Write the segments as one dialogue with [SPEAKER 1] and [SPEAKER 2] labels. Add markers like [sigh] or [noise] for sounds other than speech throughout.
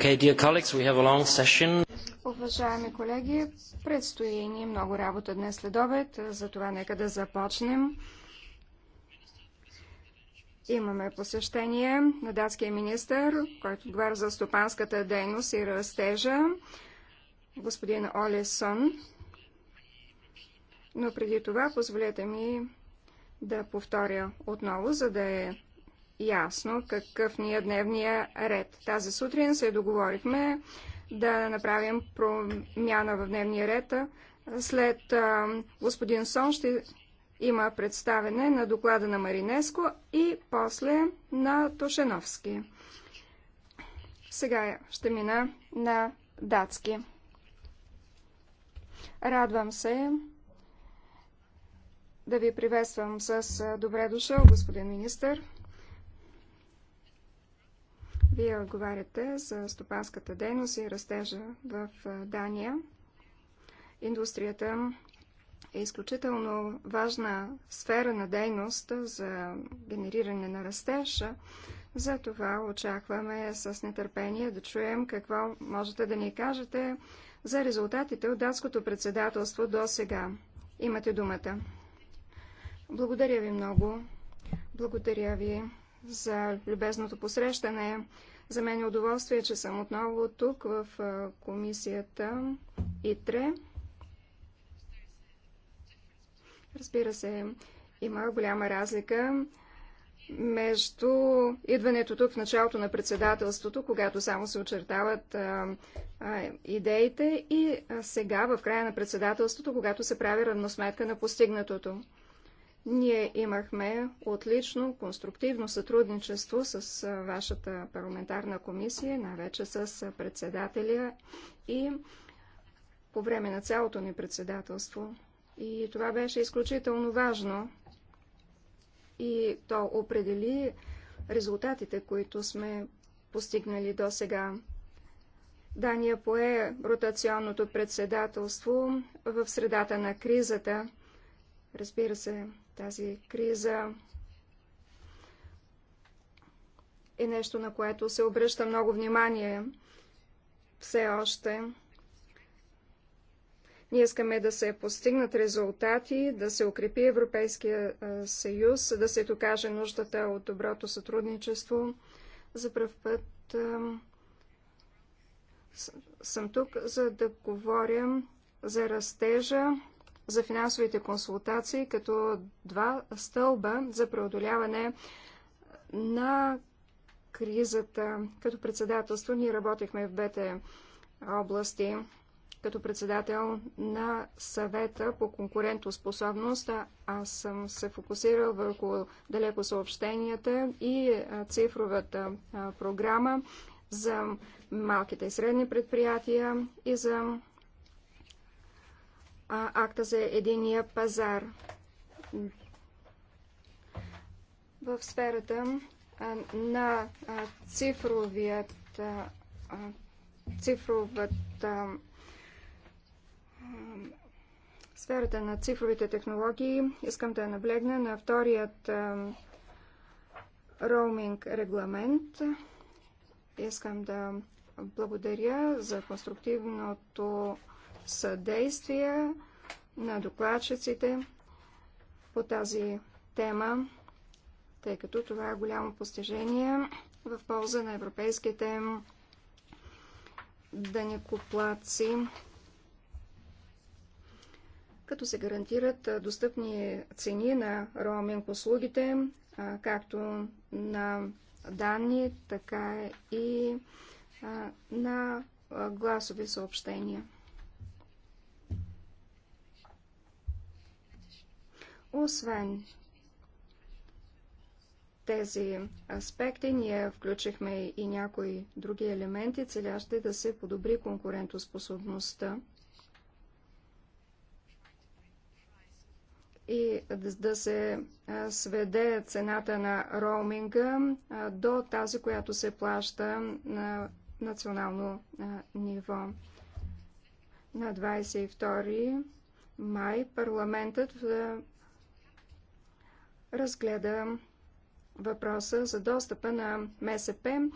[SPEAKER 1] Okay, dear colleagues, we have a long session.
[SPEAKER 2] Уважаеми колеги, предстои ни много работа днес след обед, затова нека да започнем. Имаме посещение на датския министр, който отговаря за стопанската дейност и растежа, господин Олесон. Но преди това позволете ми да повторя отново, за да е ясно какъв ни е дневния ред. Тази сутрин се договорихме да направим промяна в дневния ред. След а, господин Сон ще има представене на доклада на Маринеско и после на Тошеновски. Сега ще мина на датски. Радвам се да ви приветствам с добре дошъл, господин министър. Вие отговаряте за стопанската дейност и растежа в Дания. Индустрията е изключително важна сфера на дейност за генериране на растеж. За това очакваме с нетърпение да чуем какво можете да ни кажете за резултатите от датското председателство до сега. Имате думата. Благодаря ви много. Благодаря ви за любезното посрещане. За мен е удоволствие, че съм отново тук в комисията ИТРЕ. Разбира се, има голяма разлика между идването тук в началото на председателството, когато само се очертават а, а, идеите, и сега в края на председателството, когато се прави равносметка на постигнатото. Ние имахме отлично, конструктивно сътрудничество с вашата парламентарна комисия, най-вече с председателя и по време на цялото ни председателство. И това беше изключително важно. И то определи резултатите, които сме постигнали до сега. Дания пое ротационното председателство в средата на кризата. Разбира се, тази криза е нещо, на което се обръща много внимание все още. Ние искаме да се постигнат резултати, да се укрепи Европейския съюз, да се докаже нуждата от доброто сътрудничество. За първ път съм тук, за да говоря за растежа за финансовите консултации като два стълба за преодоляване на кризата. Като председателство ние работихме в двете области като председател на съвета по конкурентоспособност. Аз съм се фокусирал върху далеко съобщенията и цифровата програма за малките и средни предприятия и за акта за единия пазар. В сферата на цифровият цифровата сферата на цифровите технологии искам да наблегна на вторият роуминг регламент. Искам да благодаря за конструктивното съдействие на докладчиците по тази тема, тъй като това е голямо постижение в полза на европейските данекоплаци, като се гарантират достъпни цени на роуминг услугите, както на данни, така и на гласови съобщения. Освен тези аспекти, ние включихме и някои други елементи, целящи да се подобри конкурентоспособността и да се сведе цената на роуминга до тази, която се плаща на национално ниво. На 22 май парламентът разгледа въпроса за достъпа на МСП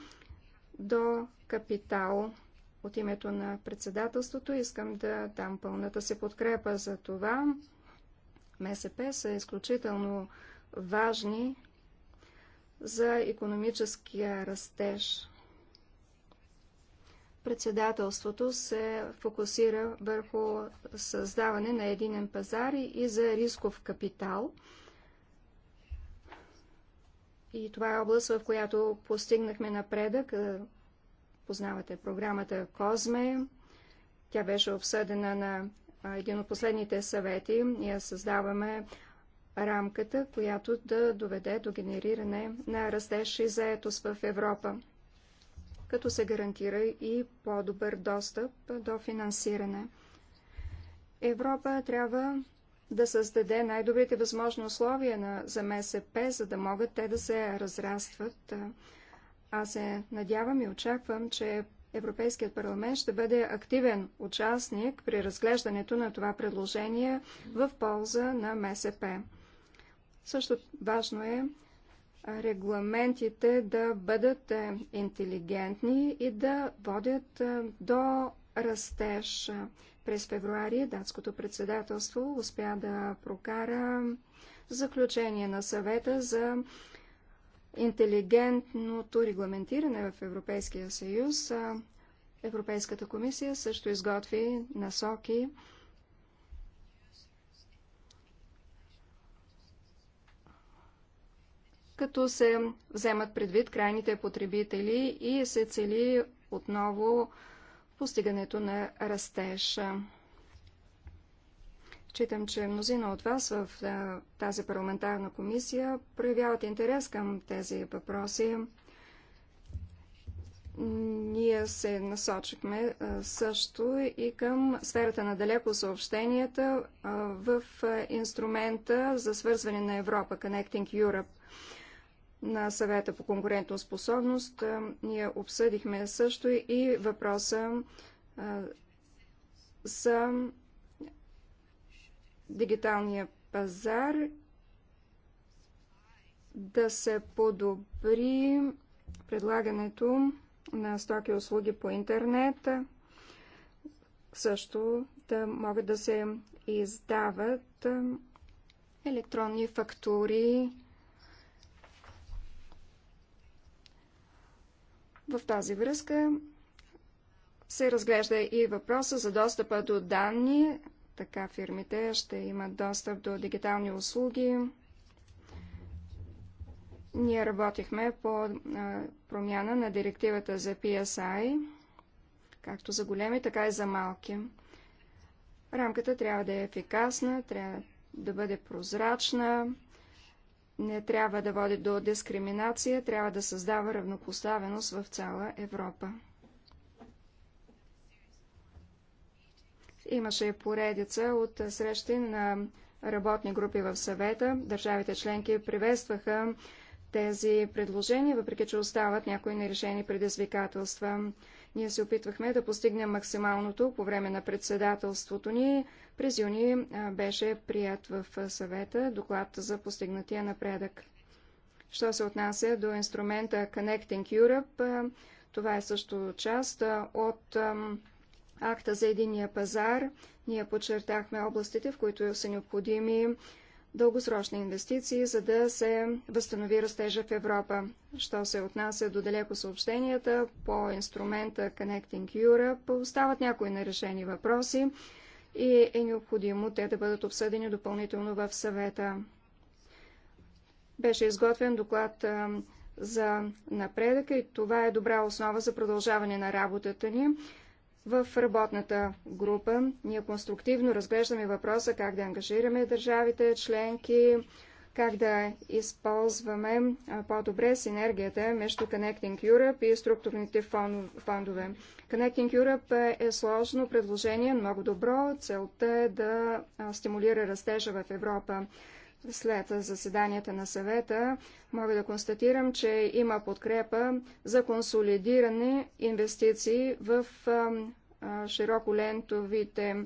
[SPEAKER 2] до капитал. От името на председателството искам да дам пълната си подкрепа за това. МСП са изключително важни за економическия растеж. Председателството се фокусира върху създаване на единен пазар и за рисков капитал – и това е област, в която постигнахме напредък. Е, познавате програмата Козме. Тя беше обсъдена на един от последните съвети. Ние създаваме рамката, която да доведе до генериране на растеж и заетост в Европа, като се гарантира и по-добър достъп до финансиране. Европа трябва да създаде най-добрите възможни условия на, за МСП, за да могат те да се разрастват. Аз се надявам и очаквам, че Европейският парламент ще бъде активен участник при разглеждането на това предложение в полза на МСП. Също важно е регламентите да бъдат интелигентни и да водят до растеж. През февруари датското председателство успя да прокара заключение на съвета за интелигентното регламентиране в Европейския съюз. Европейската комисия също изготви насоки като се вземат предвид крайните потребители и се цели отново постигането на растеж. Читам, че мнозина от вас в тази парламентарна комисия проявяват интерес към тези въпроси. Ние се насочихме също и към сферата на далеко съобщенията в инструмента за свързване на Европа, Connecting Europe на съвета по конкурентоспособност е, ние обсъдихме също и въпроса е, за дигиталния пазар да се подобри предлагането на стоки и услуги по интернет, също да могат да се издават е, електронни фактури В тази връзка се разглежда и въпроса за достъпа до данни, така фирмите ще имат достъп до дигитални услуги. Ние работихме по промяна на директивата за PSI, както за големи, така и за малки. Рамката трябва да е ефикасна, трябва да бъде прозрачна, не трябва да води до дискриминация, трябва да създава равнопоставеност в цяла Европа. Имаше поредица от срещи на работни групи в съвета. Държавите членки приветстваха тези предложения, въпреки че остават някои нерешени предизвикателства. Ние се опитвахме да постигнем максималното по време на председателството ни. През юни беше прият в съвета доклад за постигнатия напредък. Що се отнася до инструмента Connecting Europe, това е също част от акта за единия пазар. Ние подчертахме областите, в които са необходими дългосрочни инвестиции, за да се възстанови растежа в Европа. Що се отнася до далеко съобщенията по инструмента Connecting Europe, остават някои нерешени въпроси и е необходимо те да бъдат обсъдени допълнително в съвета. Беше изготвен доклад за напредъка и това е добра основа за продължаване на работата ни. В работната група ние конструктивно разглеждаме въпроса как да ангажираме държавите, членки, как да използваме по-добре синергията между Connecting Europe и структурните фондове. Connecting Europe е сложно предложение, много добро. Целта е да стимулира растежа в Европа след заседанията на съвета мога да констатирам, че има подкрепа за консолидиране инвестиции в широколентовите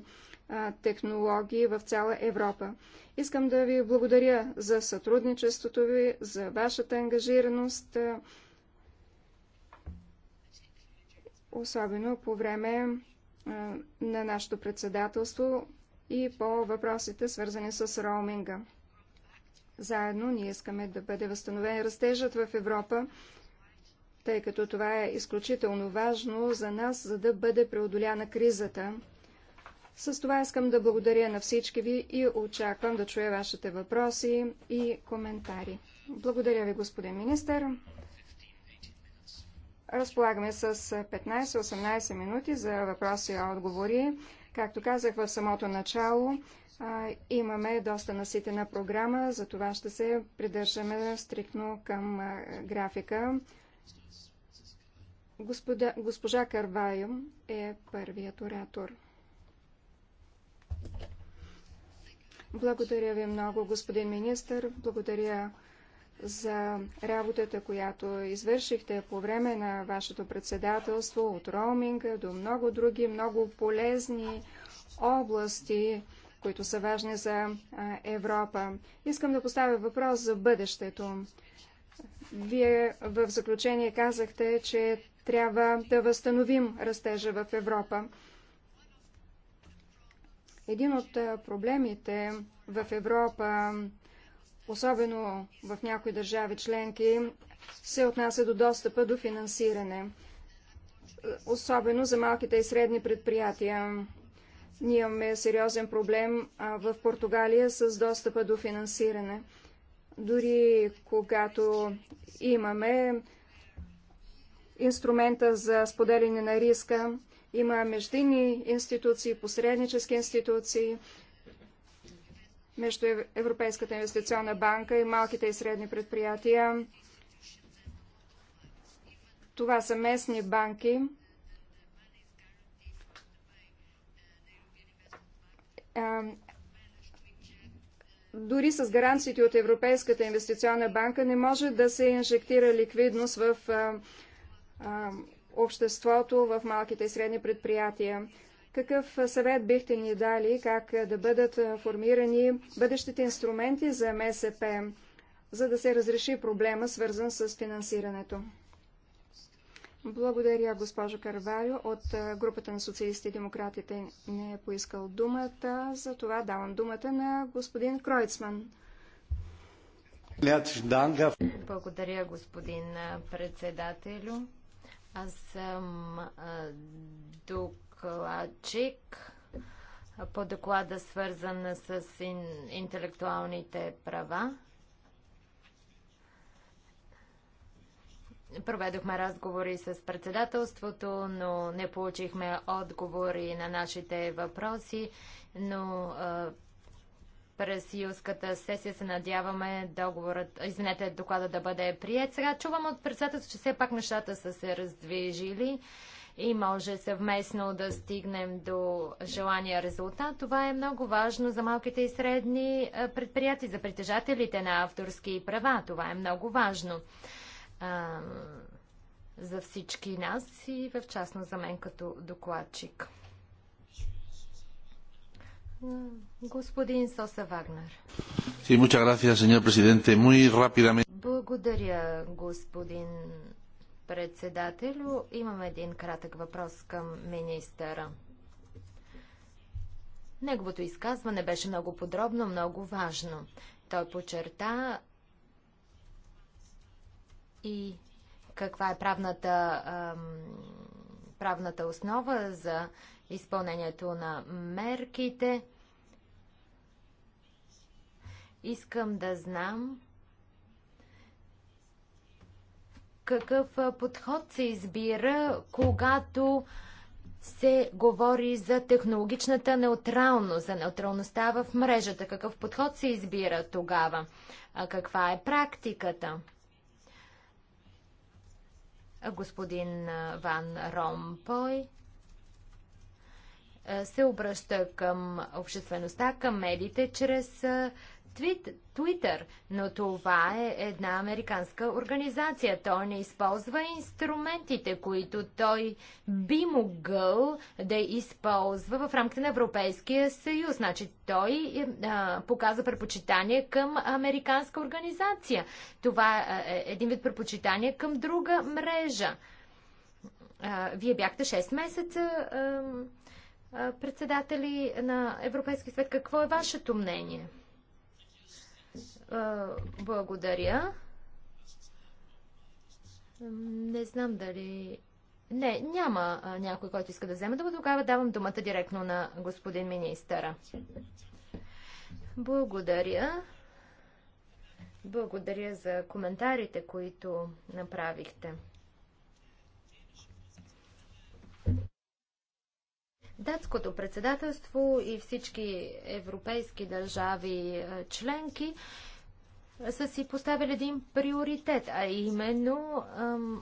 [SPEAKER 2] технологии в цяла Европа. Искам да ви благодаря за сътрудничеството ви, за вашата ангажираност, особено по време на нашето председателство и по въпросите, свързани с роуминга заедно. Ние искаме да бъде възстановен растежът в Европа, тъй като това е изключително важно за нас, за да бъде преодоляна кризата. С това искам да благодаря на всички ви и очаквам да чуя вашите въпроси и коментари. Благодаря ви, господин министър. Разполагаме с 15-18 минути за въпроси и отговори. Както казах в самото начало, Имаме доста наситена програма, за това ще се придържаме стрикно към графика. Господа, госпожа Карвайо е първият оратор. Благодаря ви много, господин министр. Благодаря за работата, която извършихте по време на вашето председателство от роуминга до много други много полезни области които са важни за Европа. Искам да поставя въпрос за бъдещето. Вие в заключение казахте, че трябва да възстановим растежа в Европа. Един от проблемите в Европа, особено в някои държави членки, се отнася до достъпа до финансиране, особено за малките и средни предприятия. Ние имаме сериозен проблем в Португалия с достъпа до финансиране. Дори когато имаме инструмента за споделяне на риска, има междинни институции, посреднически институции между Европейската инвестиционна банка и малките и средни предприятия. Това са местни банки, дори с гаранциите от Европейската инвестиционна банка не може да се инжектира ликвидност в обществото, в малките и средни предприятия. Какъв съвет бихте ни дали как да бъдат формирани бъдещите инструменти за МСП, за да се разреши проблема, свързан с финансирането? Благодаря, госпожо Карвалю. От групата на социалисти и демократите не е поискал думата. За това давам думата на господин Кройцман. Благодаря, господин председателю. Аз
[SPEAKER 3] съм докладчик по доклада свързан с интелектуалните права. Проведохме разговори с председателството, но не получихме отговори на нашите въпроси, но а, през юлската сесия се надяваме договорът, извинете, доклада да бъде прият. Сега чувам от председателството, че все пак нещата са се раздвижили и може съвместно да стигнем до желания резултат. Това е много важно за малките и средни предприятия, за притежателите на авторски права. Това е много важно а, за всички нас и в частност за мен като докладчик. Господин Соса Вагнер.
[SPEAKER 4] Sí, muchas gracias, señor presidente. Muy rápidamente.
[SPEAKER 3] Благодаря, господин председателю. Имам един кратък въпрос към министъра. Неговото изказване беше много подробно, много важно. Той подчерта и каква е правната, правната основа за изпълнението на мерките. Искам да знам какъв подход се избира, когато се говори за технологичната неутралност, за неутралността в мрежата. Какъв подход се избира тогава? А каква е практиката? господин Ван Ромпой се обръща към обществеността, към медиите, чрез Twitter, но това е една американска организация. Той не използва инструментите, които той би могъл да използва в рамките на Европейския съюз. Значи той е, а, показва предпочитание към американска организация. Това е един вид предпочитание към друга мрежа. А, вие бяхте 6 месеца. А, председатели на Европейски съвет, Какво е вашето мнение? Благодаря. Не знам дали... Не, няма някой, който иска да вземе дума. Тогава давам думата директно на господин министъра. Благодаря. Благодаря за коментарите, които направихте. Датското председателство и всички европейски държави членки са си поставили един приоритет, а именно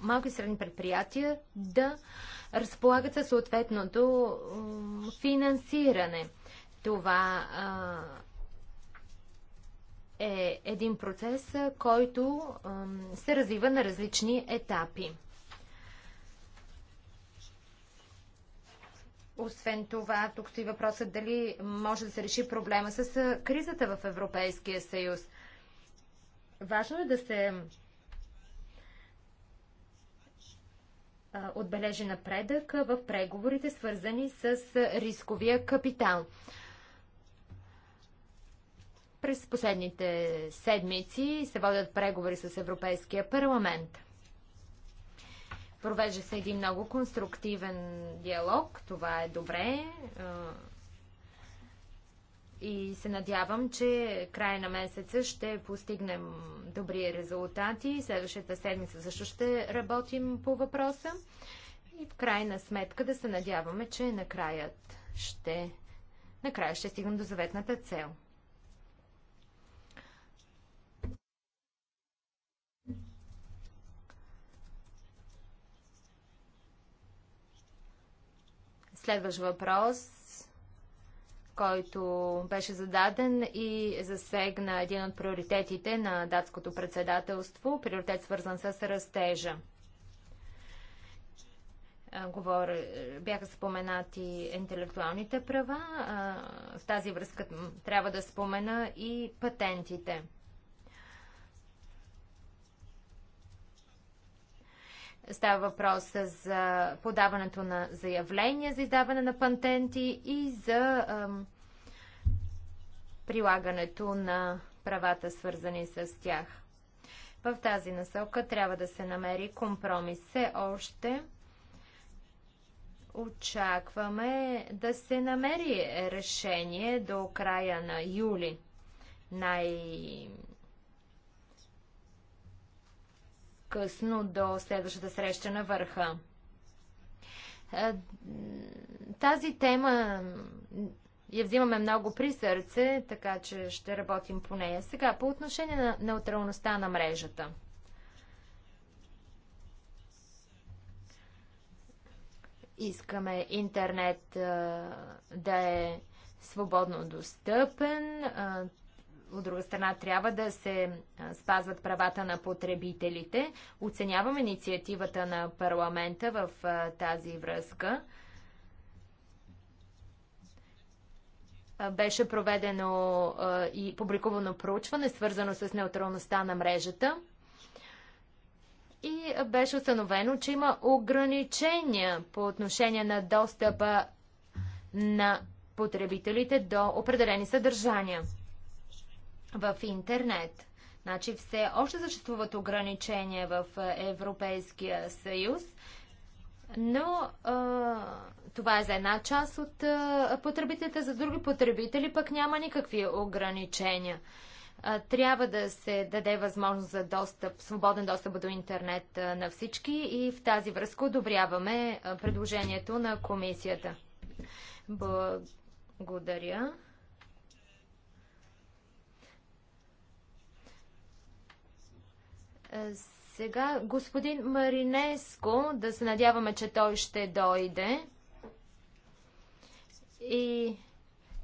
[SPEAKER 3] малки и средни предприятия да разполагат със съответното финансиране. Това е един процес, който се развива на различни етапи. Освен това, тук стои въпросът дали може да се реши проблема с кризата в Европейския съюз – Важно е да се отбележи напредък в преговорите, свързани с рисковия капитал. През последните седмици се водят преговори с Европейския парламент. Провежда се един много конструктивен диалог. Това е добре и се надявам, че края на месеца ще постигнем добри резултати. Следващата седмица също ще работим по въпроса. И в крайна сметка да се надяваме, че накрая ще, накрая ще стигнем до заветната цел. Следващ въпрос който беше зададен и засегна един от приоритетите на датското председателство, приоритет свързан с растежа. Говор... Бяха споменати интелектуалните права. В тази връзка трябва да спомена и патентите. Става въпрос за подаването на заявления за издаване на патенти и за прилагането на правата, свързани с тях. В тази насока трябва да се намери компромис. Все още очакваме да се намери решение до края на юли. Най- късно до следващата среща на върха. Е, тази тема я взимаме много при сърце, така че ще работим по нея. Сега, по отношение на неутралността на мрежата. Искаме интернет е, да е свободно достъпен, е, от друга страна трябва да се спазват правата на потребителите. Оценявам инициативата на парламента в тази връзка. Беше проведено и публикувано проучване, свързано с неутралността на мрежата и беше установено, че има ограничения по отношение на достъпа на потребителите до определени съдържания в интернет. Значи все още съществуват ограничения в Европейския съюз, но а, това е за една част от а, потребителите, за други потребители пък няма никакви ограничения. А, трябва да се даде възможност за достъп, свободен достъп до интернет а, на всички и в тази връзка одобряваме предложението на комисията. Благодаря. Е, сега господин Маринеско, да се надяваме, че той ще дойде. И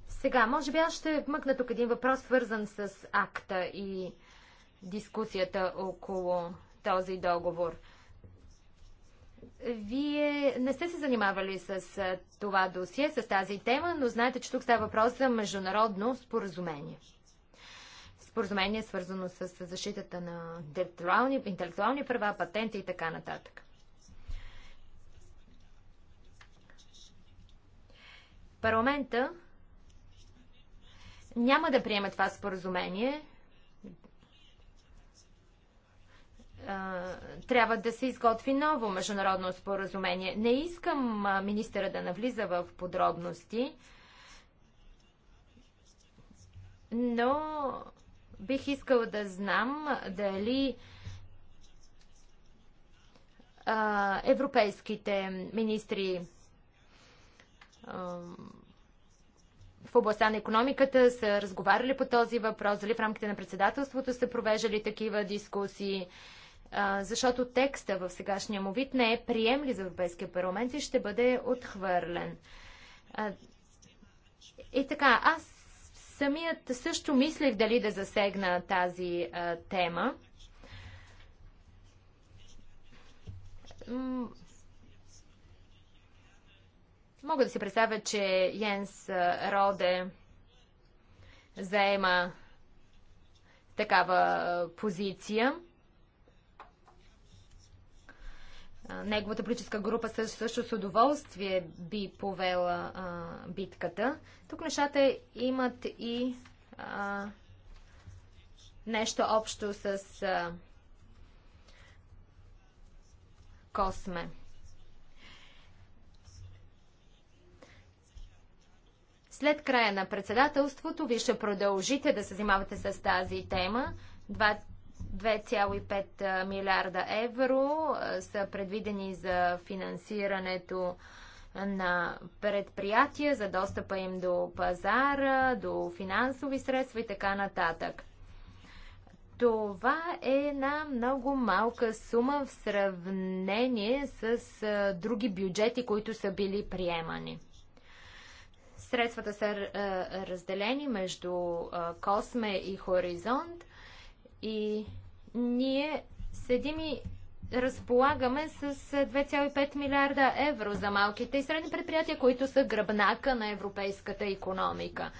[SPEAKER 3] сега, може би аз ще вмъкна тук един въпрос, свързан с акта и дискусията около този договор. Вие не сте се занимавали с е, това досие, с тази тема, но знаете, че тук става въпрос за международно споразумение споразумение, свързано с защитата на интелектуални, интелектуални права, патенти и така нататък. Парламента няма да приеме това споразумение. Трябва да се изготви ново международно споразумение. Не искам министъра да навлиза в подробности, но Бих искала да знам дали а, европейските министри а, в областта на економиката са разговаряли по този въпрос, дали в рамките на председателството са провеждали такива дискусии, а, защото текста в сегашния му вид не е приемли за Европейския парламент и ще бъде отхвърлен. А, и така, аз Самият също мислех дали да засегна тази а, тема. Мога да си представя, че Йенс Роде заема такава позиция. неговата политическа група също, също с удоволствие би повела а, битката. Тук нещата имат и а, нещо общо с а, Косме. След края на председателството ви ще продължите да се занимавате с тази тема. Два, 2,5 милиарда евро са предвидени за финансирането на предприятия, за достъпа им до пазара, до финансови средства и така нататък. Това е една много малка сума в сравнение с други бюджети, които са били приемани. Средствата са разделени между Косме и Хоризонт и ние седим и разполагаме с 2,5 е, милиарда евро за малките и средни предприятия, които са гръбнака на европейската економика.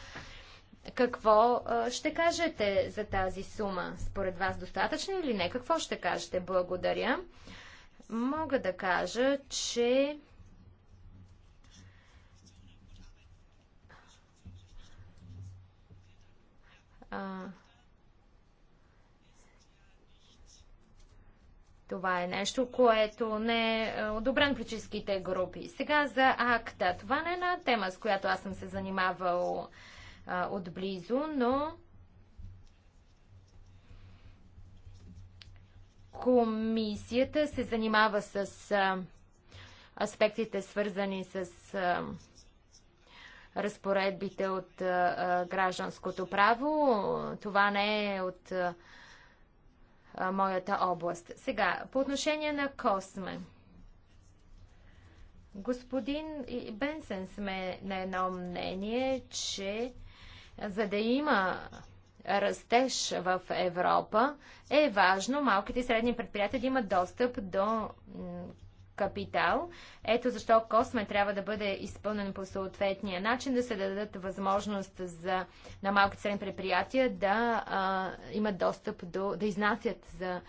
[SPEAKER 3] Какво е, ще кажете за тази сума? Според вас достатъчно или не? Какво ще кажете? Благодаря. Мога да кажа, че а, Това е нещо, което не е, е одобрен политическите групи. Сега за акта. Това не е една тема, с която аз съм се занимавал а, отблизо, но комисията се занимава с а, аспектите, свързани с а, разпоредбите от а, гражданското право. Това не е от а, моята област. Сега, по отношение на Косме. Господин Бенсен сме на едно мнение, че за да има растеж в Европа, е важно малките и средни предприятия да имат достъп до капитал. Ето защо Косме трябва да бъде изпълнен по съответния начин, да се дадат възможност за, на малки средни предприятия да а, имат достъп до, да изнасят за,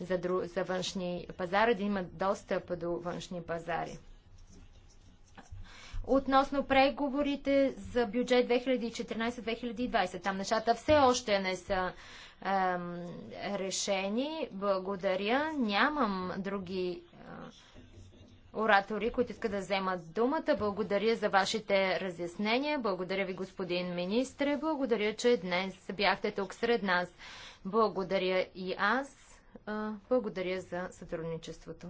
[SPEAKER 3] за, дру, за външни пазари, да имат достъп до външни пазари. Относно преговорите за бюджет 2014-2020, там нещата все още не са ем, решени. Благодаря. Нямам други. Е, оратори, които искат да вземат думата. Благодаря за вашите разяснения. Благодаря ви, господин министре. Благодаря, че днес бяхте тук сред нас. Благодаря и аз. Благодаря за сътрудничеството.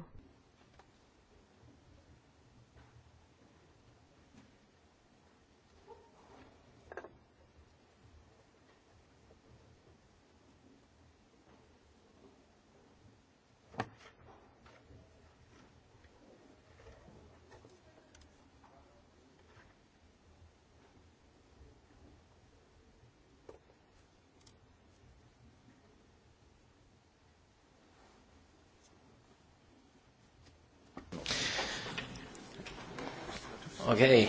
[SPEAKER 1] Okay.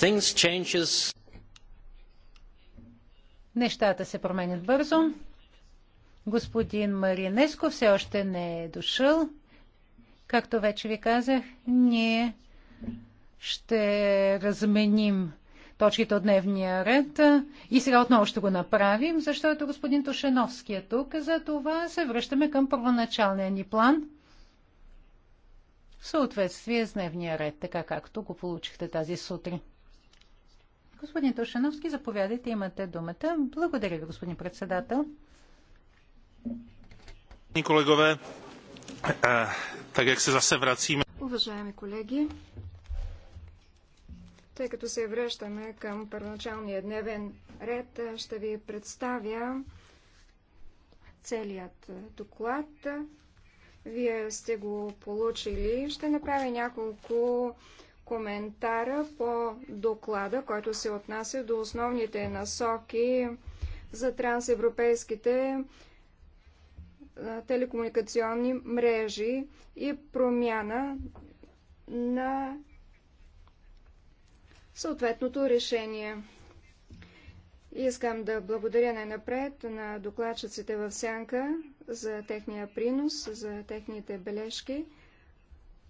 [SPEAKER 1] Things changes. Нещата се променят бързо. Господин Маринеско все още не е дошъл. Както вече ви казах, ние ще разменим точките от дневния ред. И сега отново ще го направим, защото господин Тошеновски е тук. За това се връщаме към първоначалния ни план – в съответствие с дневния ред, така както го получихте тази сутрин. Господин Тушановски, заповядайте, имате думата. Благодаря ви, господин председател.
[SPEAKER 4] Колегове, так как се засе врациме.
[SPEAKER 2] Уважаеми колеги, тъй като се връщаме към първоначалния дневен ред, ще ви представя целият доклад. Вие сте го получили. Ще направя няколко коментара по доклада, който се отнася до основните насоки за трансевропейските телекомуникационни мрежи и промяна на съответното решение. Искам да благодаря най-напред на докладчиците в Сянка за техния принос, за техните бележки,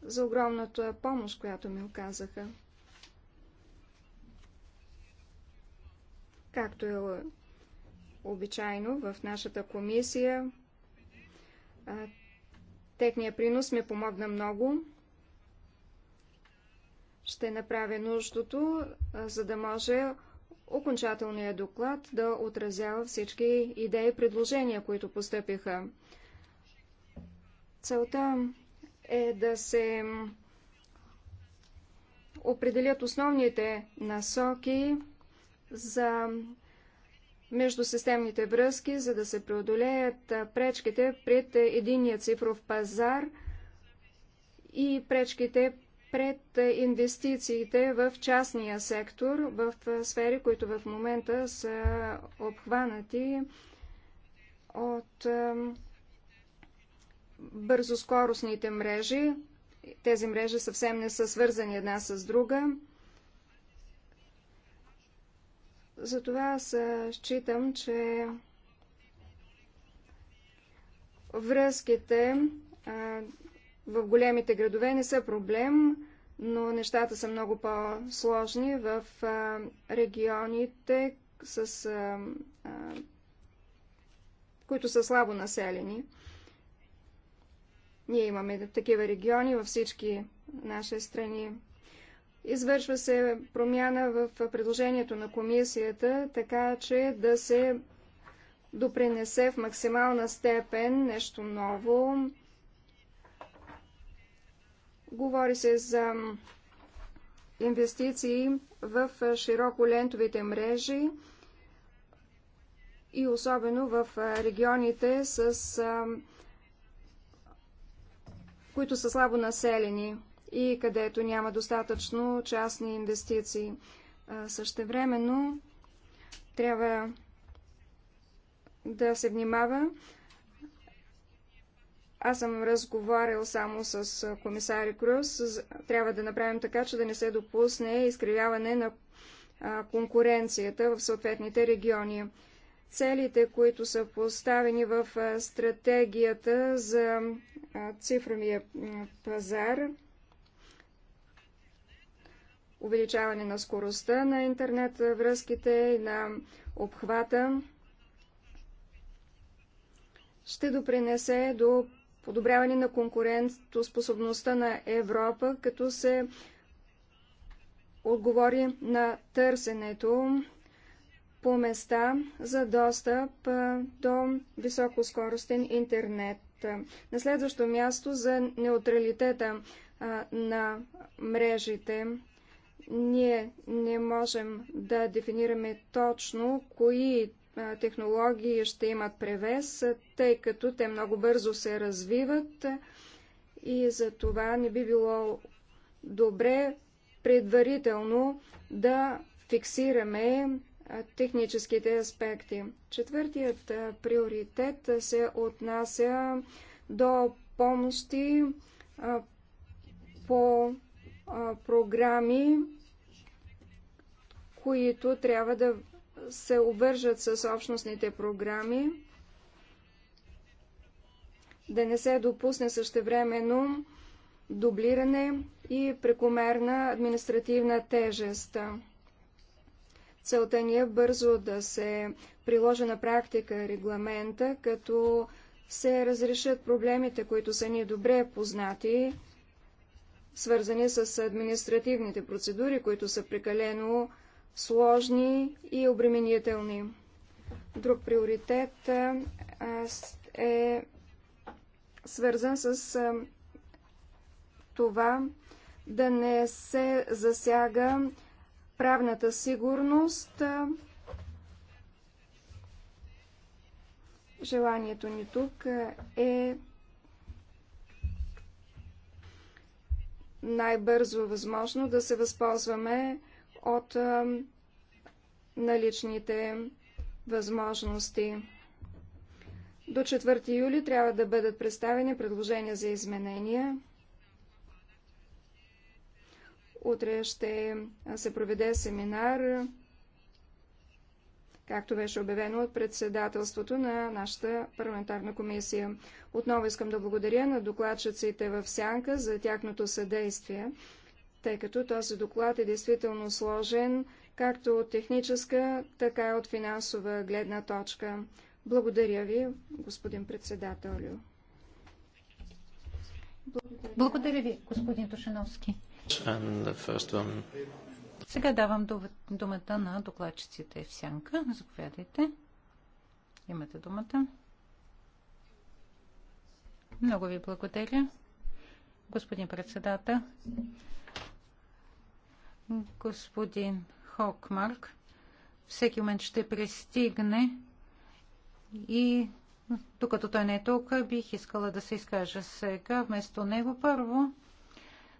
[SPEAKER 2] за огромната помощ, която ми оказаха. Както е обичайно в нашата комисия, техния принос ми помогна много. Ще направя нуждото, за да може окончателният доклад да отразява всички идеи и предложения, които постъпиха. Целта е да се определят основните насоки за междусистемните връзки, за да се преодолеят пречките пред единния цифров пазар и пречките пред инвестициите в частния сектор, в сфери, които в момента са обхванати от бързоскоростните мрежи. Тези мрежи съвсем не са свързани една с друга. Затова аз считам, че връзките в големите градове не са проблем, но нещата са много по-сложни в а, регионите, с, а, а, които са слабо населени. Ние имаме такива региони във всички наши страни. Извършва се промяна в предложението на комисията, така че да се допринесе в максимална степен нещо ново, Говори се за инвестиции в широколентовите мрежи и особено в регионите, с, които са слабо населени и където няма достатъчно частни инвестиции. Същевременно трябва да се внимава аз съм разговарял само с комисари Крус, Трябва да направим така, че да не се допусне изкривяване на конкуренцията в съответните региони. Целите, които са поставени в стратегията за цифровия пазар, увеличаване на скоростта на интернет връзките и на обхвата, ще допринесе до подобряване на конкурентоспособността на Европа, като се отговори на търсенето по места за достъп до високоскоростен интернет. На следващо място за неутралитета на мрежите. Ние не можем да дефинираме точно кои технологии ще имат превес, тъй като те много бързо се развиват и за това не би било добре предварително да фиксираме техническите аспекти. Четвъртият приоритет се отнася до помощи по програми, които трябва да се обвържат с общностните програми, да не се допусне същевременно дублиране и прекомерна административна тежест. Целта ни е бързо да се приложи на практика регламента, като се разрешат проблемите, които са ни добре познати, свързани с административните процедури, които са прекалено сложни и обременителни. Друг приоритет е свързан с това да не се засяга правната сигурност. Желанието ни тук е най-бързо възможно да се възползваме от наличните възможности. До 4 юли трябва да бъдат представени предложения за изменения. Утре ще се проведе семинар, както беше обявено от председателството на нашата парламентарна комисия. Отново искам да благодаря на докладчиците в Сянка за тяхното съдействие тъй като този доклад е действително сложен, както от техническа, така и от финансова гледна точка. Благодаря ви, господин председателю.
[SPEAKER 1] Благодаря, Благодаря ви, господин Тушановски. Сега давам думата на докладчиците в сянка. Заповядайте. Имате думата. Много ви благодаря. Господин председател, господин Хокмарк всеки момент ще пристигне и докато той не е тук, бих искала да се изкажа сега вместо него. Първо,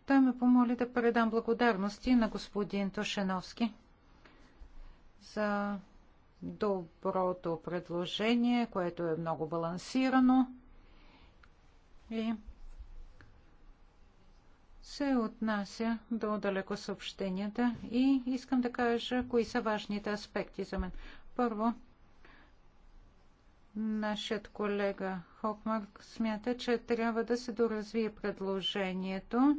[SPEAKER 1] той ме помоли да предам благодарности на господин Тошеновски за доброто предложение, което е много балансирано и се отнася до далеко съобщенията и искам да кажа кои са важните аспекти за мен. Първо, нашият колега Хокмарк смята, че трябва да се доразвие предложението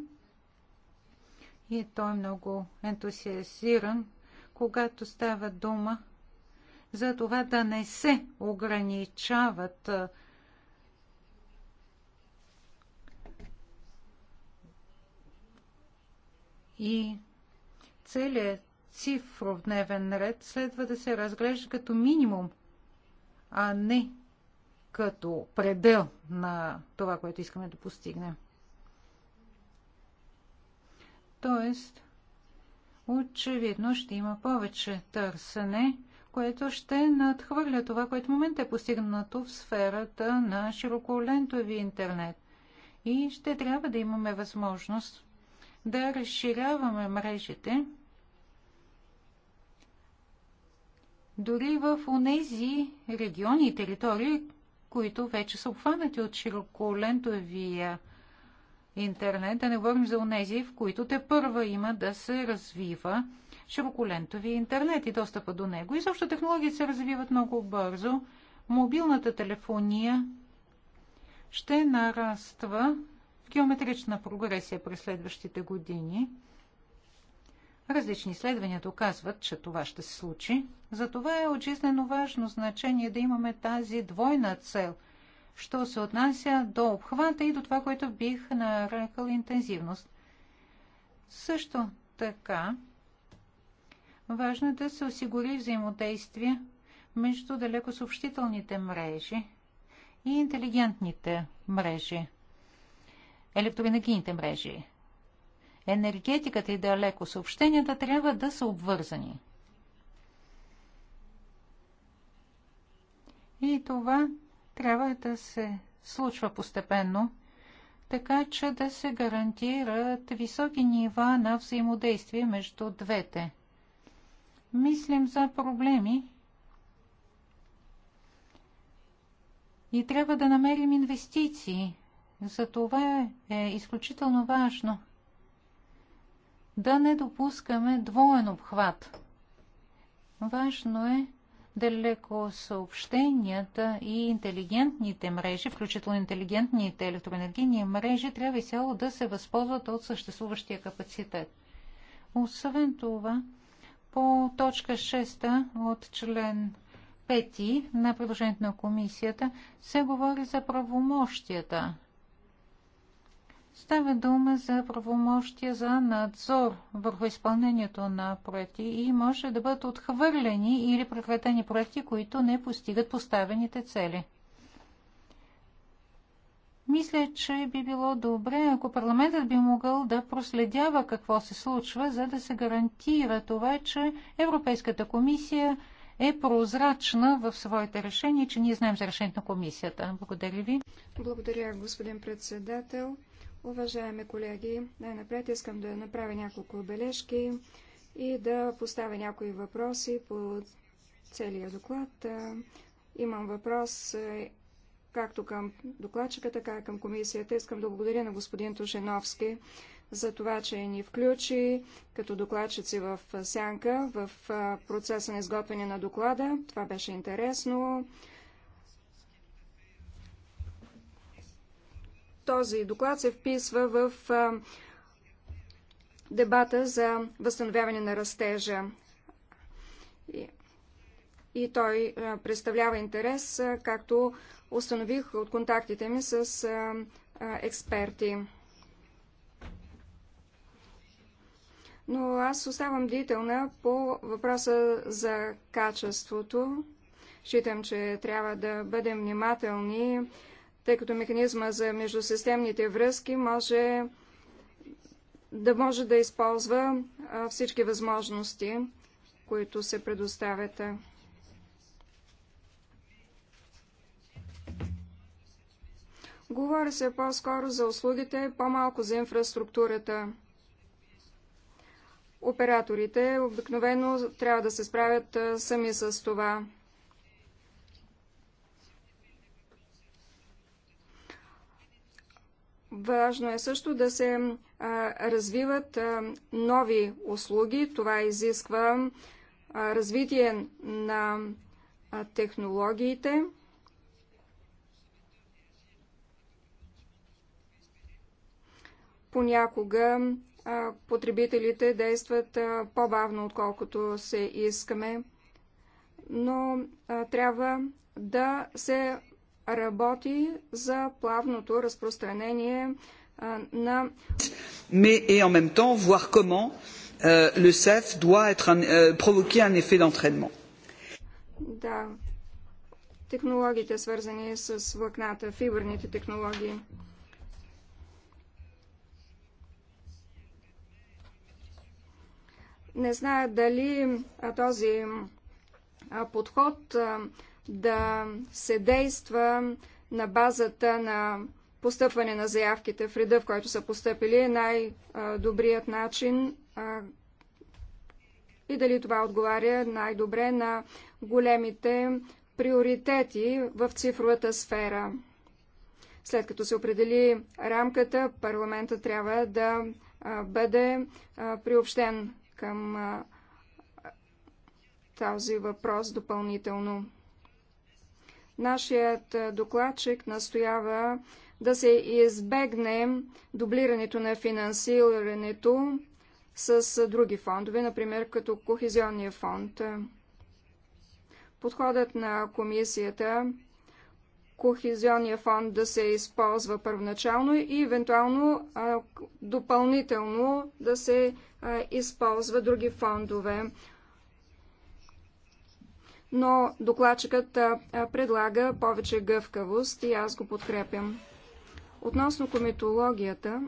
[SPEAKER 1] и той е много ентусиазиран, когато става дума за това да не се ограничават и целият цифров дневен ред следва да се разглежда като минимум, а не като предел на това, което искаме да постигнем. Тоест, очевидно ще има повече търсене, което ще надхвърля това, което в момента е постигнато в сферата на широколентови интернет. И ще трябва да имаме възможност да разширяваме мрежите, дори в онези региони и територии, които вече са обхванати от широколентовия интернет, да не говорим за онези, в които те първа има да се развива широколентови интернет и достъпа до него. И също технологиите се развиват много бързо. Мобилната телефония ще нараства в геометрична прогресия през следващите години. Различни изследвания доказват, че това ще се случи. Затова е от жизнено важно значение да имаме тази двойна цел, що се отнася до обхвата и до това, което бих нарекал интензивност. Също така, важно е да се осигури взаимодействие между далекосъобщителните мрежи и интелигентните мрежи електроенергийните мрежи. Енергетиката и далеко съобщенията трябва да са обвързани. И това трябва да се случва постепенно, така че да се гарантират високи нива на взаимодействие между двете. Мислим за проблеми и трябва да намерим инвестиции за това е изключително важно да не допускаме двоен обхват. Важно е далеко съобщенията и интелигентните мрежи, включително интелигентните електроенергийни мрежи, трябва изцяло да се възползват от съществуващия капацитет. Освен това, по точка 6 от член 5 на предложението на комисията се говори за правомощията Става дума за правомощия за надзор върху изпълнението на проекти и може да бъдат отхвърлени или прекратени проекти, които не постигат поставените цели. Мисля, че би било добре, ако парламентът би могъл да проследява какво се случва, за да се гарантира това, че Европейската комисия е прозрачна в своите решения, че ние знаем за решението на комисията. Благодаря ви.
[SPEAKER 2] Благодаря, господин председател. Уважаеми колеги, най-напред искам да направя няколко бележки и да поставя някои въпроси по целия доклад. Имам въпрос както към докладчика, така и към комисията. Искам да благодаря на господин Тушеновски за това, че ни включи като докладчици в сянка в процеса на изготвяне на доклада. Това беше интересно. Този доклад се вписва в дебата за възстановяване на растежа. И, той представлява интерес, както установих от контактите ми с експерти. Но аз оставам длителна по въпроса за качеството. Считам, че трябва да бъдем внимателни тъй като механизма за междусистемните връзки може да може да използва всички възможности, които се предоставят. Говори се по-скоро за услугите, по-малко за инфраструктурата. Операторите обикновено трябва да се справят сами с това. Важно е също да се развиват нови услуги. Това изисква развитие на технологиите. Понякога потребителите действат по-бавно, отколкото се искаме, но трябва да се работи за плавното разпространение на
[SPEAKER 4] mais et en même temps voir comment
[SPEAKER 1] euh, le CEF doit être un, euh, provoquer un effet d'entraînement.
[SPEAKER 2] Да. Технологиите свързани с влакната, фибърните технологии. Не зная дали този подход да се действа на базата на постъпване на заявките в реда, в който са постъпили, е най-добрият начин и дали това отговаря най-добре на големите приоритети в цифровата сфера. След като се определи рамката, парламента трябва да бъде приобщен към този въпрос допълнително. Нашият е, докладчик настоява да се избегне дублирането на финансирането с е, други фондове, например като Кохезионния фонд. Подходът на комисията Кохезионния фонд да се използва първоначално и евентуално е, допълнително да се използва други фондове но докладчикът предлага повече гъвкавост и аз го подкрепям. Относно кометологията,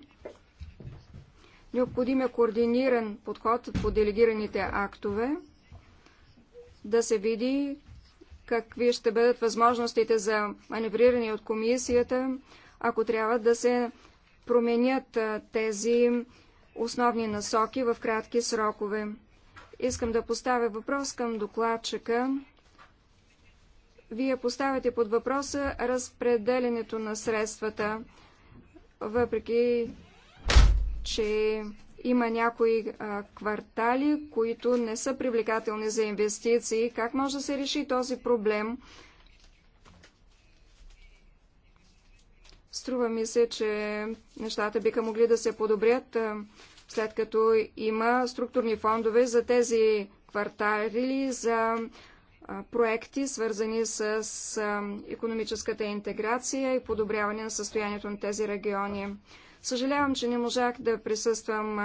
[SPEAKER 2] необходим е координиран подход по делегираните актове, да се види какви ще бъдат възможностите за маневриране от комисията, ако трябва да се променят тези основни насоки в кратки срокове. Искам да поставя въпрос към докладчика. Вие поставяте под въпроса разпределенето на средствата, въпреки че има някои а, квартали, които не са привлекателни за инвестиции. Как може да се реши този проблем? Струва ми се, че нещата биха могли да се подобрят след като има структурни фондове за тези квартали, за проекти, свързани с економическата интеграция и подобряване на състоянието на тези региони. Съжалявам, че не можах да присъствам,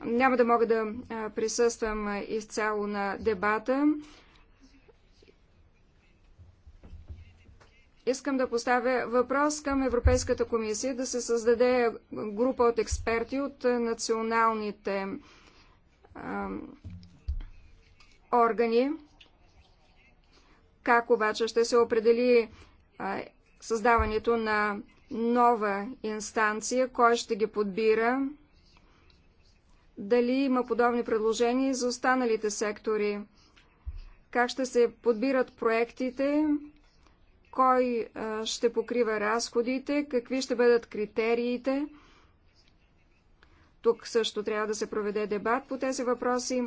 [SPEAKER 2] няма да мога да присъствам изцяло на дебата. Искам да поставя въпрос към Европейската комисия да се създаде група от експерти от националните а, органи. Как обаче ще се определи а, създаването на нова инстанция, кой ще ги подбира, дали има подобни предложения за останалите сектори, как ще се подбират проектите, кой ще покрива разходите, какви ще бъдат критериите. Тук също трябва да се проведе дебат по тези въпроси.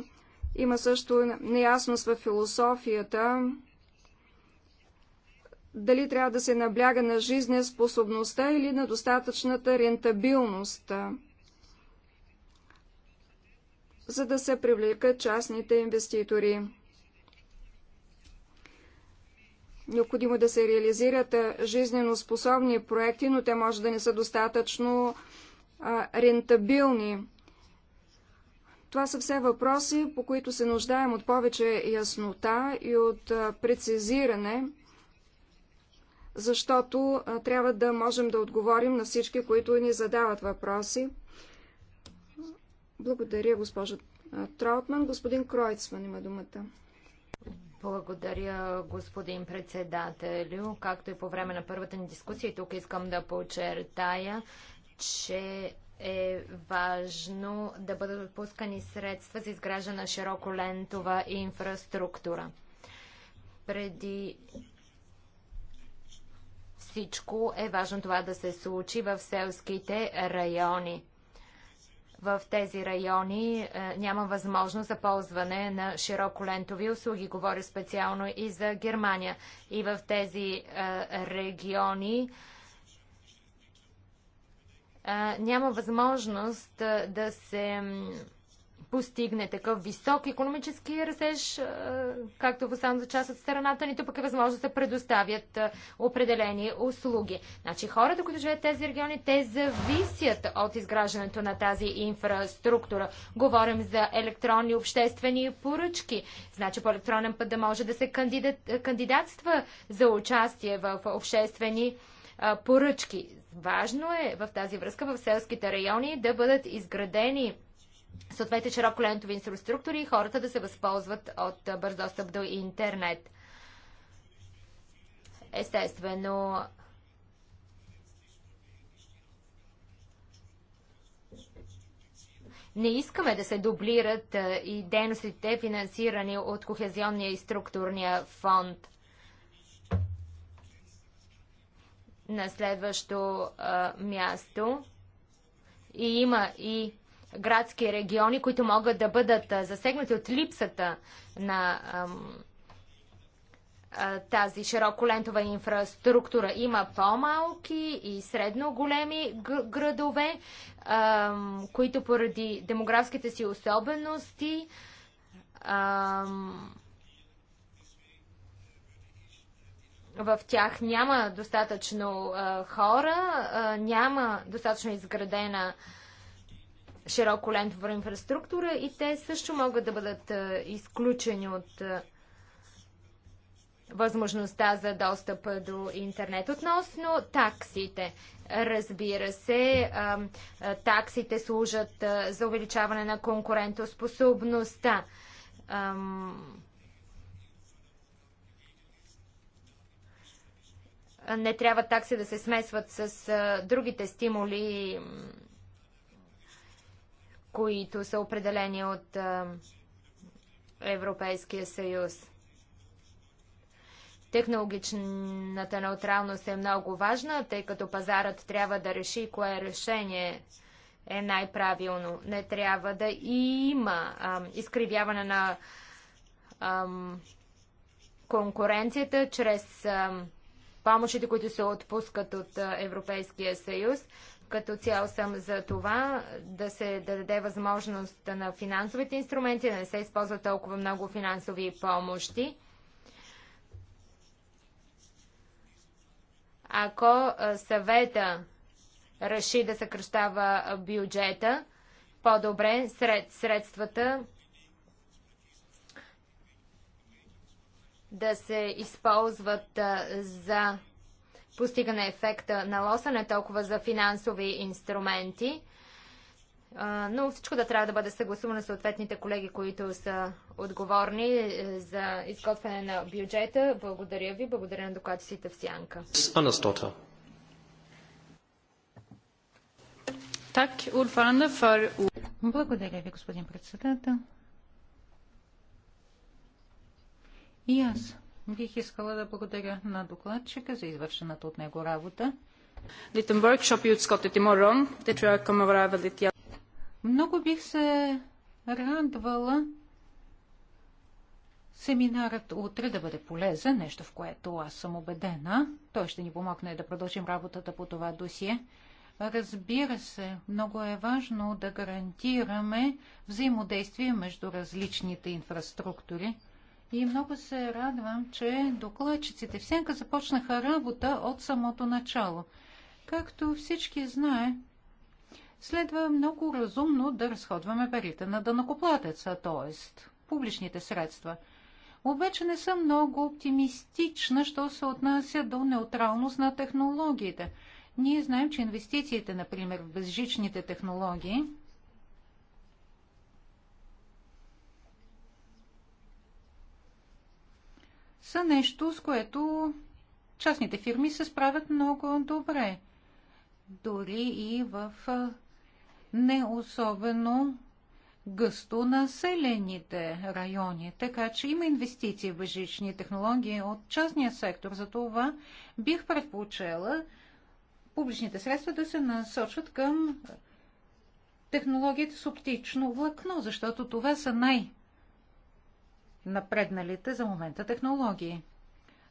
[SPEAKER 2] Има също неясност в философията. Дали трябва да се набляга на жизнеспособността или на достатъчната рентабилност, за да се привлекат частните инвеститори. Необходимо е да се реализират жизнено способни проекти, но те може да не са достатъчно рентабилни. Това са все въпроси, по които се нуждаем от повече яснота и от прецизиране, защото трябва да можем да отговорим на всички, които ни задават въпроси. Благодаря, госпожо Траутман. Господин Кройцман има думата. Благодаря,
[SPEAKER 3] господин председателю. Както и по време на първата ни дискусия, тук искам да подчертая, че е важно да бъдат отпускани средства за изграждане на широколентова инфраструктура. Преди всичко е важно това да се случи в селските райони в тези райони е, няма възможност за ползване на широколентови услуги. Говоря специално и за Германия. И в тези е, региони е, няма възможност да се постигне такъв висок економически разеж, както в основната част от страната, нито пък е възможно да предоставят определени услуги. Значи хората, които живеят в тези региони, те зависят от изграждането на тази инфраструктура. Говорим за електронни обществени поръчки. Значи по електронен път да може да се кандидат, кандидатства за участие в обществени поръчки. Важно е в тази връзка в селските райони да бъдат изградени широко широколентови инфраструктури и хората да се възползват от бърз достъп до интернет. Естествено, не искаме да се дублират и дейностите, финансирани от Кохезионния и структурния фонд. На следващо а, място и има и градски региони, които могат да бъдат засегнати от липсата на тази широколентова инфраструктура. Има по-малки и средно големи градове, които поради демографските си особености в тях няма достатъчно хора, няма достатъчно изградена широколентова инфраструктура и те също могат да бъдат е, изключени от е, възможността за достъп е, до интернет. Относно таксите, разбира се, таксите служат за увеличаване на конкурентоспособността. Не трябва такси да се смесват с другите стимули които са определени от Европейския съюз. Технологичната неутралност е много важна, тъй като пазарът трябва да реши кое решение е най-правилно. Не трябва да има ам, изкривяване на ам, конкуренцията чрез ам, помощите, които се отпускат от Европейския съюз. Като цяло съм за това да се да даде възможност на финансовите инструменти да не се използват толкова много финансови помощи. Ако съвета реши да съкръщава бюджета, по-добре сред средствата да се използват за постигане ефекта на лоса, не толкова за финансови инструменти. Но всичко да трябва да бъде съгласувано с съответните колеги, които са отговорни е, за изготвяне на бюджета. Благодаря ви, благодаря на докладците в Сянка.
[SPEAKER 4] Анастота.
[SPEAKER 1] Благодаря ви, господин председател. И аз Бих искала да благодаря на докладчика за извършената от него работа.
[SPEAKER 2] workshop
[SPEAKER 1] Много бих се радвала семинарът утре да бъде полезен, нещо в което аз съм убедена. Той ще ни помогне да продължим работата по това досие. Разбира се, много е важно да гарантираме взаимодействие между различните инфраструктури и много се радвам, че докладчиците в започнаха работа от самото начало. Както всички знае, следва много разумно да разходваме парите на данокоплатеца, т.е. публичните средства. Обаче не съм много оптимистична, що се отнася до неутралност на технологиите. Ние знаем, че инвестициите, например, в безжичните технологии – са нещо, с което частните фирми се справят много добре. Дори и в не особено гъсто населените райони. Така че има инвестиции в жични технологии от частния сектор. За това бих предпочела публичните средства да се насочат към технологията с оптично влакно, защото това са най- напредналите за момента технологии.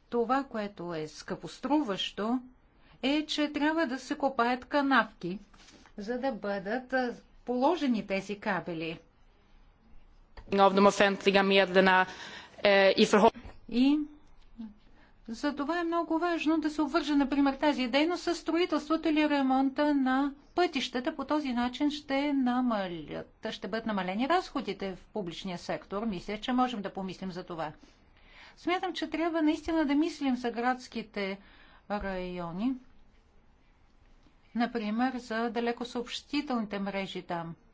[SPEAKER 1] Това, което е скъпоструващо, е, че трябва да се копаят канавки, за да бъдат положени тези кабели. Е, и затова е много важно да се обвърже, например, тази дейност с строителството или ремонта на пътищата. По този начин ще, намалят, ще бъдат намалени разходите в публичния сектор. Мисля, че можем да помислим за това. Смятам, че трябва наистина да мислим за градските райони, например, за далеко съобщителните мрежи там –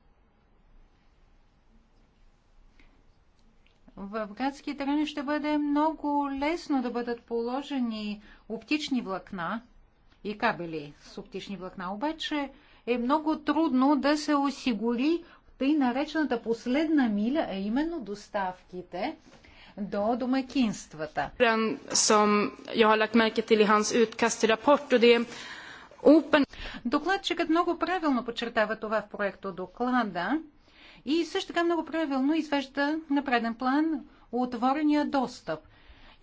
[SPEAKER 1] в градските терени ще бъде много лесно да бъдат положени оптични влакна и кабели с оптични влакна. Обаче е много трудно да се осигури тъй наречената последна миля, а именно доставките до домакинствата. Докладчикът много правилно подчертава това в проекто доклада. И също така много правилно извежда на преден план отворения достъп.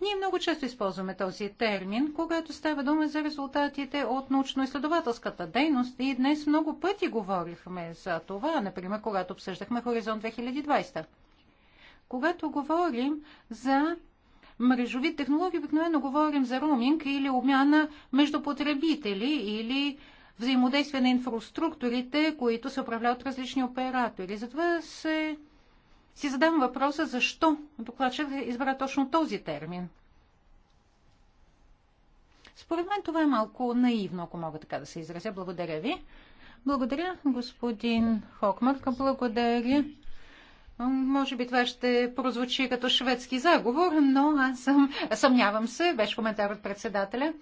[SPEAKER 1] Ние много често използваме този термин, когато става дума за резултатите от научно-изследователската дейност и днес много пъти говорихме за това, например, когато обсъждахме Хоризонт 2020. Когато говорим за мрежови технологии, обикновено говорим за роуминг или обмяна между потребители или взаимодействие на инфраструктурите, които се управляват от различни оператори. Затова се, си задавам въпроса защо докладчик избра точно този термин. Според мен това е малко наивно, ако мога така да се изразя. Благодаря ви. Благодаря, господин Хокмарк. Благодаря. Може би това ще прозвучи като шведски заговор, но аз съм, съмнявам се, беше коментар от председателя.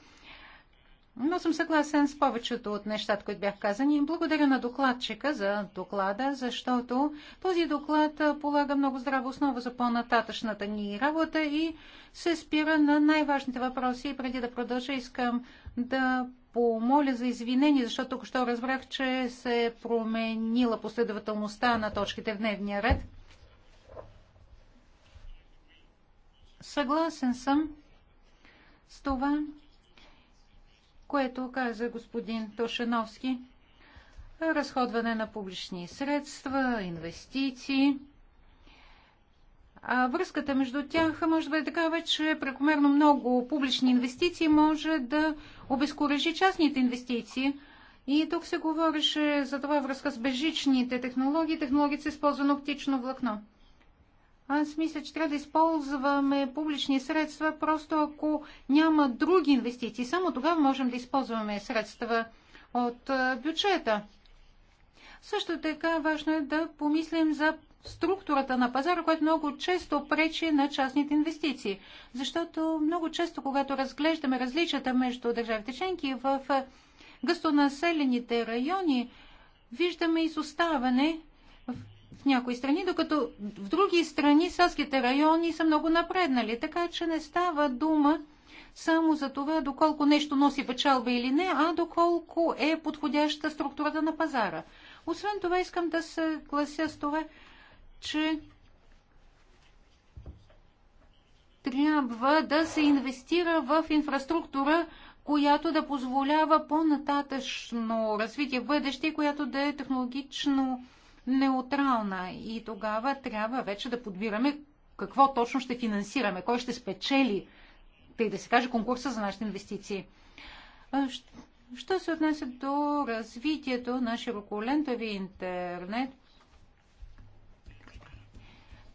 [SPEAKER 1] Но съм съгласен с повечето от нещата, които бях казани. Благодаря на докладчика за доклада, защото този доклад полага много здрава основа за по-нататъчната ни работа и се спира на най-важните въпроси. И преди да продължа, искам да помоля за извинение, защото тук що разбрах, че се е променила последователността на точките в дневния ред. Съгласен съм с това, което каза господин Тошеновски. Разходване на публични средства, инвестиции. А връзката между тях може да бъде такава, че прекомерно много публични инвестиции може да обезкуражи частните инвестиции. И тук се говореше за това връзка с бежичните технологии. Технологията се използва на оптично влакно. Аз мисля, че трябва да използваме публични средства, просто ако няма други инвестиции. Само тогава можем да използваме средства от бюджета. Също така важно е да помислим за структурата на пазара, което много често пречи на частните инвестиции. Защото много често, когато разглеждаме различията между държавите членки в гъстонаселените райони, виждаме изоставане в някои страни, докато в други страни селските райони са много напреднали. Така че не става дума само за това доколко нещо носи печалба или не, а доколко е подходяща структурата на пазара. Освен това искам да се глася с това, че трябва да се инвестира в инфраструктура, която да позволява по-нататъчно развитие в бъдеще, която да е технологично неутрална и тогава трябва вече да подбираме какво точно ще финансираме, кой ще спечели, тъй да се каже, конкурса за нашите инвестиции. Що се отнася до развитието на широколентови интернет,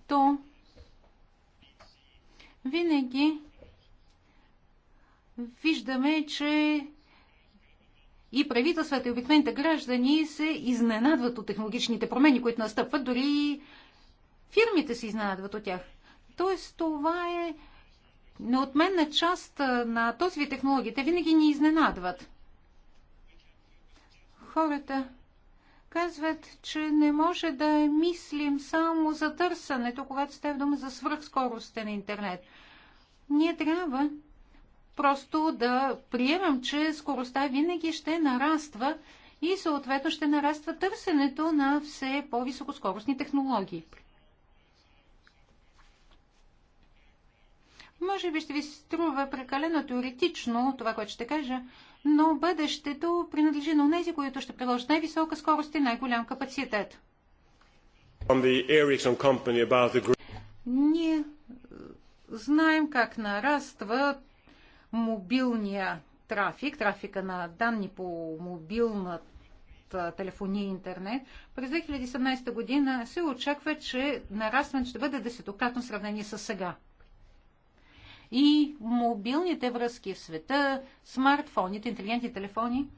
[SPEAKER 1] то винаги виждаме, че и правителствата и обикновените граждани се изненадват от технологичните промени, които настъпват, дори и фирмите се изненадват от тях. Тоест това е неотменна част на този вид технологии. Те винаги ни изненадват. Хората казват, че не може да мислим само за търсенето, когато в дума за свръхскоростта на интернет. Ние трябва просто да приемем, че скоростта винаги ще нараства и съответно ще нараства търсенето на все по-високоскоростни технологии. Може би ще ви струва прекалено теоретично това, което ще кажа, но бъдещето принадлежи на тези, които ще приложат най-висока скорост и най-голям капацитет. Ние знаем как нарастват мобилния трафик, трафика на данни по мобилната телефония и интернет, през 2017 година се очаква, че нарастването ще бъде десетократно в сравнение с сега. И мобилните връзки в света, смартфоните, интелигентни телефони,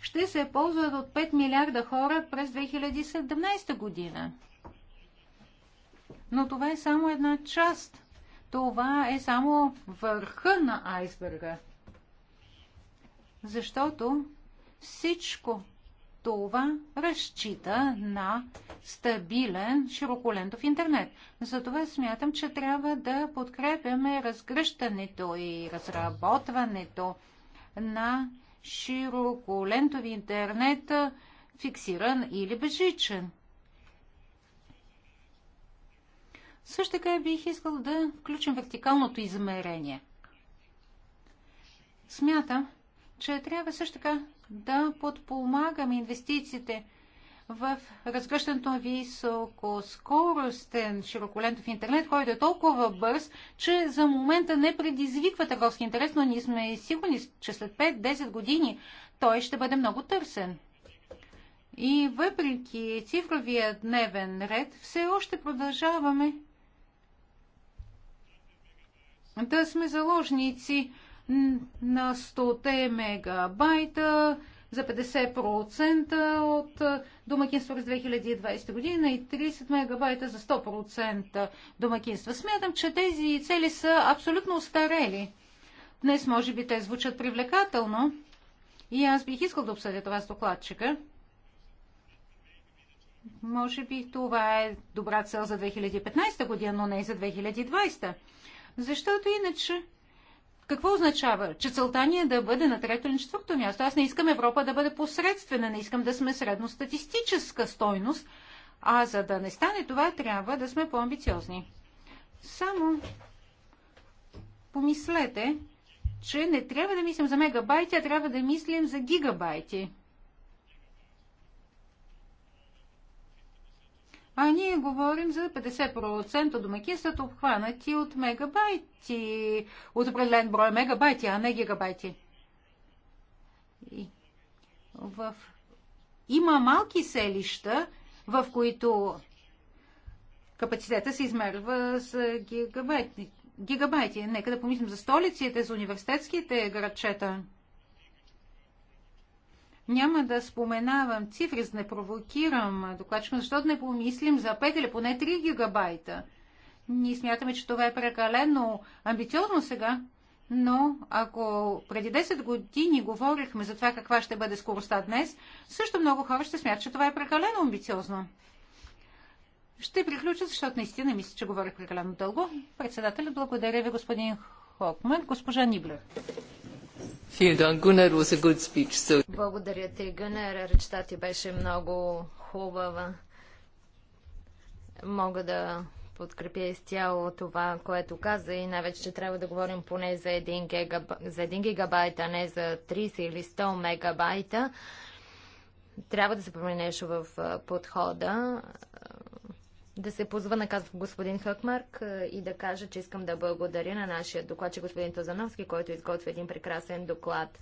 [SPEAKER 1] ще се ползват от 5 милиарда хора през 2017 година. Но това е само една част това е само върха на айсберга. Защото всичко това разчита на стабилен широколентов интернет. Затова смятам, че трябва да подкрепяме разгръщането и разработването на широколентов интернет, фиксиран или бежичен. Също така бих искал да включим вертикалното измерение. Смятам, че трябва също така да подпомагаме инвестициите в разгръщането на високоскоростен широколентов интернет, който е толкова бърз, че за момента не предизвиква търговски интерес, но ние сме сигурни, че след 5-10 години той ще бъде много търсен. И въпреки цифровия дневен ред, все още продължаваме да сме заложници на 100 мегабайта за 50% от домакинства през 2020 година и 30 мегабайта за 100% домакинства. Смятам, че тези цели са абсолютно устарели. Днес може би те звучат привлекателно и аз бих искал да обсъдя това с докладчика. Може би това е добра цел за 2015 година, но не и за 2020. Защото иначе какво означава? Че целта ни е да бъде на трето или на четвърто място. Аз не искам Европа да бъде посредствена, не искам да сме средностатистическа стойност, а за да не стане това, трябва да сме по-амбициозни. Само помислете, че не трябва да мислим за мегабайти, а трябва да мислим за гигабайти. А ние говорим за 50% от домакинствата обхванати от мегабайти, от определен брой мегабайти, а не гигабайти. И в... Има малки селища, в които капацитета се измерва с гигабайти. гигабайти. Нека да помислим за столиците, за университетските градчета. Няма да споменавам цифри, за да не провокирам докладчика, защото не помислим за 5 или поне 3 гигабайта. Ние смятаме, че това е прекалено амбициозно сега, но ако преди 10 години говорихме за това каква ще бъде скоростта днес, също много хора ще смятат, че това е прекалено амбициозно. Ще приключа, защото наистина мисля, че говорих прекалено дълго. Председателя, благодаря ви, господин Хокман. Госпожа Ниблер. Благодаря ти, гънер.
[SPEAKER 3] Речта ти беше много хубава. Мога да подкрепя изцяло това, което каза и най-вече, че трябва да говорим поне за 1, гигаб... за 1 гигабайт, а не за 30 или 100 мегабайта. Трябва да се променеш в подхода да се позва на казва господин Хъкмарк и да кажа, че искам да благодаря на нашия докладчик господин Тозановски, който изготвя един прекрасен доклад.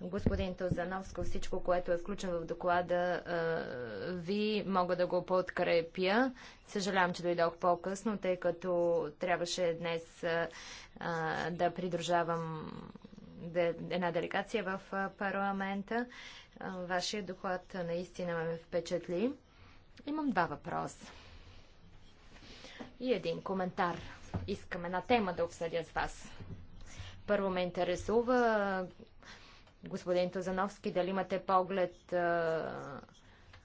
[SPEAKER 3] Господин Тозановски, всичко, което е включено в доклада, ви мога да го подкрепя. Съжалявам, че дойдох по-късно, тъй като трябваше днес да придружавам една делегация в парламента. Вашия доклад наистина ме впечатли. Имам два въпроса и един коментар. искаме на тема да обсъдя с вас. Първо ме интересува, господин Тозановски, дали имате поглед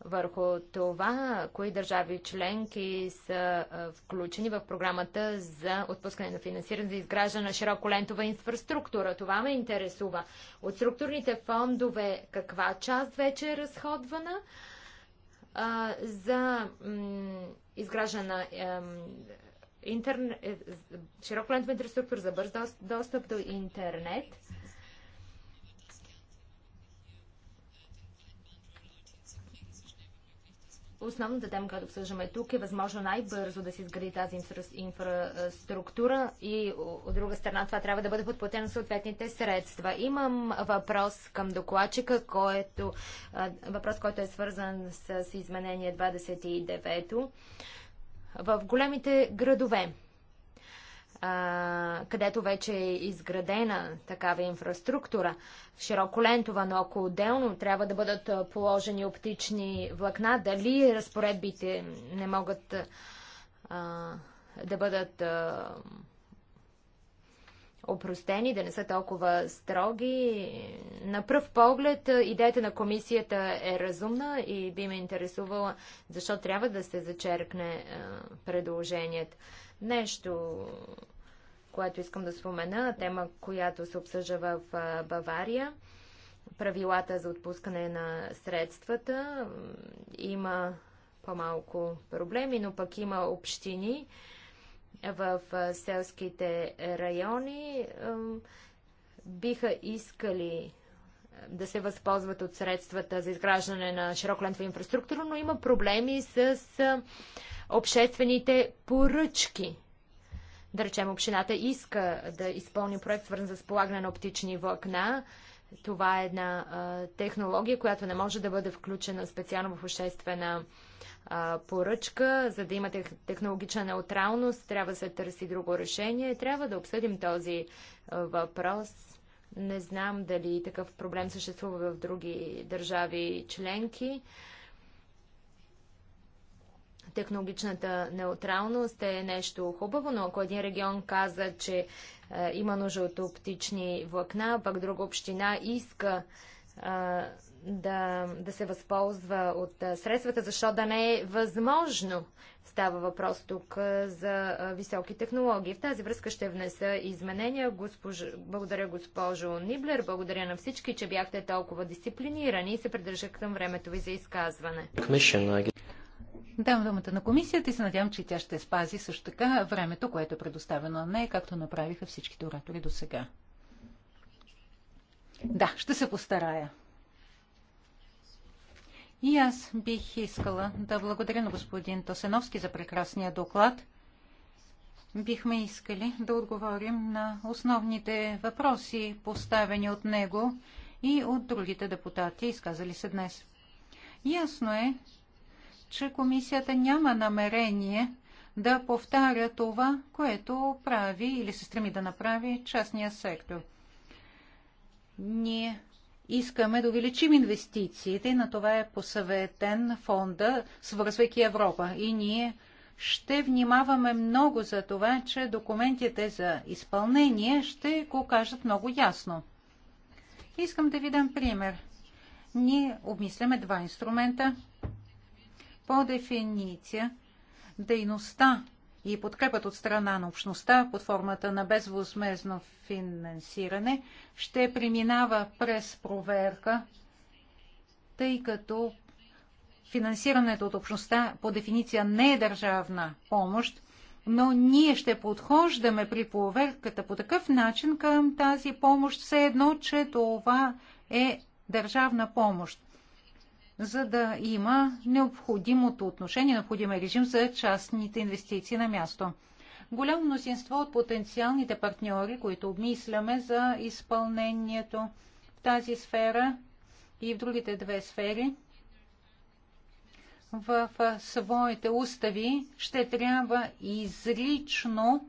[SPEAKER 3] върху това, кои държави членки са включени в програмата за отпускане на финансиране за изграждане на широколентова инфраструктура. Това ме интересува. От структурните фондове каква част вече е разходвана? А, а, за изграждане на интер... Е, широколентова инфраструктура за бърз достъп до интернет. Основната тема, която обсъждаме тук е възможно най-бързо да се изгради тази инфраструктура и от друга страна това трябва да бъде подплатено съответните средства. Имам въпрос към докладчика, който, въпрос, който е свързан с изменение 29 -то. в големите градове а, където вече е изградена такава инфраструктура, широколентова, но ако отделно трябва да бъдат положени оптични влакна, дали разпоредбите не могат а, да бъдат а, опростени, да не са толкова строги. На пръв поглед идеята на комисията е разумна и би ме интересувала защо трябва да се зачеркне предложението. Нещо, което искам да спомена, тема, която се обсъжда в Бавария правилата за отпускане на средствата. Има по-малко проблеми, но пък има общини в селските райони. Биха искали да се възползват от средствата за изграждане на широколентова инфраструктура, но има проблеми с обществените поръчки. Да речем, общината иска да изпълни проект, свързан с полагане на оптични влакна. Това е една а, технология, която не може да бъде включена специално в обществена а, поръчка. За да има тех, технологична неутралност, трябва да се търси друго решение. Трябва да обсъдим този а, въпрос не знам дали такъв проблем съществува в други държави членки. Технологичната неутралност е нещо хубаво, но ако един регион каза, че е, има нужда от оптични влакна, пък друга община иска е, да, да се възползва от средствата, защо да не е възможно. Става въпрос тук за високи технологии. В тази връзка ще внеса изменения. Госпож... Благодаря госпожо Ниблер, благодаря на всички, че бяхте толкова дисциплинирани и се придържах към времето
[SPEAKER 1] ви за изказване. Давам думата на комисията и се надявам, че тя ще спази също така времето, което е предоставено на нея, както направиха всичките оратори до сега. Да, ще се постарая. И аз бих искала да благодаря на господин Тосеновски за прекрасния доклад. Бихме искали да отговорим на основните въпроси, поставени от него и от другите депутати, изказали се днес. Ясно е, че комисията няма намерение да повтаря това, което прави или се стреми да направи частния сектор. Ние искаме да увеличим инвестициите. На това е посъветен фонда Свързвайки Европа. И ние ще внимаваме много за това, че документите за изпълнение ще го кажат много ясно. Искам да ви дам пример. Ние обмисляме два инструмента. По дефиниция, дейността и подкрепът от страна на общността под формата на безвъзмезно финансиране ще преминава през проверка, тъй като финансирането от общността по дефиниция не е държавна помощ, но ние ще подхождаме при проверката по такъв начин към тази помощ, все едно, че това е държавна помощ за да има необходимото отношение, необходимия режим за частните инвестиции на място. Голямо мнозинство от потенциалните партньори, които обмисляме за изпълнението в тази сфера и в другите две сфери, в своите устави ще трябва изрично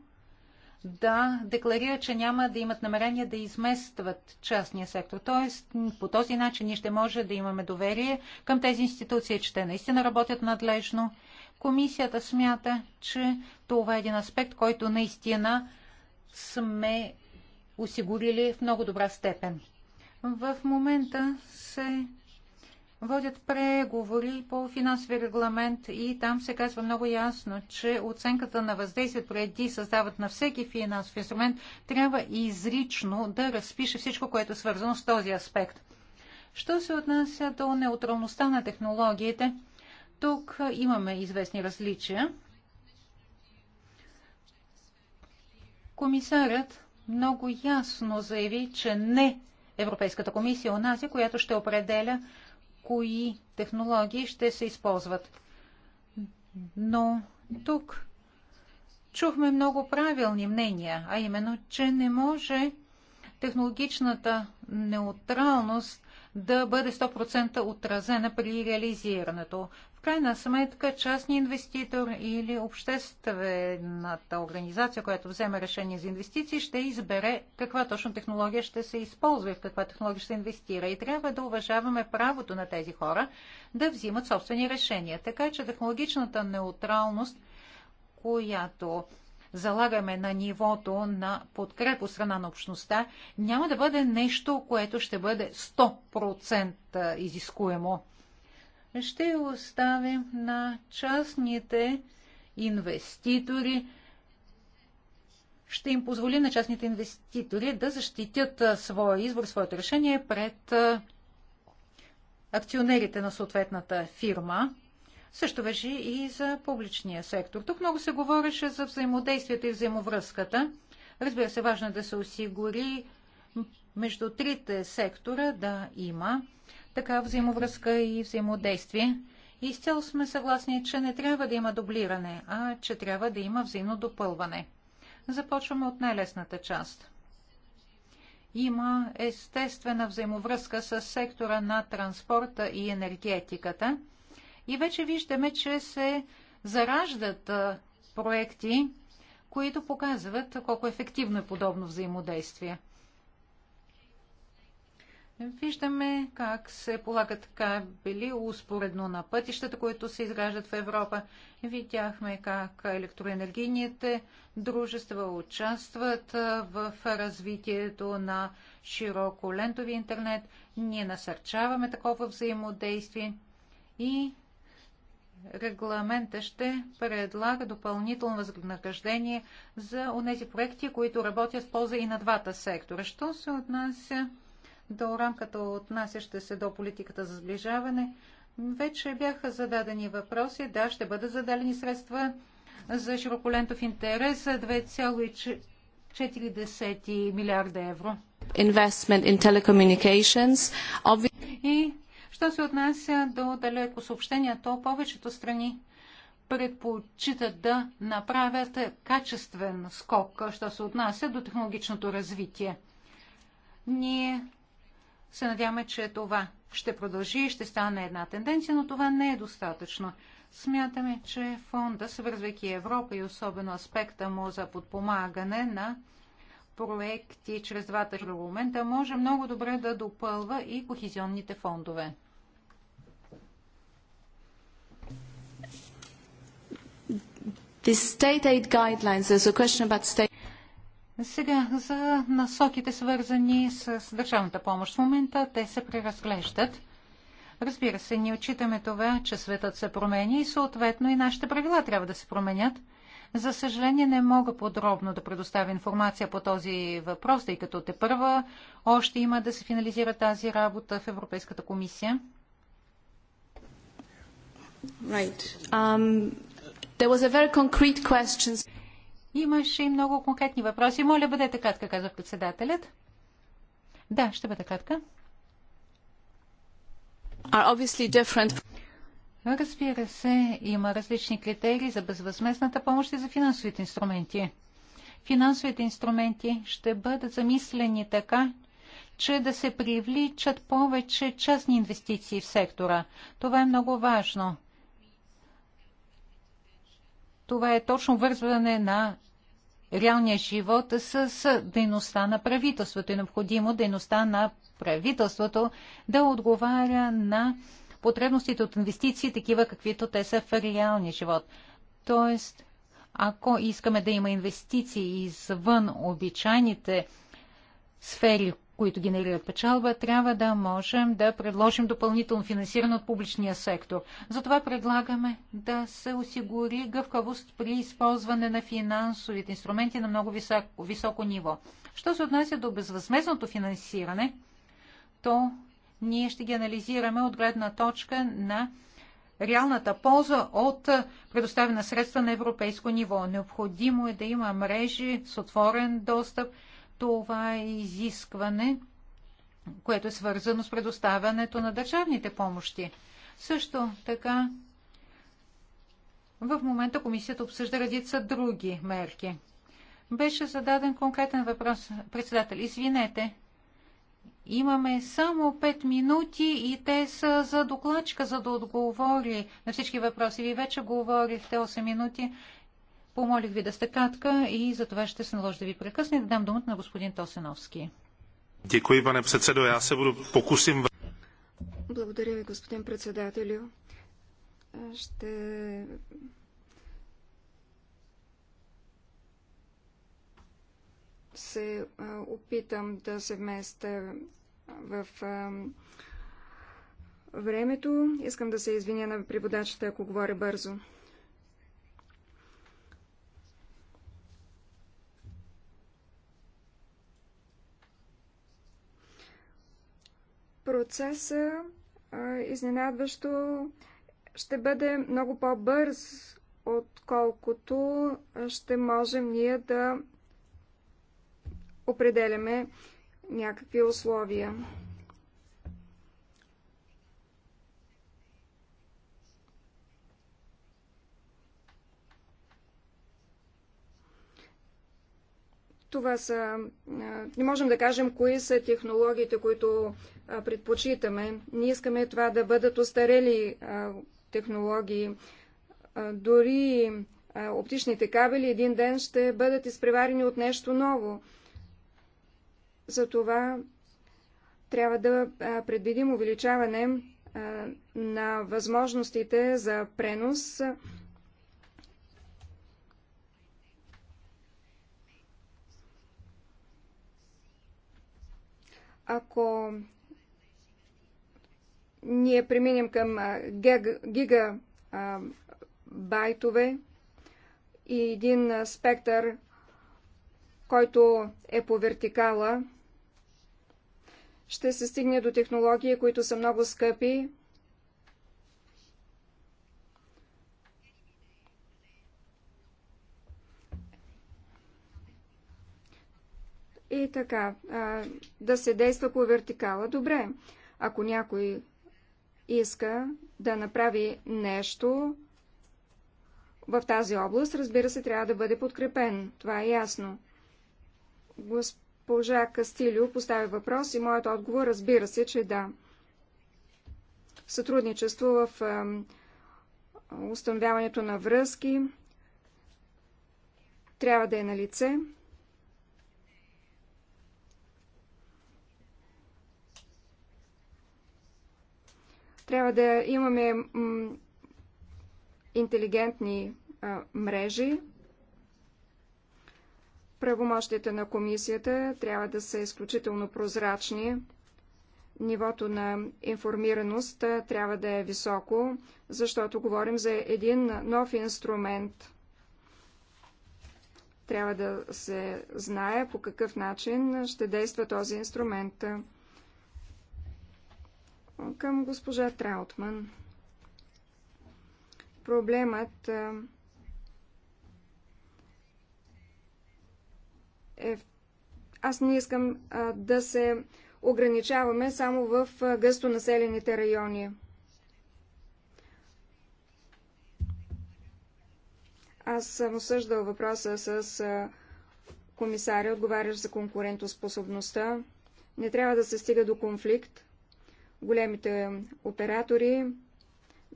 [SPEAKER 1] да декларират, че няма да имат намерение да изместват частния сектор. Тоест, по този начин ние ще може да имаме доверие към тези институции, че те наистина работят надлежно. Комисията смята, че това е един аспект, който наистина сме осигурили в много добра степен. В момента се водят преговори по финансови регламент и там се казва много ясно, че оценката на въздействие преди създават на всеки финансов инструмент трябва изрично да разпише всичко, което е свързано с този аспект. Що се отнася до неутралността на технологиите, тук имаме известни различия. Комисарят много ясно заяви, че не Европейската комисия е онази, която ще определя кои технологии ще се използват. Но тук чухме много правилни мнения, а именно, че не може технологичната неутралност да бъде 100% отразена при реализирането. В крайна сметка, частния инвеститор или обществената организация, която вземе решение за инвестиции, ще избере каква точно технология ще се използва и в каква технология ще инвестира. И трябва да уважаваме правото на тези хора да взимат собствени решения. Така че технологичната неутралност, която залагаме на нивото на подкрепа страна на общността, няма да бъде нещо, което ще бъде 100% изискуемо. Ще оставим на частните инвеститори, ще им позволи на частните инвеститори да защитят своя избор, своето решение пред акционерите на съответната фирма. Също беше и за публичния сектор. Тук много се говореше за взаимодействията и взаимовръзката. Разбира се, важно е да се осигури между трите сектора да има така взаимовръзка и взаимодействие. Изцяло сме съгласни, че не трябва да има дублиране, а че трябва да има взаимно допълване. Започваме от най-лесната част. Има естествена взаимовръзка с сектора на транспорта и енергетиката – и вече виждаме, че се зараждат проекти, които показват колко ефективно е подобно взаимодействие. Виждаме как се полагат кабели успоредно на пътищата, които се изграждат в Европа. Видяхме как електроенергийните дружества участват в развитието на широко лентови интернет. Ние насърчаваме такова взаимодействие и регламента ще предлага допълнително възнаграждение за тези проекти, които работят в полза и на двата сектора. Що се отнася до рамката, отнасяща се до политиката за сближаване, вече бяха зададени въпроси. Да, ще бъдат зададени средства за широколентов интерес 2,4 милиарда евро. Investment in telecommunications. Obvi- и Що се отнася до далеко съобщения, то повечето страни предпочитат да направят качествен скок, що се отнася до технологичното развитие. Ние се надяваме, че това ще продължи и ще стане една тенденция, но това не е достатъчно. Смятаме, че фонда, свързвайки Европа и особено аспекта му за подпомагане на проекти чрез двата регламента може много добре да допълва и кохизионните фондове. State... Сега за насоките свързани с държавната помощ в момента, те се преразглеждат. Разбира се, ние отчитаме това, че светът се промени и съответно и нашите правила трябва да се променят. За съжаление не мога подробно да предоставя информация по този въпрос, тъй като те първа още има да се финализира тази работа в Европейската комисия. Right. Um, there was a very concrete question. Имаше и много конкретни въпроси. Моля, бъдете кратка, казах председателят. Да, ще бъда кратка. Are obviously different Разбира се, има различни критерии за безвъзместната помощ и за финансовите инструменти. Финансовите инструменти ще бъдат замислени така, че да се привличат повече частни инвестиции в сектора. Това е много важно. Това е точно вързване на реалния живот с дейността на правителството. Е необходимо дейността на правителството да отговаря на потребностите от инвестиции, такива каквито те са в реалния живот. Тоест, ако искаме да има инвестиции извън обичайните сфери, които генерират печалба, трябва да можем да предложим допълнително финансиране от публичния сектор. Затова предлагаме да се осигури гъвкавост при използване на финансовите инструменти на много високо, високо ниво. Що се отнася до безвъзмезното финансиране, то ние ще ги анализираме от гледна точка на реалната полза от предоставена средства на европейско ниво. Необходимо е да има мрежи с отворен достъп. Това е изискване, което е свързано с предоставянето на държавните помощи. Също така в момента комисията обсъжда редица други мерки. Беше зададен конкретен въпрос. Председател, извинете, Имаме само 5 минути и те са за докладчика, за да отговори на всички въпроси. Вие вече говорихте 8 минути. Помолих ви да сте кратка и за това ще се наложи да ви прекъсна и да дам думата на господин Тосеновски.
[SPEAKER 4] Дякую, пане председател. Аз се буду покусим.
[SPEAKER 2] Благодаря ви, господин председателю. Ще се опитам да се вместя в времето. Искам да се извиня на преводачите, ако говоря бързо. Процеса изненадващо ще бъде много по-бърз, отколкото ще можем ние да определяме някакви условия. Това са... Не можем да кажем кои са технологиите, които предпочитаме. Ние искаме това да бъдат устарели технологии. Дори оптичните кабели един ден ще бъдат изпреварени от нещо ново. За това трябва да предвидим увеличаване на възможностите за пренос. Ако ние преминем към гигабайтове и един спектър, който е по вертикала, ще се стигне до технологии, които са много скъпи. И така, а, да се действа по вертикала. Добре, ако някой иска да направи нещо в тази област, разбира се, трябва да бъде подкрепен. Това е ясно. Господин Пожа Кастилио постави въпрос и моят отговор разбира се, че да. Сътрудничество в установяването на връзки трябва да е на лице. Трябва да имаме интелигентни мрежи, Правомощите на комисията трябва да са изключително прозрачни. Нивото на информираност трябва да е високо, защото говорим за един нов инструмент. Трябва да се знае по какъв начин ще действа този инструмент. Към госпожа Траутман. Проблемът е... Аз не искам а, да се ограничаваме само в гъсто населените райони. Аз съм осъждал въпроса с а, комисаря, отговарящ за конкурентоспособността. Не трябва да се стига до конфликт. Големите оператори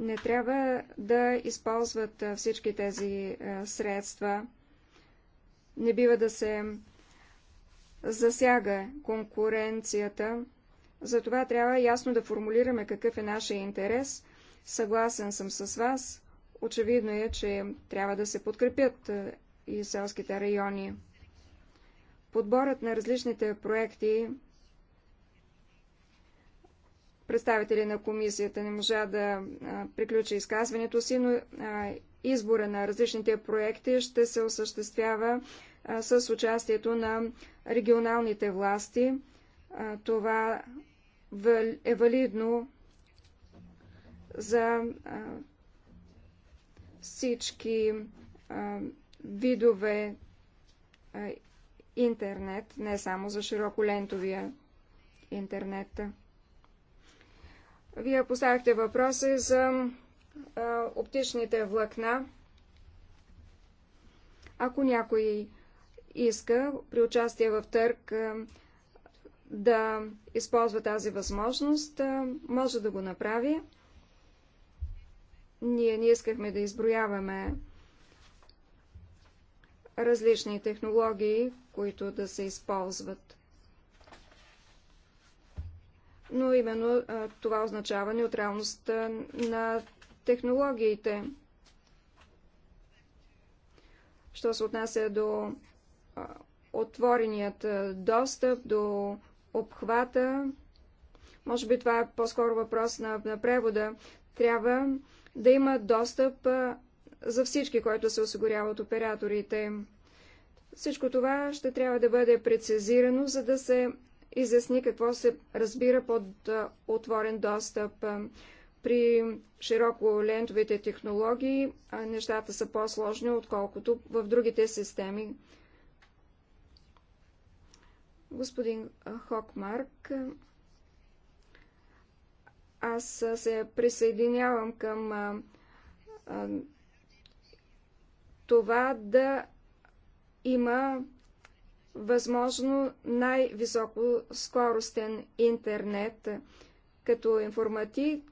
[SPEAKER 2] не трябва да използват всички тези средства. Не бива да се засяга конкуренцията. Затова трябва ясно да формулираме какъв е нашия интерес. Съгласен съм с вас. Очевидно е, че трябва да се подкрепят е, и селските райони. Подборът на различните проекти представители на комисията не можа да е, приключи изказването си, но е, избора на различните проекти ще се осъществява с участието на регионалните власти. Това е валидно за всички видове интернет, не само за широколентовия интернет. Вие поставихте въпроси за оптичните влакна. Ако някой иска при участие в търг да използва тази възможност, може да го направи. Ние не искахме да изброяваме различни технологии, които да се използват. Но именно това означава неутралност на технологиите. Що се отнася до отвореният достъп до обхвата. Може би това е по-скоро въпрос на, на превода. Трябва да има достъп за всички, който се осигурява от операторите. Всичко това ще трябва да бъде прецизирано, за да се изясни какво се разбира под отворен достъп. При широко лентовите технологии нещата са по-сложни, отколкото в другите системи. Господин Хокмарк, аз се присъединявам към това да има възможно най-високо скоростен интернет. Като информатик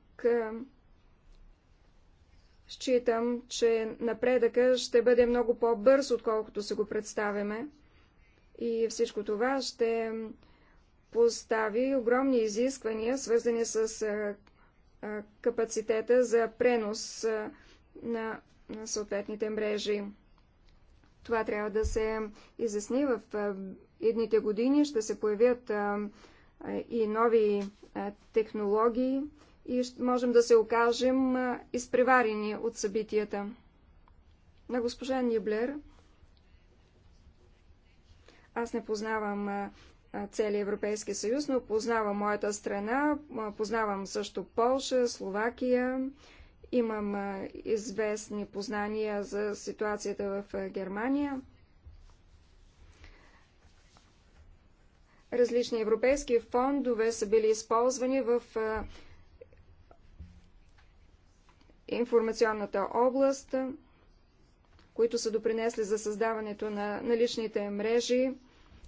[SPEAKER 2] считам, че напредъка ще бъде много по-бърз, отколкото се го представяме. И всичко това ще постави огромни изисквания, свързани с капацитета за пренос на съответните мрежи. Това трябва да се изясни в едните години. Ще се появят и нови технологии и можем да се окажем изпреварени от събитията. На госпожа Ниблер аз не познавам целият Европейски съюз, но познавам моята страна, познавам също Полша, Словакия, имам известни познания за ситуацията в Германия. Различни европейски фондове са били използвани в информационната област, които са допринесли за създаването на наличните мрежи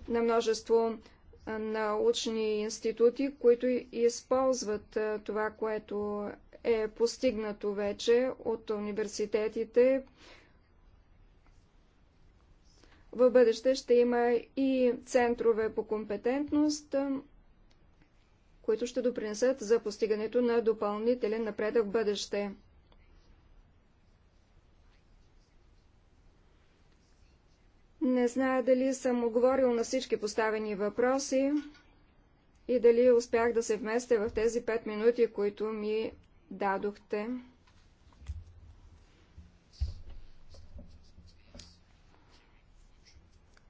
[SPEAKER 2] на множество научни институти, които използват това, което е постигнато вече от университетите. В бъдеще ще има и центрове по компетентност, които ще допринесат за постигането на допълнителен напредък в бъдеще. Не зная дали съм отговорил на всички поставени въпроси и дали успях да се вместя в тези 5 минути, които ми дадохте.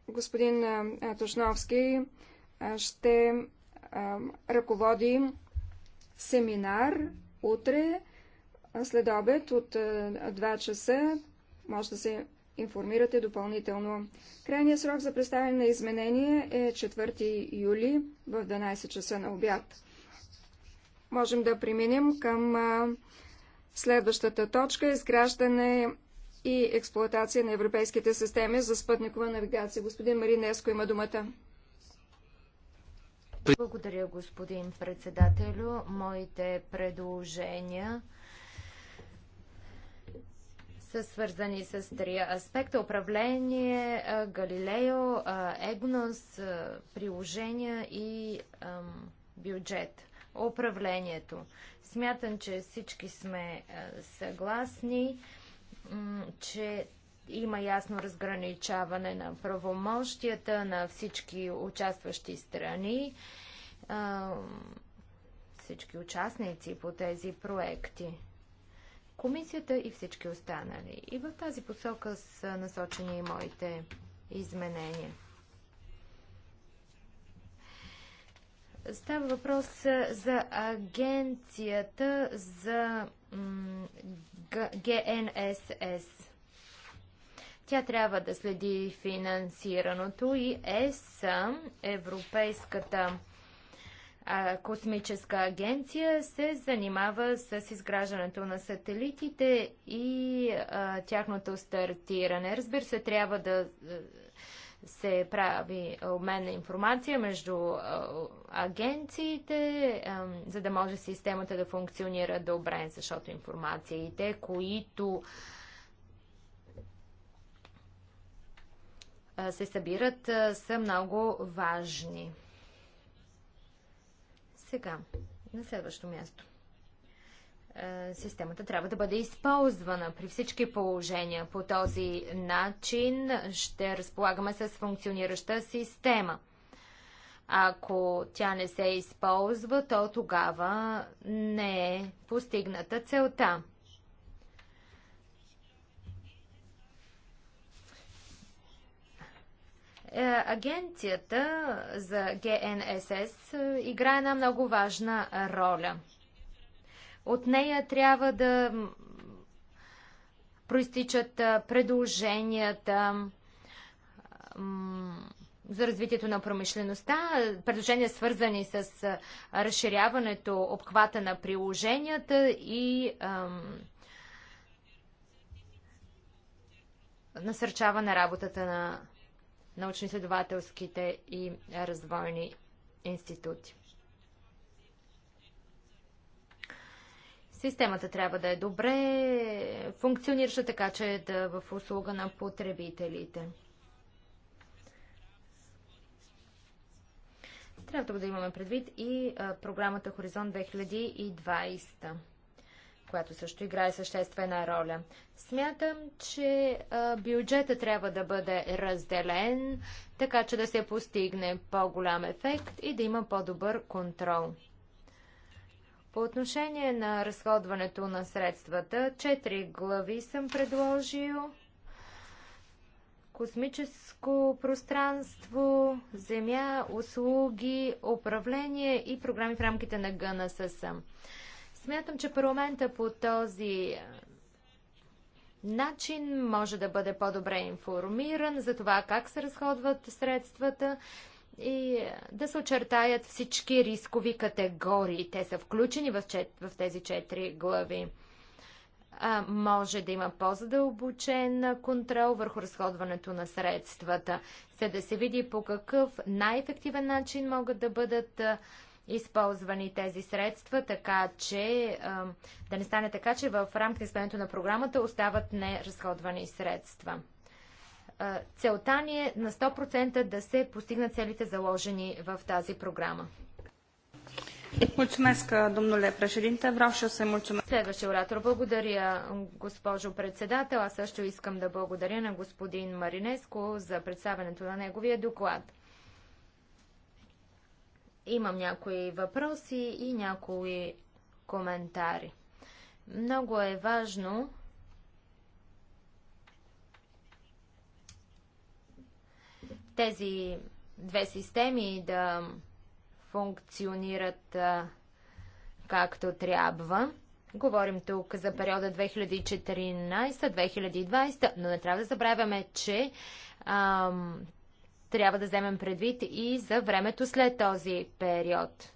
[SPEAKER 2] Господин Тошновски ще ръководи семинар утре след обед от 2 часа. Може да се информирате допълнително. Крайният срок за представяне на изменение е 4 юли в 12 часа на обяд. Можем да преминем към следващата точка – изграждане и експлуатация на европейските системи за спътникова навигация. Господин Маринеско има думата.
[SPEAKER 3] Благодаря, господин председателю. Моите предложения са свързани с три аспекта. Управление, Галилео, Егнос, приложения и бюджет. Управлението. Смятам, че всички сме съгласни, че има ясно разграничаване на правомощията на всички участващи страни, всички участници по тези проекти комисията и всички останали. И в тази посока са насочени и моите изменения. Става въпрос за агенцията за ГНСС. Тя трябва да следи финансираното и ЕСА, Европейската космическа агенция се занимава с изграждането на сателитите и а, тяхното стартиране. Разбира се, трябва да се прави обмен на информация между агенциите, за да може системата да функционира добре, защото информациите, които се събират, са много важни. Сега, на следващо място. Е, системата трябва да бъде използвана при всички положения. По този начин ще разполагаме с функционираща система. Ако тя не се използва, то тогава не е постигната целта. Е, агенцията за ГНСС е, играе една много важна роля. От нея трябва да проистичат е, предложенията за развитието на промишлеността, предложения свързани с разширяването обхвата на приложенията и насърчаване на работата на научно-изследователските и развойни институти. Системата трябва да е добре функционираща така, че е да в услуга на потребителите. Трябва да имаме предвид и а, програмата Хоризонт 2020 която също играе съществена роля. Смятам, че бюджета трябва да бъде разделен, така че да се постигне по-голям ефект и да има по-добър контрол. По отношение на разходването на средствата, четири глави съм предложил. Космическо пространство, земя, услуги, управление и програми в рамките на ГНСС. Смятам, че парламента по този е, начин може да бъде по-добре информиран за това как се разходват средствата и е, да се очертаят всички рискови категории. Те са включени в, тези четири глави. А, може да има по-задълбочен контрол върху разходването на средствата, за да се види по какъв най-ефективен начин могат да бъдат е, използвани тези средства, така че да не стане така, че в рамките изпълнението на програмата остават неразходвани средства. Целта ни е на 100% да се постигнат целите заложени в тази програма. Mulțumesc, domnule președinte. Vreau și eu să mulțumesc. Следващия оратор. Благодаря, госпожо председател. Аз също искам да благодаря на господин Маринеско за представенето на неговия доклад. Имам някои въпроси и някои коментари. Много е важно тези две системи да функционират както трябва. Говорим тук за периода 2014-2020, но не трябва да забравяме, че ам, трябва да вземем предвид и за времето след този период.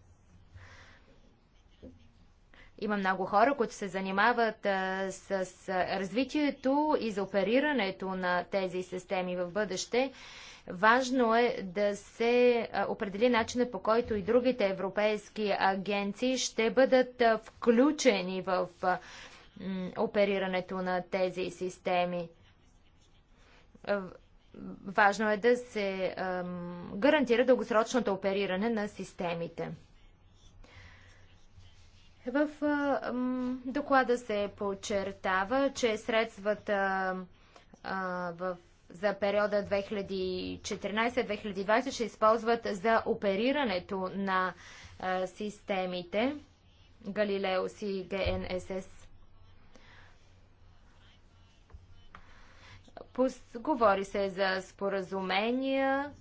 [SPEAKER 3] Има много хора, които се занимават а, с, с развитието и за оперирането на тези системи в бъдеще. Важно е да се определи начина по който и другите европейски агенции ще бъдат включени в оперирането на тези системи важно е да се гарантира дългосрочното опериране на системите. В доклада се подчертава, че средствата в, за периода 2014-2020 ще използват за оперирането на системите Галилеос и ГНСС. Говори се за споразумения,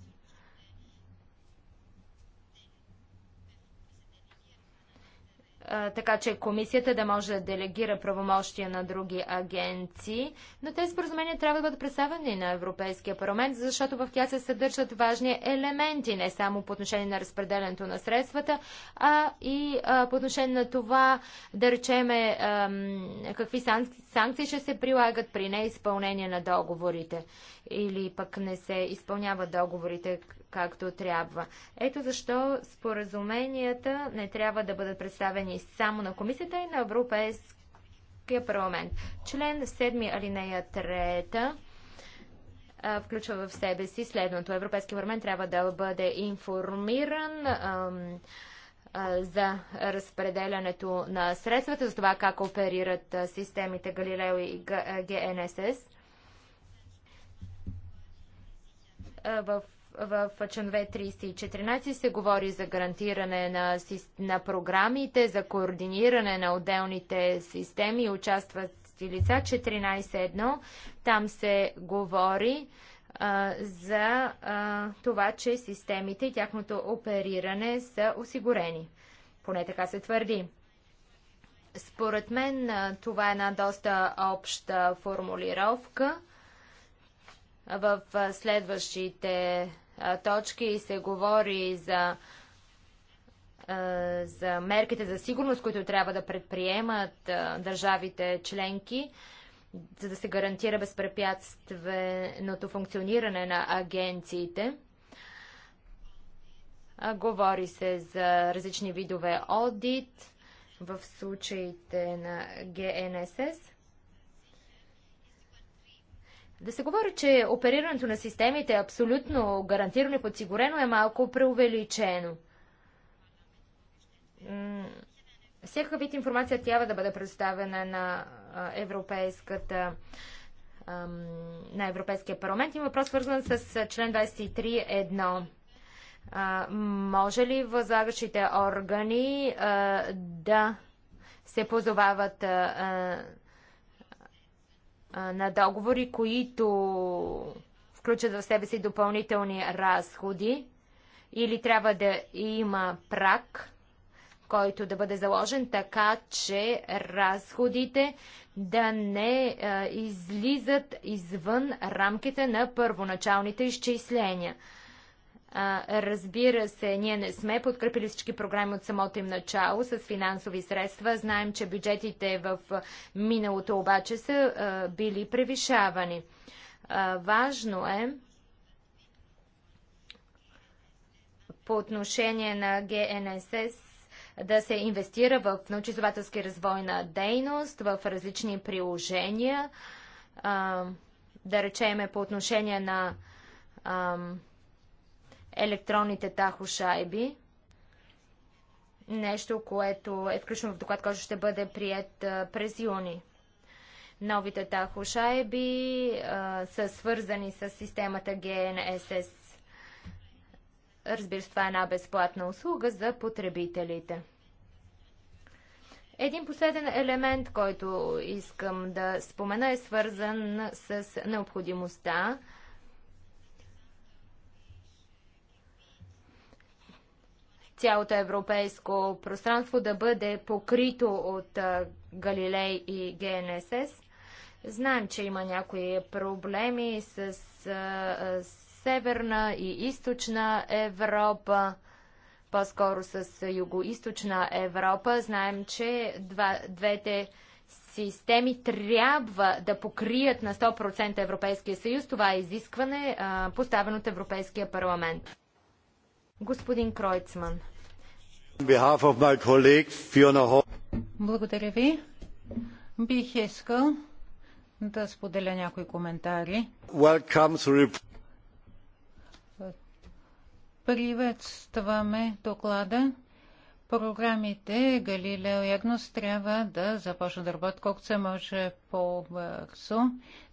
[SPEAKER 3] така че комисията да може да делегира правомощия на други агенции, но тези споразумения трябва да бъдат представени на Европейския парламент, защото в тях се съдържат важни елементи, не само по отношение на разпределенето на средствата, а и по отношение на това, да речеме, какви санкции ще се прилагат при неизпълнение на договорите или пък не се изпълняват договорите, както трябва. Ето защо споразуменията не трябва да бъдат представени само на комисията и на Европейския парламент. Член 7 алинея 3 включва в себе си следното. Европейския парламент трябва да бъде информиран ам, а, за разпределянето на средствата, за това как оперират системите Галилео и ГНСС. В в, в членове 30 и 14 се говори за гарантиране на, на програмите, за координиране на отделните системи, участват лица 14.1. Там се говори а, за а, това, че системите и тяхното опериране са осигурени. Поне така се твърди. Според мен това е една доста обща формулировка в следващите точки и се говори за, за мерките за сигурност, които трябва да предприемат държавите членки, за да се гарантира безпрепятственото функциониране на агенциите. Говори се за различни видове одит в случаите на ГНСС. Да се говори, че оперирането на системите е абсолютно гарантирано и подсигурено е малко преувеличено. Всяка вид информация трябва да бъде предоставена на Европейската на Европейския парламент. Има въпрос свързан с член 23.1. Може ли възлагащите органи да се позовават а, на договори, които включат в себе си допълнителни разходи или трябва да има прак, който да бъде заложен така, че разходите да не а, излизат извън рамките на първоначалните изчисления разбира се, ние не сме подкрепили всички програми от самото им начало с финансови средства. Знаем, че бюджетите в миналото обаче са били превишавани. важно е по отношение на ГНСС да се инвестира в научизователски развойна дейност, в различни приложения, да речеме по отношение на електронните тахошайби. Нещо, което е включено в доклад, който ще бъде прият през юни. Новите тахошайби а, са свързани с системата GNSS. Разбира се, това е една безплатна услуга за потребителите. Един последен елемент, който искам да спомена, е свързан с необходимостта цялото европейско пространство да бъде покрито от Галилей и ГНСС. Знаем, че има някои проблеми с Северна и Източна Европа по-скоро с Юго-Источна Европа. Знаем, че два, двете системи трябва да покрият на 100% Европейския съюз. Това е изискване, а, поставено от Европейския парламент. Господин Кройцман.
[SPEAKER 1] Благодаря ви. Бих искал да споделя някои коментари. Приветстваме доклада програмите Галилео и Агнос трябва да започнат да работят колкото се може по-бързо.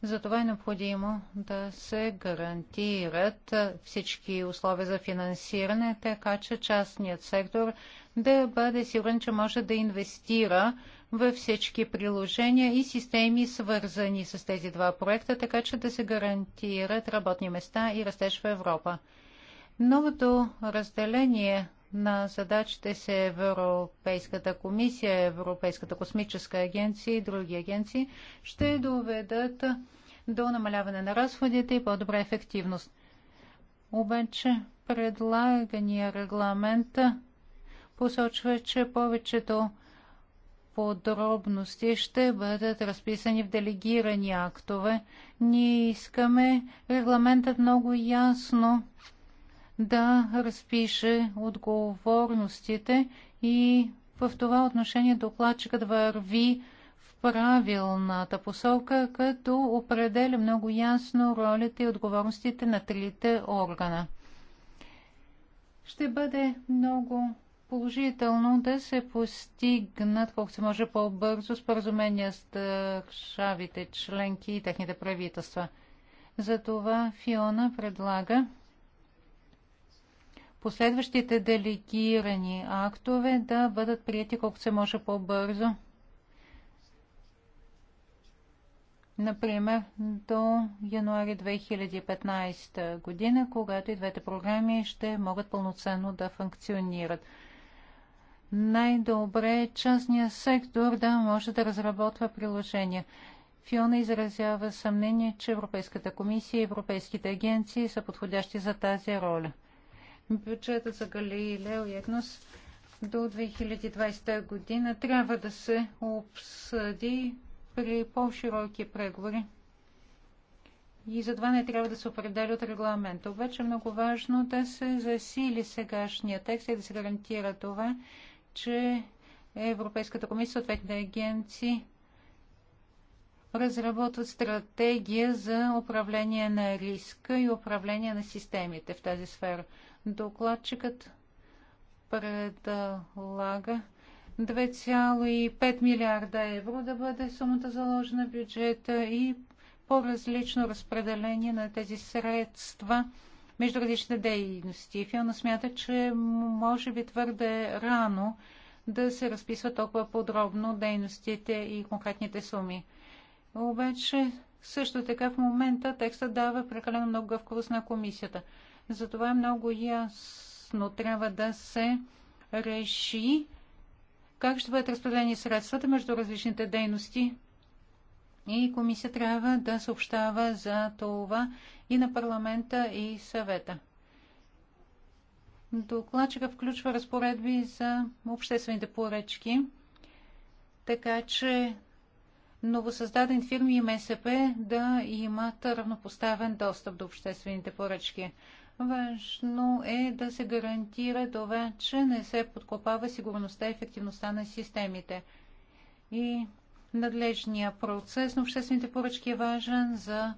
[SPEAKER 1] Затова е необходимо да се гарантират всички условия за финансиране, така че частният сектор да бъде сигурен, че може да инвестира във всички приложения и системи, свързани с тези два проекта, така че да се гарантират работни места и растеж в Европа. Новото разделение на задачите се Европейската комисия, Европейската космическа агенция и други агенции ще доведат до намаляване на разходите и по-добра ефективност. Обаче предлагания регламент посочва, че повечето подробности ще бъдат разписани в делегирани актове. Ние искаме регламентът много ясно да разпише отговорностите и в това отношение докладчикът върви в правилната посока, като определя много ясно ролите и отговорностите на трите органа. Ще бъде много положително да се постигнат колкото се може по-бързо споразумения с държавите членки и техните правителства. Затова Фиона предлага последващите делегирани актове да бъдат прияти колкото се може по-бързо. Например, до януари 2015 година, когато и двете програми ще могат пълноценно да функционират. Най-добре е частният сектор да може да разработва приложения. Фиона изразява съмнение, че Европейската комисия и европейските агенции са подходящи за тази роля. Бюджета за Галилео и Екнос до 2020 година трябва да се обсъди при по-широки преговори. И затова не трябва да се определя от регламента. Обаче е много важно да се засили сегашния текст и да се гарантира това, че Европейската комисия, съответните агенции, разработват стратегия за управление на риска и управление на системите в тази сфера. Докладчикът предлага 2,5 милиарда евро да бъде сумата заложена в бюджета и по-различно разпределение на тези средства между различните дейности. Фиона смята, че може би твърде рано да се разписва толкова подробно дейностите и конкретните суми. Обаче също така в момента текста дава прекалено много гъвкавост на комисията. Затова е много ясно трябва да се реши как ще бъдат разпределени средствата между различните дейности. И комисия трябва да съобщава за това и на парламента и съвета. Докладчика включва разпоредби за обществените поръчки, така че новосъздаден фирми и МСП да имат равнопоставен достъп до обществените поръчки. Важно е да се гарантира това, че не се подкопава сигурността и ефективността на системите. И надлежния процес на обществените поръчки е важен за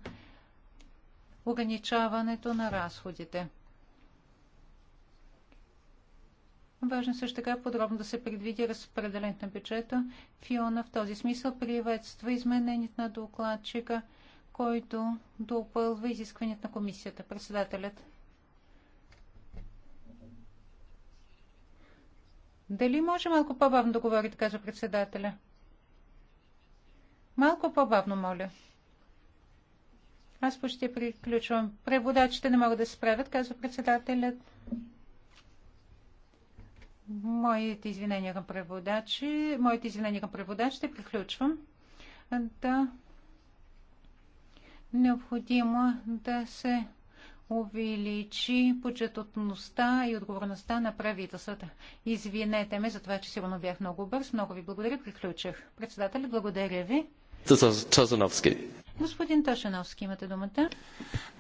[SPEAKER 1] ограничаването на разходите. Важно е също така подробно да се предвиди разпределението на бюджета. Фиона в този смисъл приветства изменението на докладчика, който допълва изискванията на комисията. Председателят Дали може малко по-бавно да говорите, каза председателя? Малко по-бавно, моля. Аз почти приключвам. Преводачите не могат да се справят, казва председателят. Моите извинения към преводачи. Моите извинения към преводачите. Приключвам. Да. Необходимо да се увеличи почетотността и отговорността на правителствата. Извинете ме за това, че сигурно бях много бърз. Много ви благодаря. Приключих. Председателя, благодаря ви.
[SPEAKER 4] Тазановски.
[SPEAKER 1] Господин Тошановски, имате думата.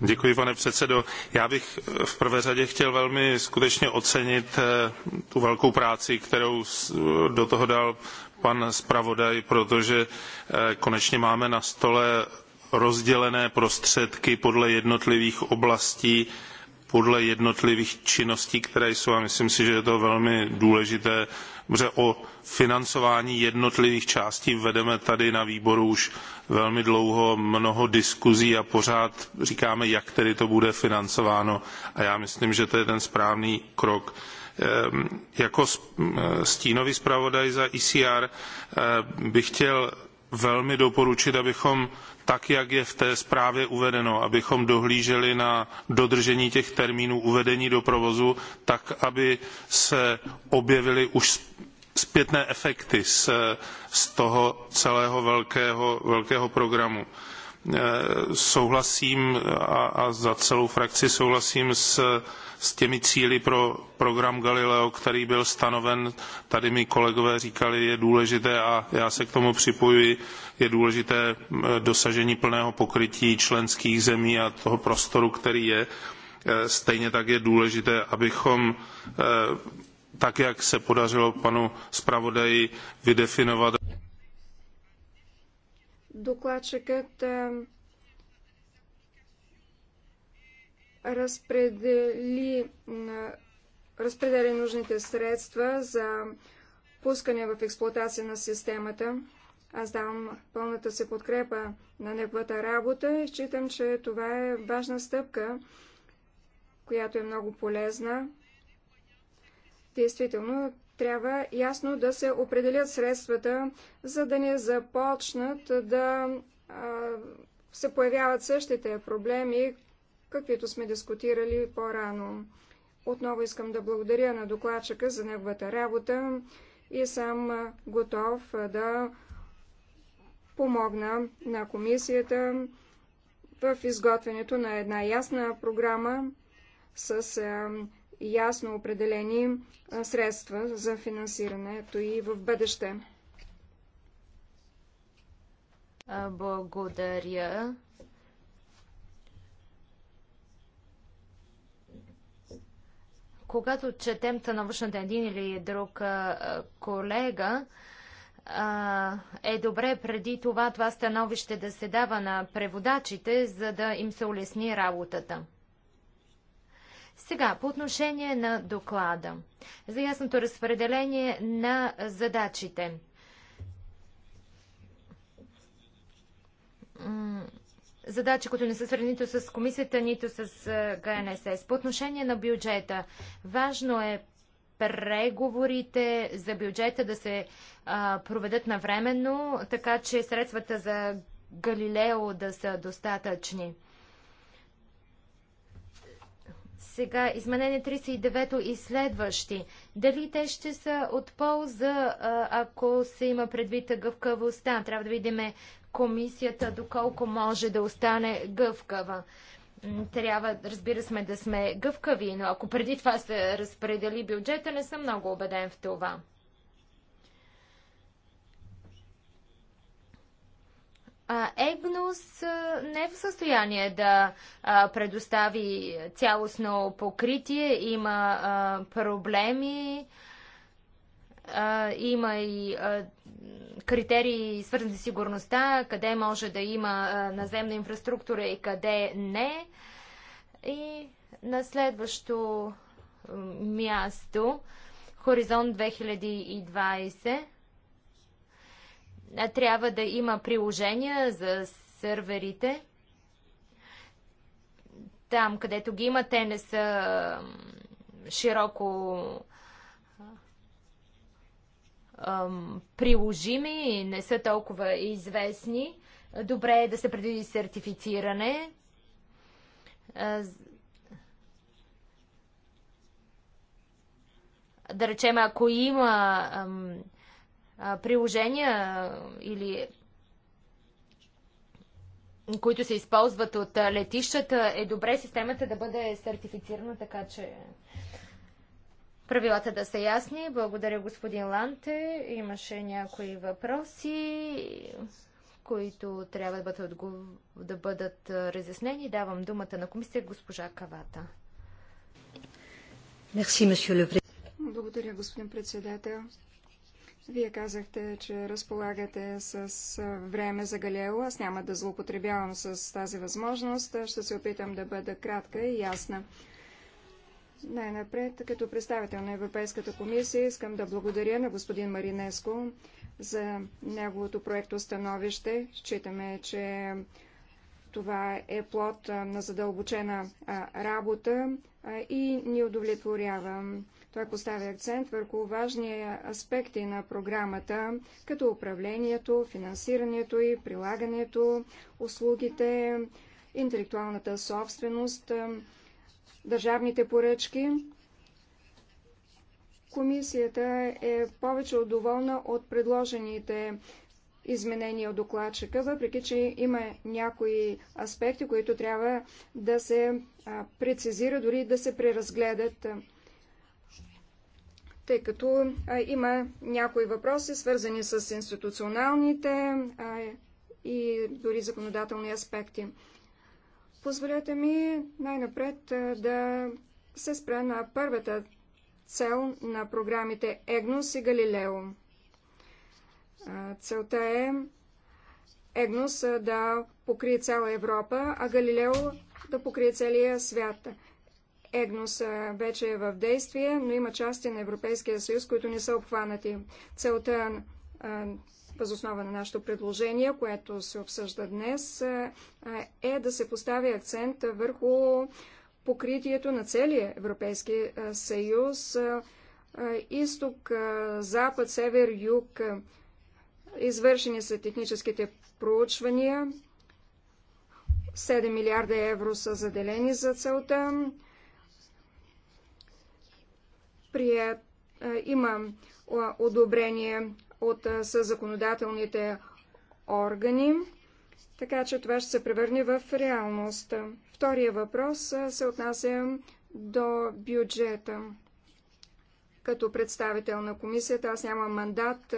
[SPEAKER 4] Děkuji, pane předsedo. Já bych е, v prvé řadě chtěl velmi skutečně ocenit e, tu velkou práci, kterou e, do toho dal pan zpravodaj, protože e, konečně máme na stole rozdělené prostředky podle jednotlivých oblastí, podle jednotlivých činností, které jsou. A myslím si, že je to velmi důležité, protože o financování jednotlivých částí vedeme tady na výboru už velmi dlouho mnoho diskuzí a pořád říkáme, jak tedy to bude financováno. A já myslím, že to je ten správný krok jako stínový zpravodaj za ECR bych chtěl velmi doporučit, abychom tak jak je v té zprávě uvedeno abychom dohlíželi na dodržení těch termínů uvedení do provozu tak aby se objevily už zpětné efekty z toho celého velkého programu souhlasím a, za celou frakci souhlasím s, těmi cíli pro program Galileo, který byl stanoven, tady mi kolegové říkali, je důležité a já se k tomu připojuji, je důležité dosažení plného pokrytí členských zemí a toho prostoru, který je. Stejně tak je důležité, abychom tak, jak se podařilo panu zpravodaji vydefinovat
[SPEAKER 2] докладчикът разпредели, разпредели нужните средства за пускане в експлуатация на системата. Аз давам пълната си подкрепа на неговата работа и считам, че това е важна стъпка, която е много полезна. Действително, трябва ясно да се определят средствата, за да не започнат да а, се появяват същите проблеми, каквито сме дискутирали по-рано. Отново искам да благодаря на докладчика за неговата работа и съм готов да помогна на комисията в изготвянето на една ясна програма с ясно определени средства за финансирането и в бъдеще. Благодаря.
[SPEAKER 3] Когато четем становището на един или друг колега, е добре преди това това становище да се дава на преводачите, за да им се улесни работата. Сега, по отношение на доклада, за ясното разпределение на задачите. Задачи, които не са свързани нито с комисията, нито с е, ГНСС. По отношение на бюджета, важно е преговорите за бюджета да се а, проведат навременно, така че средствата за Галилео да са достатъчни. Сега, изменение 39 и следващи. Дали те ще са от полза, ако се има предвид гъвкавостта? Трябва да видим комисията доколко може да остане гъвкава. Трябва, разбира сме, да сме гъвкави, но ако преди това се разпредели бюджета, не съм много убеден в това. Егнос не е в състояние да предостави цялостно покритие. Има проблеми, има и критерии свързани с сигурността, къде може да има наземна инфраструктура и къде не. И на следващо място Хоризонт 2020 трябва да има приложения за серверите. Там, където ги има, те не са широко приложими и не са толкова известни. Добре е да се предвиди сертифициране. Да речем, ако има приложения или които се използват от летищата, е добре системата да бъде сертифицирана, така че правилата да са ясни. Благодаря, господин Ланте. Имаше някои въпроси, които трябва да бъдат, да бъдат разяснени. Давам думата на комисия госпожа Кавата.
[SPEAKER 2] Благодаря, господин председател. Вие казахте, че разполагате с време за Галео. Аз няма да злоупотребявам с тази възможност. Ще се опитам да бъда кратка и ясна. Най-напред, като представител на Европейската комисия, искам да благодаря на господин Маринеско за неговото проекто становище. Считаме, че това е плод на задълбочена работа и ни удовлетворява. Той поставя акцент върху важни аспекти на програмата, като управлението, финансирането и прилагането, услугите, интелектуалната собственост, държавните поръчки. Комисията е повече от доволна от предложените изменения от докладчика, въпреки че има някои аспекти, които трябва да се прецизира, дори да се преразгледат тъй като а, има някои въпроси, свързани с институционалните а, и дори законодателни аспекти. Позволете ми най-напред да се спре на първата цел на програмите Егнос и Галилео. Целта е Егнос да покрие цяла Европа, а Галилео да покрие целия свят. ЕГНОС вече е в действие, но има части на Европейския съюз, които не са обхванати. Целта възоснова на нашето предложение, което се обсъжда днес, е да се постави акцент върху покритието на целия Европейски съюз, изток, запад, север, юг. Извършени са техническите проучвания. 7 милиарда евро са заделени за целта прие, има одобрение от съзаконодателните органи, така че това ще се превърне в реалност. Втория въпрос се отнася до бюджета. Като представител на комисията аз нямам мандат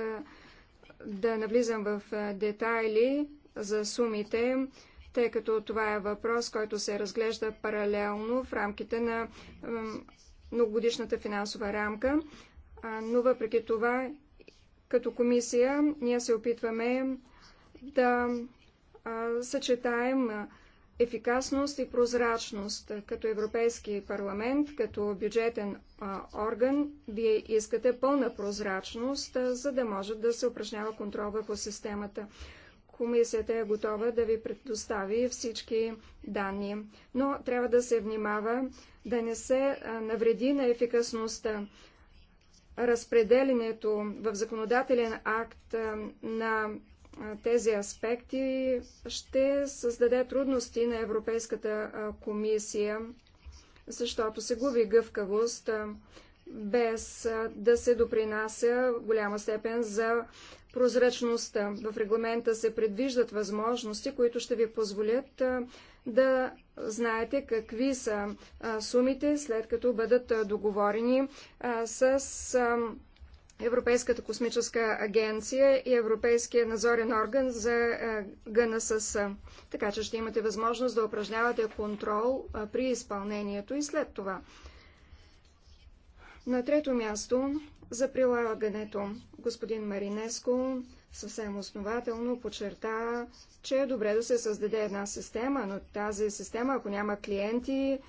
[SPEAKER 2] да навлизам в детайли за сумите, тъй като това е въпрос, който се разглежда паралелно в рамките на многогодишната финансова рамка, но въпреки това, като комисия, ние се опитваме да съчетаем ефикасност и прозрачност. Като Европейски парламент, като бюджетен орган, вие искате пълна прозрачност, за да може да се упражнява контрол върху системата комисията е готова да ви предостави всички данни, но трябва да се внимава да не се навреди на ефикасността. Разпределенето в законодателен акт на тези аспекти ще създаде трудности на Европейската комисия, защото се губи гъвкавост без да се допринася в голяма степен за прозрачността. В регламента се предвиждат възможности, които ще ви позволят да знаете какви са сумите, след като бъдат договорени с Европейската космическа агенция и Европейския надзорен орган за ГНСС. Така че ще имате възможност да упражнявате контрол при изпълнението и след това. На трето място за прилагането господин Маринеско съвсем основателно подчерта, че е добре да се създаде една система, но тази система, ако няма клиенти,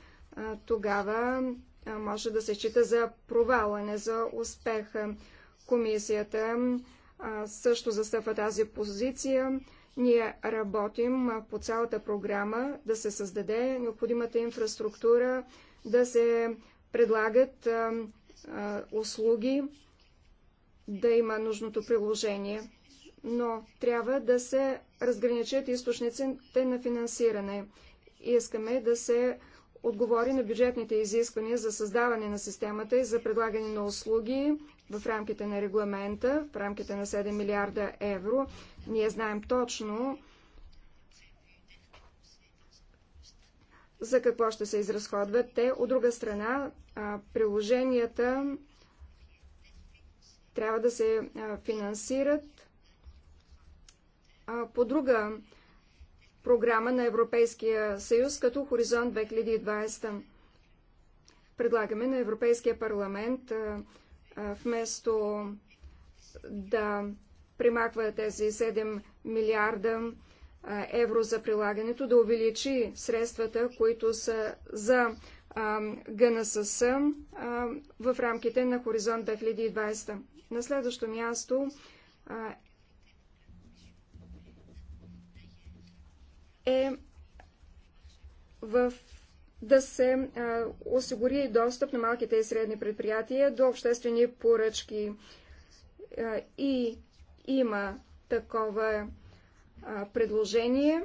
[SPEAKER 2] тогава може да се счита за проваляне за успеха. Комисията също застъпва тази позиция. Ние работим по цялата програма да се създаде необходимата инфраструктура, да се предлагат услуги, да има нужното приложение. Но трябва да се разграничат източниците на финансиране. Искаме да се отговори на бюджетните изисквания за създаване на системата и за предлагане на услуги в рамките на регламента, в рамките на 7 милиарда евро. Ние знаем точно, за какво ще се изразходват те. От друга страна, приложенията трябва да се финансират по друга програма на Европейския съюз, като Хоризонт 2020. Предлагаме на Европейския парламент вместо да примахва тези 7 милиарда евро за прилагането, да увеличи средствата, които са за ГНСС в рамките на Хоризонт 2020. На следващо място е в да се а, осигури достъп на малките и средни предприятия до обществени поръчки. А, и има такова предложение,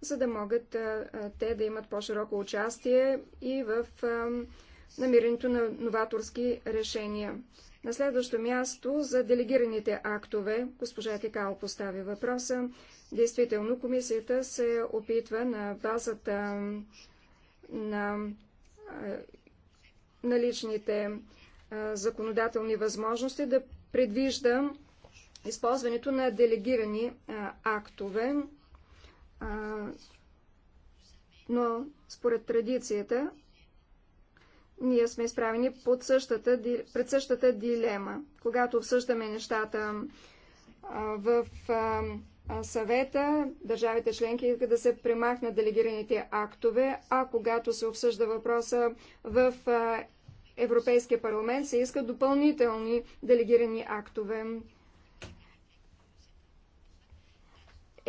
[SPEAKER 2] за да могат те да имат по-широко участие и в намирането на новаторски решения. На следващо място за делегираните актове, госпожа Текао постави въпроса. Действително, комисията се опитва на базата на наличните законодателни възможности да предвижда използването на делегирани а, актове, а, но според традицията ние сме изправени под същата, пред същата дилема. Когато обсъждаме нещата в съвета, държавите членки искат да се премахнат делегираните актове, а когато се обсъжда въпроса в Европейския парламент, се искат допълнителни делегирани актове.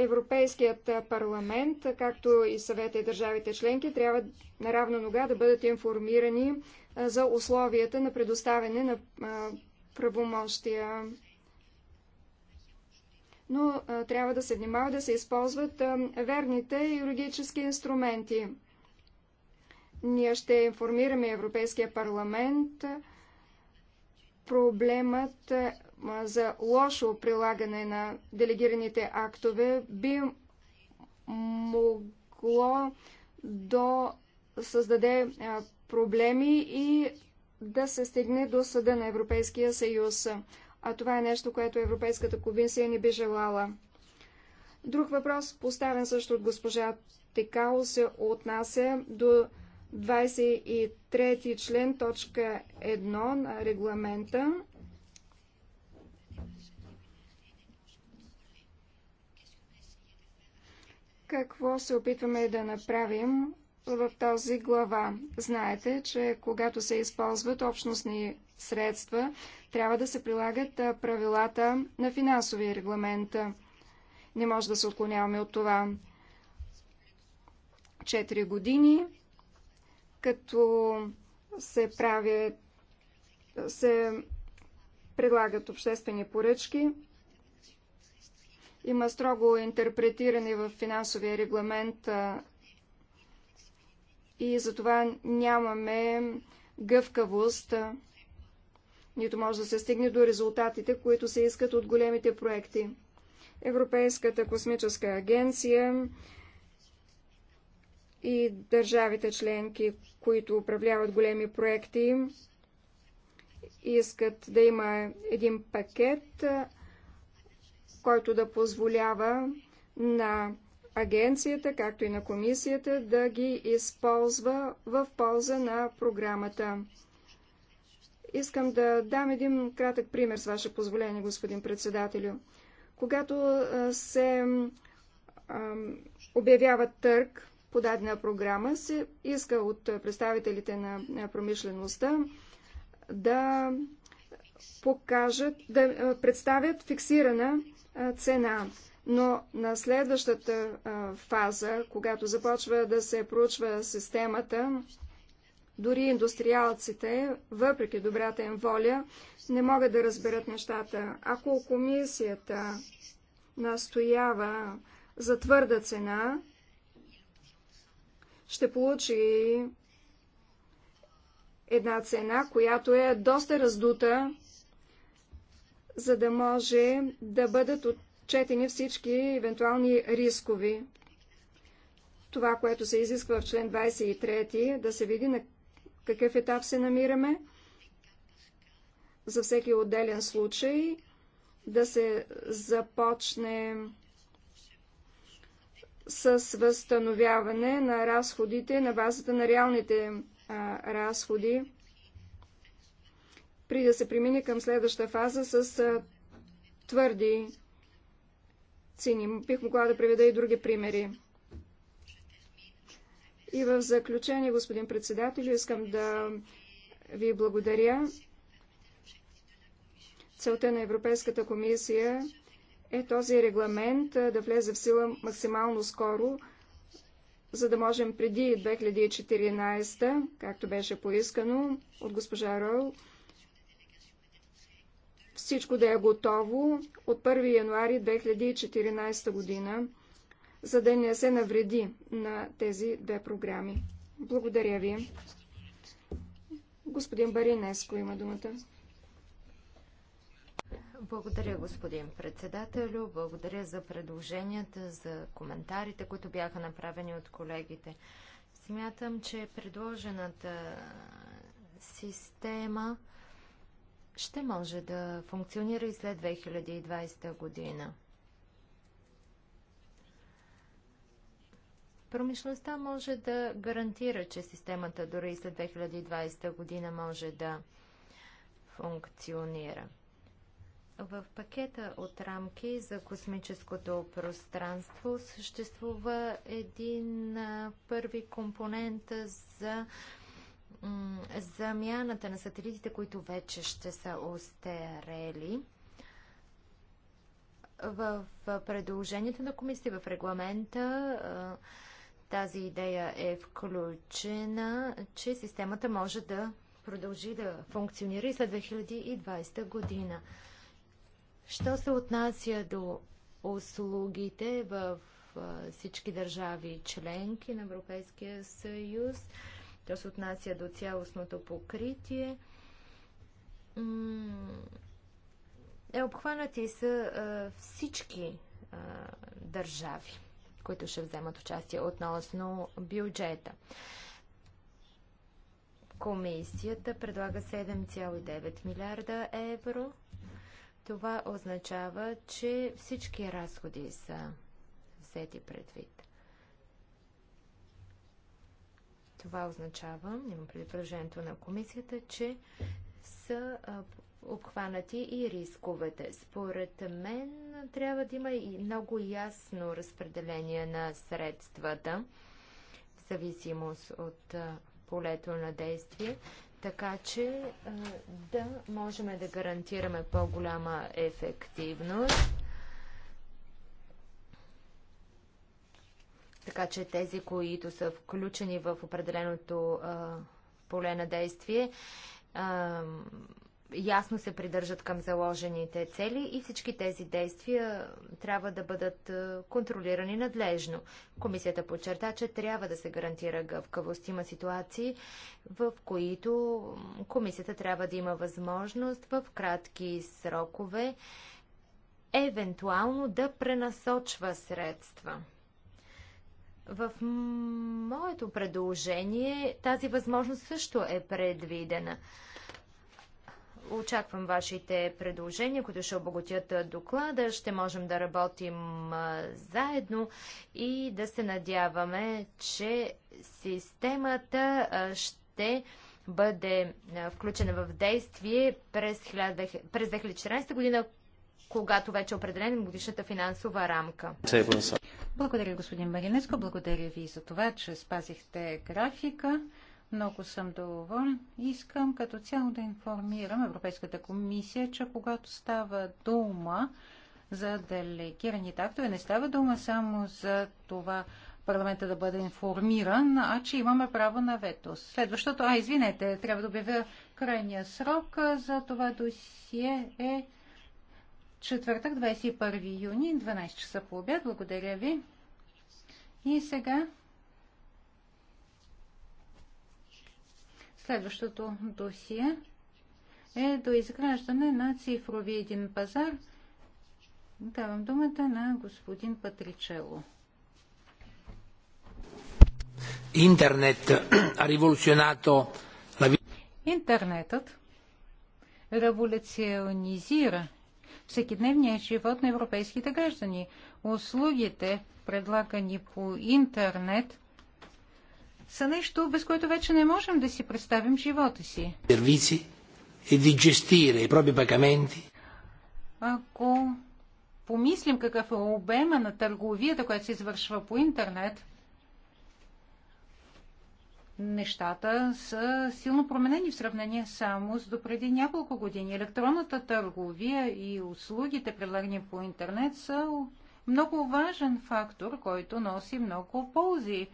[SPEAKER 2] Европейският парламент, както и съвета и държавите членки, трябва на равна нога да бъдат информирани за условията на предоставяне на правомощия. Но трябва да се внимава да се използват верните юридически инструменти. Ние ще информираме Европейския парламент. Проблемът за лошо прилагане на делегираните актове би могло да създаде проблеми и да се стигне до съда на Европейския съюз. А това е нещо, което Европейската комисия не би желала. Друг въпрос, поставен също от госпожа Текао, се отнася до 23 член, точка 1 на регламента. какво се опитваме да направим в този глава. Знаете, че когато се използват общностни средства, трябва да се прилагат правилата на финансовия регламент. Не може да се отклоняваме от това. Четири години, като се правят, се предлагат обществени поръчки, има строго интерпретиране в финансовия регламент и затова нямаме гъвкавост, нито може да се стигне до резултатите, които се искат от големите проекти. Европейската космическа агенция и държавите членки, които управляват големи проекти, искат да има един пакет, който да позволява на агенцията, както и на комисията, да ги използва в полза на програмата. Искам да дам един кратък пример с ваше позволение, господин председателю. Когато се обявява търг по дадена програма, се иска от представителите на промишлеността да покажат, да представят фиксирана цена. Но на следващата фаза, когато започва да се проучва системата, дори индустриалците, въпреки добрата им воля, не могат да разберат нещата. Ако комисията настоява за твърда цена, ще получи една цена, която е доста раздута за да може да бъдат отчетени всички евентуални рискови. Това, което се изисква в член 23, да се види на какъв етап се намираме, за всеки отделен случай да се започне с възстановяване на разходите на базата на реалните а, разходи. При да се премине към следваща фаза с твърди цени. Бих могла да приведа и други примери. И в заключение, господин председател, искам да ви благодаря. Целта на Европейската комисия е този регламент да влезе в сила максимално скоро, за да можем преди 2014, както беше поискано от госпожа Роу, всичко да е готово от 1 януари 2014 година, за да не се навреди на тези две програми. Благодаря ви. Господин Баринеско има думата.
[SPEAKER 3] Благодаря, господин председателю. Благодаря за предложенията, за коментарите, които бяха направени от колегите. Смятам, че предложената система ще може да функционира и след 2020 година. Промишлеността може да гарантира, че системата дори и след 2020 година може да функционира. В пакета от рамки за космическото пространство съществува един първи компонент за замяната на сателитите, които вече ще са остарели. В предложението на комисията в регламента тази идея е включена, че системата може да продължи да функционира и след 2020 година. Що се отнася до услугите в всички държави членки на Европейския съюз, тя се отнася до цялостното покритие, е обхванати са всички държави, които ще вземат участие относно бюджета. Комисията предлага 7,9 милиарда евро. Това означава, че всички разходи са взети предвид. Това означава, имам предупреждението на комисията, че са обхванати и рисковете. Според мен трябва да има и много ясно разпределение на средствата в зависимост от полето на действие, така че да можем да гарантираме по-голяма ефективност така че тези, които са включени в определеното а, поле на действие, а, ясно се придържат към заложените цели и всички тези действия трябва да бъдат контролирани надлежно. Комисията подчерта, че трябва да се гарантира гъвкавост. Има ситуации, в които комисията трябва да има възможност в кратки срокове евентуално да пренасочва средства. В моето предложение тази възможност също е предвидена. Очаквам вашите предложения, които ще обогатят доклада. Ще можем да работим заедно и да се надяваме, че системата ще бъде включена в действие през 2014 година, когато вече е определен годишната
[SPEAKER 1] финансова рамка. Благодаря, господин Маринеско. Благодаря ви за това, че спазихте графика. Много съм доволен. Искам като цяло да информирам Европейската комисия, че когато става дума за делегираните актове, не става дума само за това парламента да бъде информиран, а че имаме право на вето. Следващото, а извинете, трябва да обявя крайния срок за това досие е четвъртък, 21 юни, 12 часа по обяд. Благодаря ви. И сега следващото досие е до изграждане на цифрови един пазар. Давам думата на господин Патричело.
[SPEAKER 4] Интернет [clears throat] революционато
[SPEAKER 1] Интернетът революционизира всекидневния живот на европейските граждани. Услугите, предлагани по интернет, са нещо, без което вече не можем да си представим живота си.
[SPEAKER 4] Сервиси е и да и проби пакаменти.
[SPEAKER 1] Ако помислим какъв е обема на търговията, която се извършва по интернет, нещата са силно променени в сравнение само с допреди няколко години. Електронната търговия и услугите, предлагани по интернет, са много важен фактор, който носи много ползи,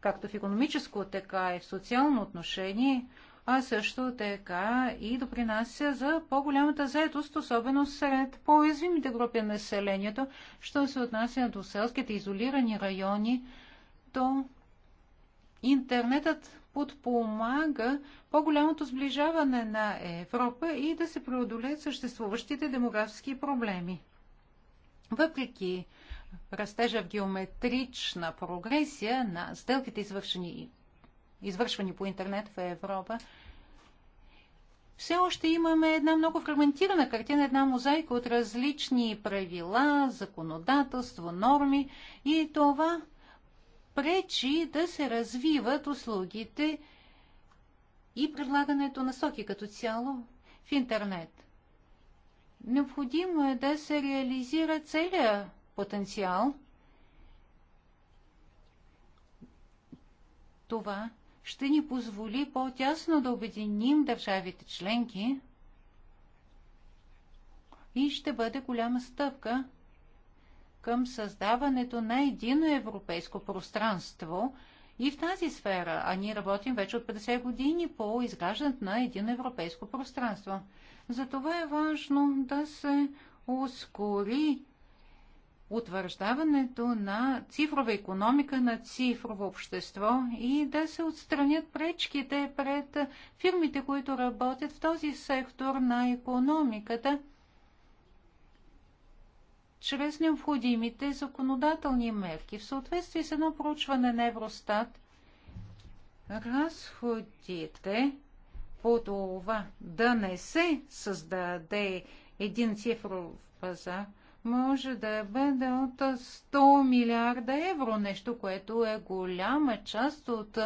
[SPEAKER 1] както в економическо, така и в социално отношение, а също така и допринася за по-голямата заедост, особено сред по-уязвимите групи на населението, що се отнася до селските изолирани райони, то интернетът подпомага по-голямото сближаване на Европа и да се преодолеят съществуващите демографски проблеми. Въпреки растежа в геометрична прогресия на сделките, извършени, извършвани по интернет в Европа, все още имаме една много фрагментирана картина, една мозайка от различни правила, законодателство, норми и това пречи да се развиват услугите и предлагането на соки като цяло в интернет. Необходимо е да се реализира целият потенциал. Това ще ни позволи по-тясно да обединим държавите членки и ще бъде голяма стъпка – към създаването на едино европейско пространство и в тази сфера, а ние работим вече от 50 години по изграждането на едино европейско пространство. Затова е важно да се ускори утвърждаването на цифрова економика, на цифрово общество и да се отстранят пречките пред фирмите, които работят в този сектор на економиката – чрез необходимите законодателни мерки. В съответствие с едно проучване на Евростат, разходите по това да не се създаде един цифров пазар може да бъде от 100 милиарда евро, нещо, което е голяма част от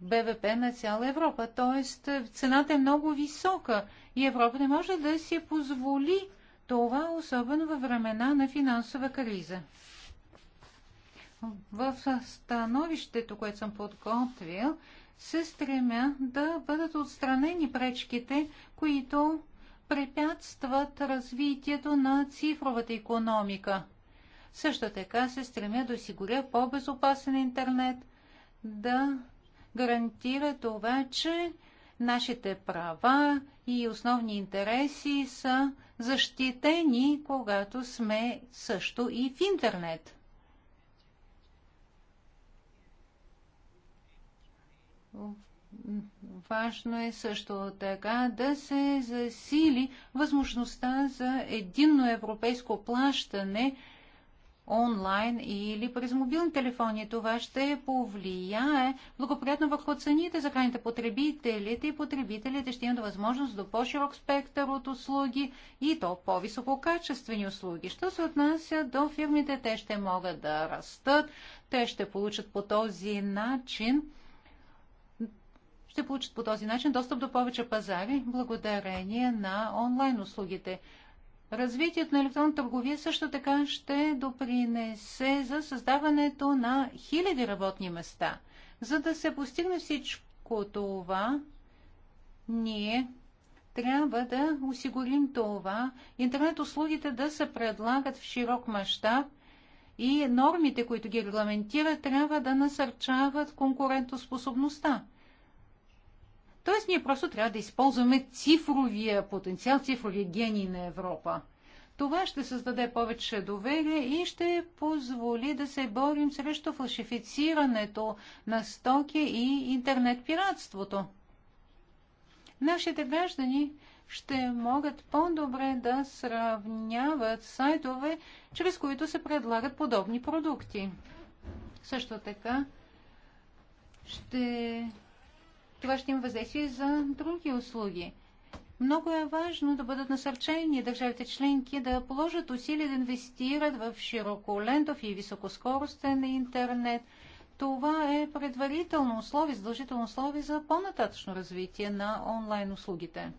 [SPEAKER 1] БВП на цяла Европа. Тоест цената е много висока и Европа не може да си позволи това особено във времена на финансова криза. В становището, което съм подготвил, се стремя да бъдат отстранени пречките, които препятстват развитието на цифровата економика. Също така се стремя да осигуря по-безопасен интернет, да гарантира това, че Нашите права и основни интереси са защитени, когато сме също и в интернет. Важно е също така да се засили възможността за единно европейско плащане – онлайн или през мобилни телефони. Това ще повлияе благоприятно върху цените за крайните потребителите и потребителите ще имат възможност до по-широк спектър от услуги и то по-висококачествени услуги. Що се отнася до фирмите, те ще могат да растат, те ще получат по този начин ще получат по този начин достъп до повече пазари благодарение на онлайн услугите. Развитието на електронна търговия също така ще допринесе за създаването на хиляди работни места. За да се постигне всичко това, ние трябва да осигурим това, интернет-услугите да се предлагат в широк мащаб и нормите, които ги регламентират, трябва да насърчават конкурентоспособността. Тоест ние просто трябва да използваме цифровия потенциал, цифрови гений на Европа. Това ще създаде повече доверие и ще позволи да се борим срещу фалшифицирането на стоки и интернет-пиратството. Нашите граждани ще могат по-добре да сравняват сайтове, чрез които се предлагат подобни продукти. Също така ще това ще има въздействие за други услуги. Много е важно да бъдат насърчени държавите членки да положат усилия да инвестират в широколентов и високоскоростен интернет. Това е предварително условие, задължително условие за по-нататъчно развитие на онлайн услугите.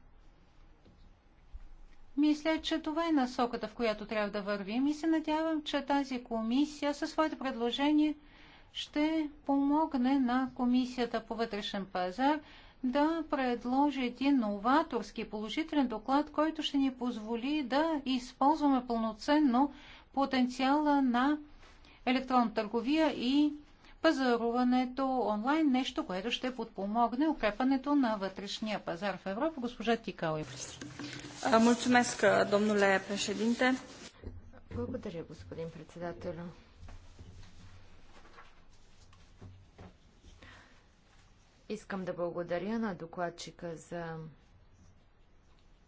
[SPEAKER 1] Мисля, че това е насоката, в която трябва да вървим и се надявам, че тази комисия със своите предложения – ще помогне на Комисията по вътрешен пазар да предложи един новаторски положителен доклад, който ще ни позволи да използваме пълноценно потенциала на електронна търговия и пазаруването онлайн, нещо, което ще подпомогне укрепването на вътрешния пазар в Европа. Госпожа Тикао Еврис.
[SPEAKER 2] домнуле președинте.
[SPEAKER 3] Благодаря, господин председател. Искам да благодаря на докладчика за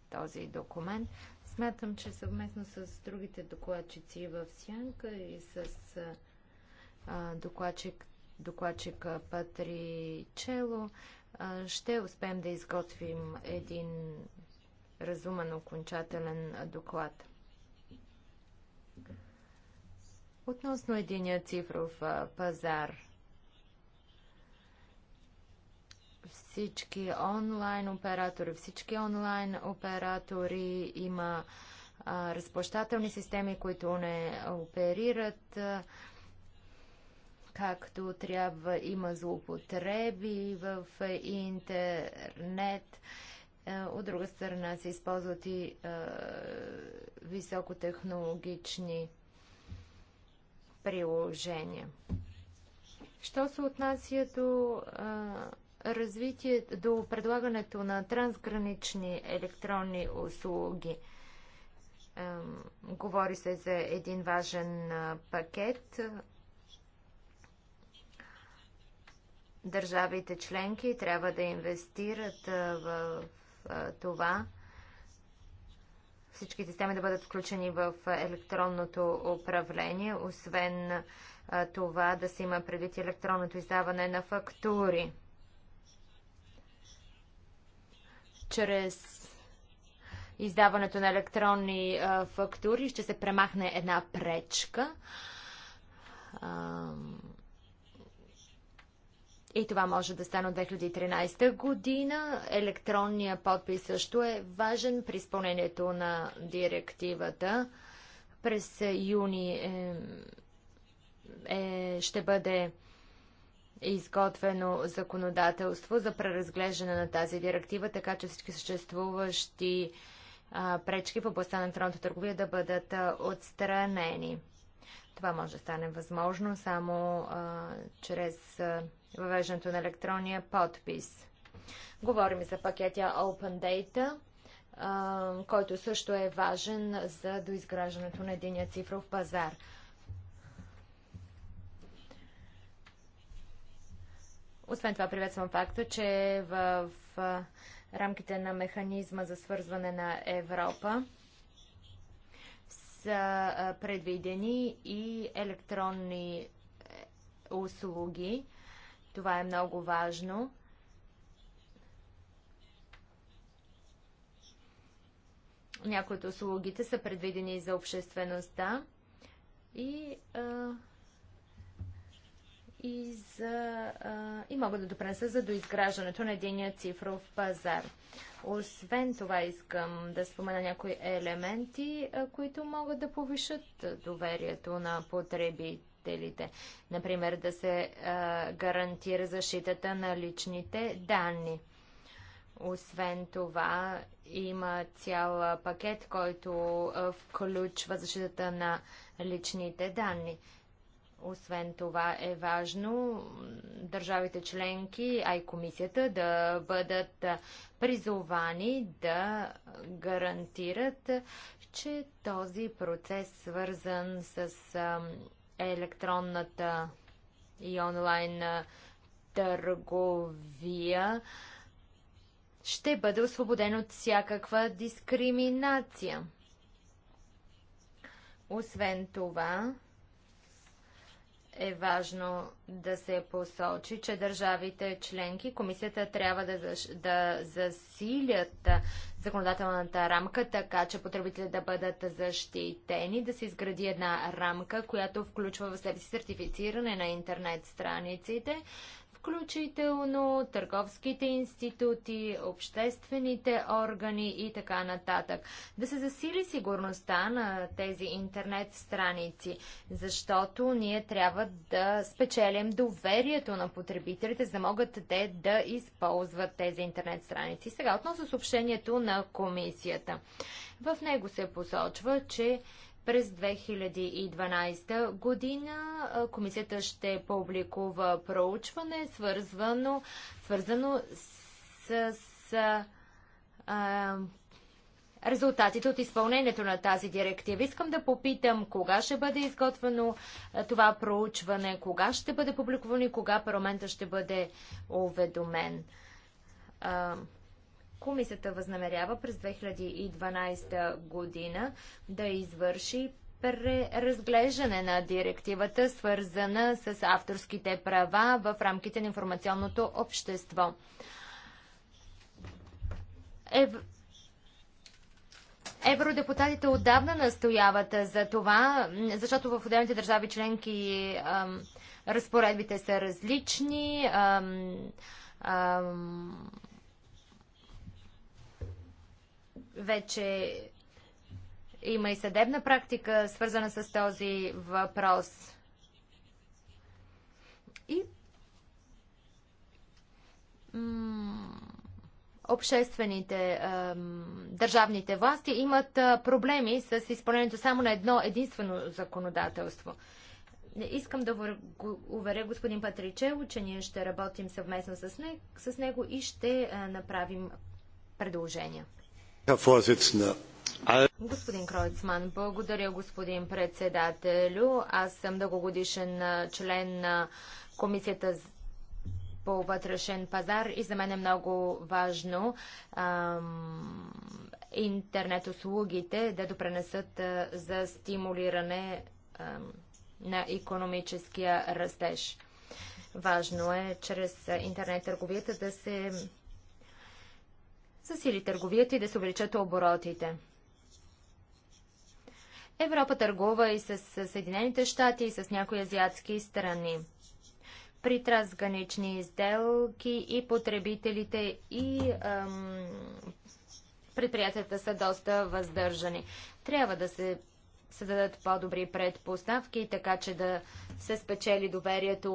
[SPEAKER 3] този документ. Смятам, че съвместно с другите докладчици в Сянка и с а, докладчик, докладчика Чело а, ще успеем да изготвим един разумен окончателен доклад. Относно единия цифров а, пазар – всички онлайн оператори, всички онлайн оператори има а, разплащателни системи, които не оперират а, както трябва. Има злоупотреби в интернет. А, е, от друга страна се използват и е, високотехнологични приложения. Що се отнася до е, развитие, до предлагането на трансгранични електронни услуги. Говори се за един важен пакет. Държавите членки трябва да инвестират в това всички системи да бъдат включени в електронното управление, освен това да се има предвид електронното издаване на фактури. чрез издаването на електронни а, фактури ще се премахне една пречка. А, и това може да стане от 2013 година. Електронния подпис също е важен при изпълнението на директивата. През юни е, е, ще бъде е изготвено законодателство за преразглеждане на тази директива, така че всички съществуващи а, пречки в областта на електронната търговия да бъдат а, отстранени. Това може да стане възможно само а, чрез въвеждането на електронния подпис. Говорим за пакетя Open Data, а, който също е важен за доизграждането на единия цифров пазар. Освен това, приветствам факта, че в, в рамките на механизма за свързване на Европа са предвидени и електронни е, услуги. Това е много важно. Някои от услугите са предвидени за обществеността и а, и, за, и могат да допренеса за доизграждането на единия цифров пазар. Освен това искам да спомена някои елементи, които могат да повишат доверието на потребителите. Например, да се гарантира защитата на личните данни. Освен това, има цял пакет, който включва защитата на личните данни. Освен това е важно държавите членки, а и комисията да бъдат призовани да гарантират, че този процес, свързан с електронната и онлайн търговия, ще бъде освободен от всякаква дискриминация. Освен това, е важно да се посочи, че държавите членки, комисията трябва да, да засилят законодателната рамка, така че потребителите да бъдат защитени, да се изгради една рамка, която включва в себе си сертифициране на интернет страниците, включително търговските институти, обществените органи и така нататък. Да се засили сигурността на тези интернет страници, защото ние трябва да спечелим доверието на потребителите, за да могат те да използват тези интернет страници. Сега относно съобщението на комисията. В него се посочва, че през 2012 година комисията ще публикува проучване, свързвано, свързано с, с а, резултатите от изпълнението на тази директива. Искам да попитам кога ще бъде изготвено това проучване, кога ще бъде публикувано и кога парламента ще бъде уведомен. Комисията възнамерява през 2012 година да извърши преразглеждане на директивата, свързана с авторските права в рамките на информационното общество. Ев... Евродепутатите отдавна настояват за това, защото в отделните държави членки ам, разпоредбите са различни. Ам, ам, вече има и съдебна практика, свързана с този въпрос. И обществените държавните власти имат проблеми с изпълнението само на едно единствено законодателство. Искам да уверя господин Патричело, че ние ще работим съвместно с, него и ще направим предложения.
[SPEAKER 1] Господин
[SPEAKER 3] Кройцман, благодаря господин председателю. Аз съм дългогодишен член на Комисията по вътрешен пазар и за мен е много важно ам, интернет услугите да допренесат а, за стимулиране ам, на економическия растеж. Важно е чрез интернет търговията да се засили търговията и да се увеличат оборотите. Европа търгува и с Съединените щати, и с някои азиатски страни. При трансгранични сделки и потребителите и ам, предприятията са доста въздържани. Трябва да се създадат по-добри предпоставки, така че да се спечели доверието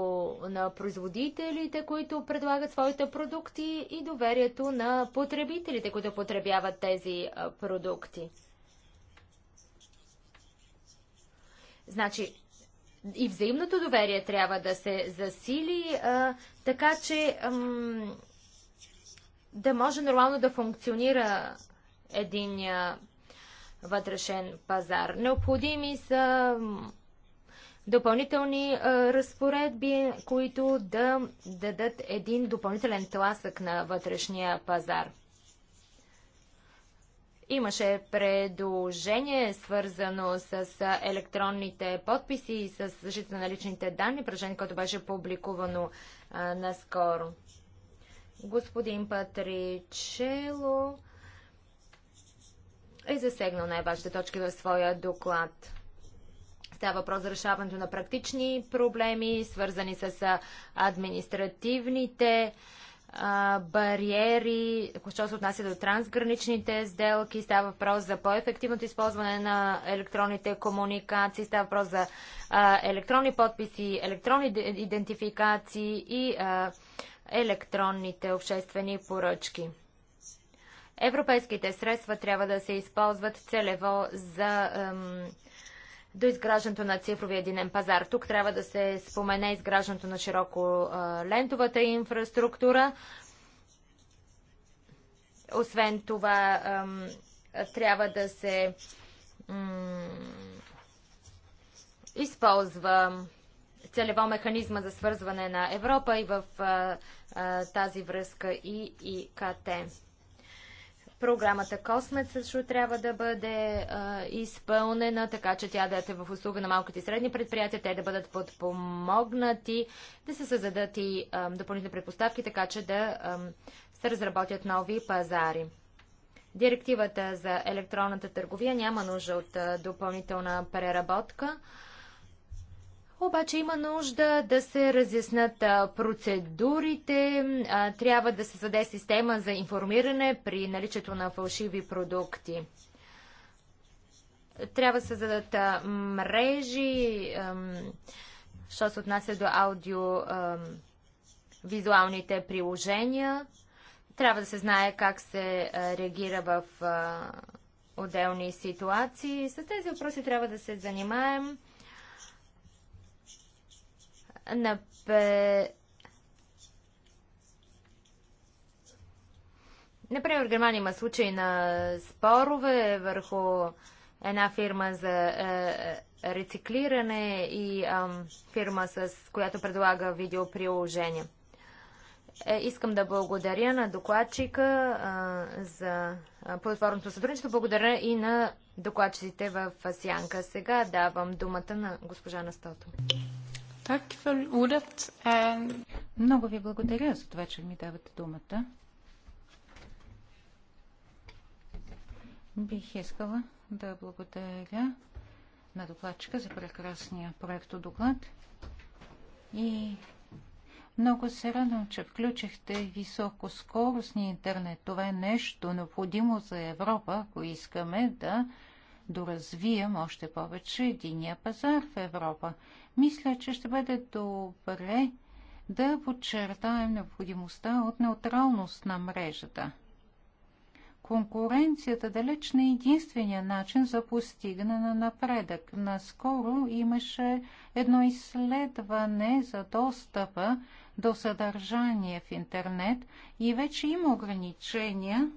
[SPEAKER 3] на производителите, които предлагат своите продукти и доверието на потребителите, които потребяват тези продукти. Значи, и взаимното доверие трябва да се засили, а, така че ам, да може нормално да функционира един вътрешен пазар. Необходими са допълнителни разпоредби, които да дадат един допълнителен тласък на вътрешния пазар. Имаше предложение, свързано с електронните подписи и с защита на личните данни, предложение, което беше публикувано а, наскоро. Господин Патричело е засегнал най-важните точки в своя доклад. Става въпрос за решаването на практични проблеми, свързани с административните бариери, което се отнася до трансграничните сделки, става въпрос за по-ефективното използване на електронните комуникации, става въпрос за електронни подписи, електронни идентификации и електронните обществени поръчки. Европейските средства трябва да се използват целево за ем, до изграждането на цифровия единен пазар. Тук трябва да се спомене изграждането на широко е, лентовата инфраструктура. Освен това, ем, трябва да се използва целево механизма за свързване на Европа и в е, е, тази връзка и ИКТ. Програмата Космет също трябва да бъде а, изпълнена, така че тя да е в услуга на малките и средни предприятия, те да бъдат подпомогнати, да се създадат и допълнителни предпоставки, така че да а, се разработят нови пазари. Директивата за електронната търговия няма нужда от допълнителна преработка. Обаче има нужда да се разяснат процедурите, трябва да се създаде система за информиране при наличието на фалшиви продукти. Трябва да се зададат мрежи, що се отнася до аудио визуалните приложения. Трябва да се знае как се реагира в отделни ситуации. С тези въпроси трябва да се занимаем на Например, в Германия има случаи на спорове върху една фирма за е, е рециклиране и е, фирма, с която предлага видеоприложение. Е, искам да благодаря на докладчика е, за платформното сътрудничество. Благодаря и на докладчиците в Сянка. Сега давам думата
[SPEAKER 1] на госпожа Настото. Eh, много ви благодаря за това, че ми давате думата. Бих искала да благодаря на докладчика за прекрасния от доклад и много се радвам, че включихте високоскоростния интернет. Това е нещо необходимо за Европа, ако искаме да доразвием още повече единия пазар в Европа. Мисля, че ще бъде добре да подчертаем необходимостта от неутралност на мрежата. Конкуренцията далеч не е единствения начин за постигане на напредък. Наскоро имаше едно изследване за достъпа до съдържание в интернет и вече има ограничения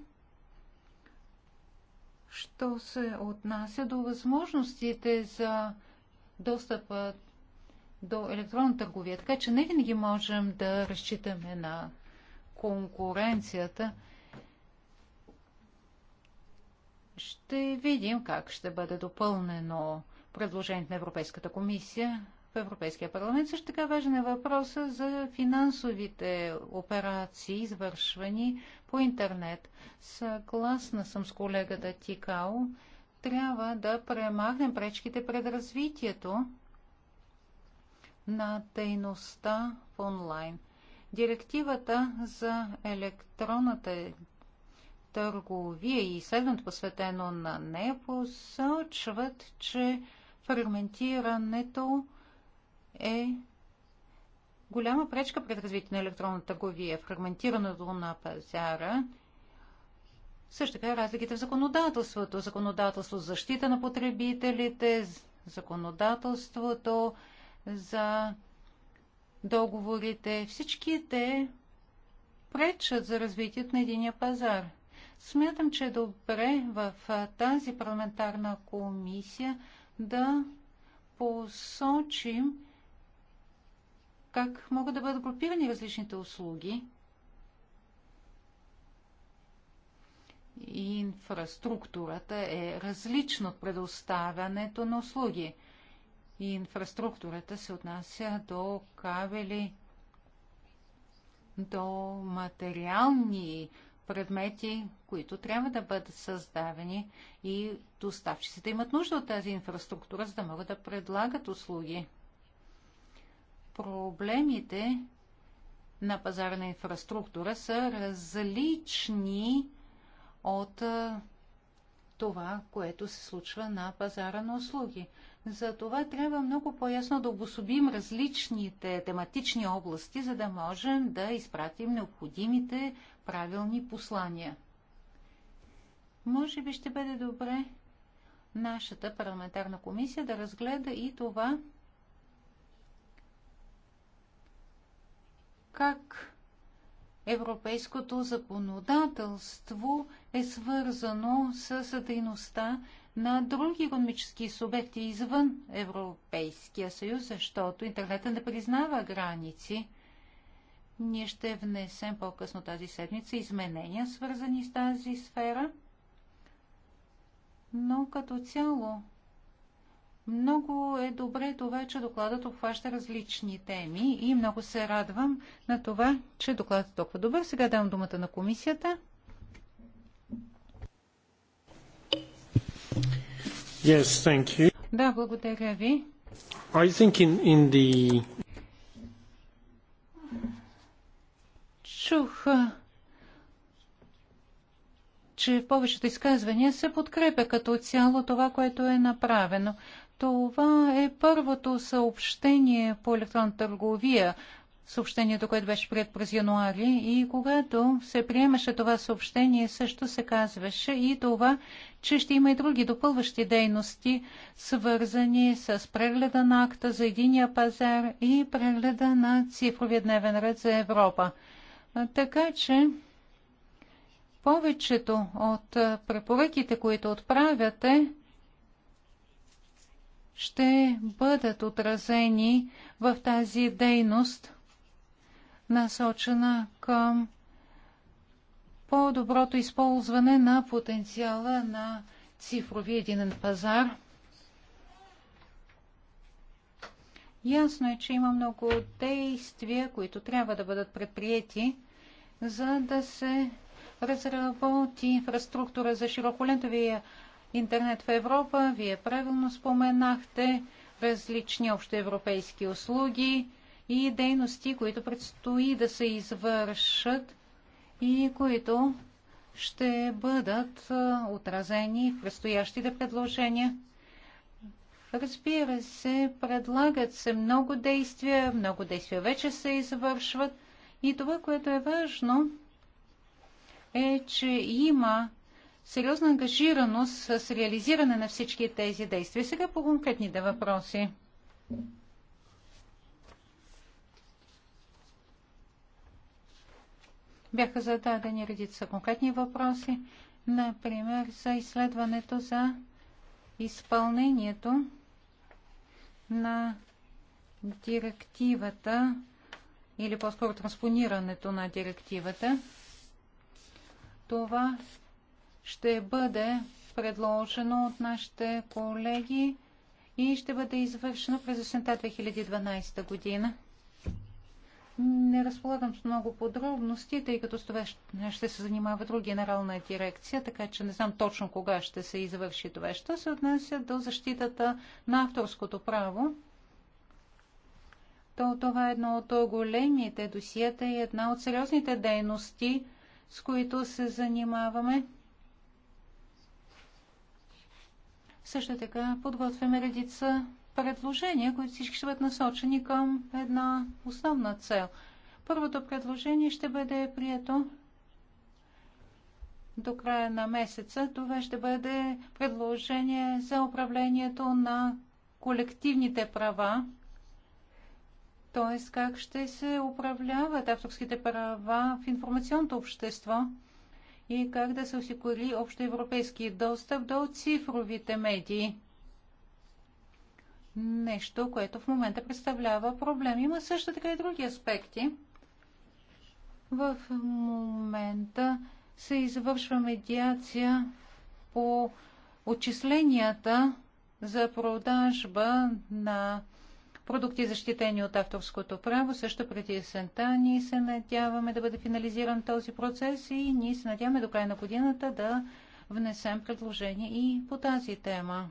[SPEAKER 1] Що се отнася до възможностите за достъпа до електронна търговия, така че не винаги можем да разчитаме на конкуренцията. Ще видим как ще бъде допълнено предложението на Европейската комисия в Европейския парламент. Също така важен е въпроса за финансовите операции, извършвани по интернет. Съгласна съм с колегата Тикао, трябва да премахнем пречките пред развитието на дейността в онлайн. Директивата за електронната търговия и изследването посветено на нея посочват, че фрагментирането е голяма пречка пред развитие на електронната търговия, фрагментирането на пазара, също така разликите в законодателството, законодателство за защита на потребителите, законодателството за договорите, всички те пречат за развитието на единия пазар. Смятам, че е добре в тази парламентарна комисия да посочим, как могат да бъдат групирани различните услуги, инфраструктурата е различна от предоставянето на услуги. Инфраструктурата се отнася до кабели, до материални предмети, които трябва да бъдат създавани и доставчиците имат нужда от тази инфраструктура, за да могат да предлагат услуги проблемите на пазарна инфраструктура са различни от това, което се случва на пазара на услуги. Затова трябва много по-ясно да обособим различните тематични области, за да можем да изпратим необходимите правилни послания. Може би ще бъде добре нашата парламентарна комисия да разгледа и това как европейското законодателство е свързано с дейността на други економически субекти извън Европейския съюз, защото интернета не признава граници. Ние ще внесем по-късно тази седмица изменения, свързани с тази сфера. Но като цяло много е добре това, че докладът обхваща различни теми и много се радвам на това, че докладът е толкова добър. Сега давам думата на комисията.
[SPEAKER 4] Yes, thank you.
[SPEAKER 1] Да, благодаря ви.
[SPEAKER 4] I think in, in the...
[SPEAKER 1] Чух, че в повечето изказвания се подкрепя като цяло това, което е направено. Това е първото съобщение по електронна търговия, съобщението, което беше пред през януари. И когато се приемаше това съобщение, също се казваше и това, че ще има и други допълващи дейности, свързани с прегледа на акта за единия пазар и прегледа на цифровия дневен ред за Европа. Така че повечето от препоръките, които отправяте, ще бъдат отразени в тази дейност, насочена към по-доброто използване на потенциала на цифрови единен пазар. Ясно е, че има много действия, които трябва да бъдат предприяти, за да се разработи инфраструктура за широколентовия интернет в Европа. Вие правилно споменахте различни общоевропейски услуги и дейности, които предстои да се извършат и които ще бъдат отразени в предстоящите предложения. Разбира се, предлагат се много действия, много действия вече се извършват и това, което е важно, е, че има сериозна ангажираност с реализиране на всички тези действия. Сега по конкретните въпроси. Бяха зададени редица конкретни въпроси, например за изследването за изпълнението на директивата или по-скоро транспонирането на директивата. Това ще бъде предложено от нашите колеги и ще бъде извършено през есента 2012 година. Не разполагам с много подробности, тъй като с това ще се занимава друга генерална дирекция, така че не знам точно кога ще се извърши това. Що се отнася до защитата на авторското право, то това е едно от големите досиета и една от сериозните дейности, с които се занимаваме. Също така подготвяме редица предложения, които всички ще бъдат насочени към една основна цел. Първото предложение ще бъде прието до края на месеца. Това ще бъде предложение за управлението на колективните права, т.е. как ще се управляват авторските права в информационното общество и как да се осигури общоевропейски достъп до цифровите медии. Нещо, което в момента представлява проблем. Има също така и други аспекти. В момента се извършва медиация по отчисленията за продажба на продукти, защитени от авторското право. Също преди есента ние се надяваме да бъде финализиран този процес и ние се надяваме до края на годината да внесем предложение и по тази тема.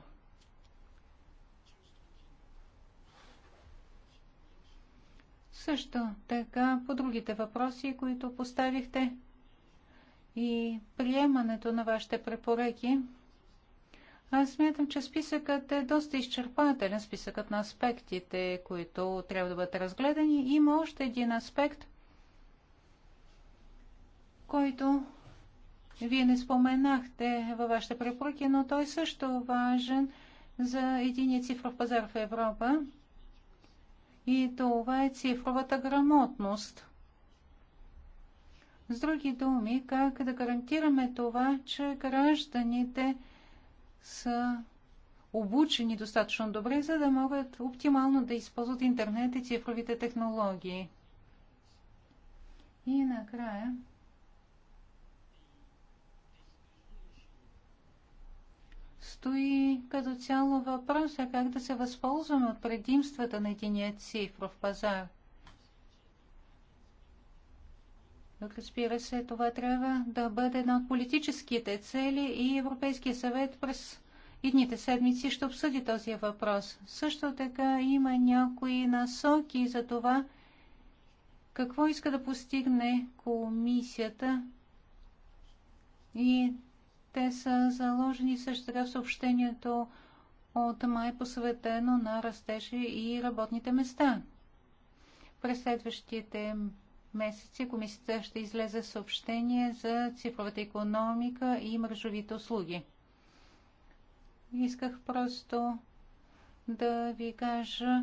[SPEAKER 1] Също така по другите въпроси, които поставихте и приемането на вашите препоръки – аз смятам, че списъкът е доста изчерпателен, списъкът на аспектите, които трябва да бъдат разгледани. Има още един аспект, който вие не споменахте във вашите препоръки, но той също е важен за единия цифров пазар в Европа. И това е цифровата грамотност. С други думи, как да гарантираме това, че гражданите – са обучени достатъчно добре, за да могат оптимално да използват интернет и цифровите технологии. И накрая стои като цяло въпроса как да се възползваме от предимствата на единият цифров пазар – Разбира се, това трябва да бъде една от политическите цели и Европейския съвет през идните седмици ще обсъди този въпрос. Също така има някои насоки за това, какво иска да постигне комисията и те са заложени също така в съобщението от май посветено на растежи и работните места. През следващите месеци комисията ще излезе съобщение за цифровата економика и мрежовите услуги. Исках просто да ви кажа,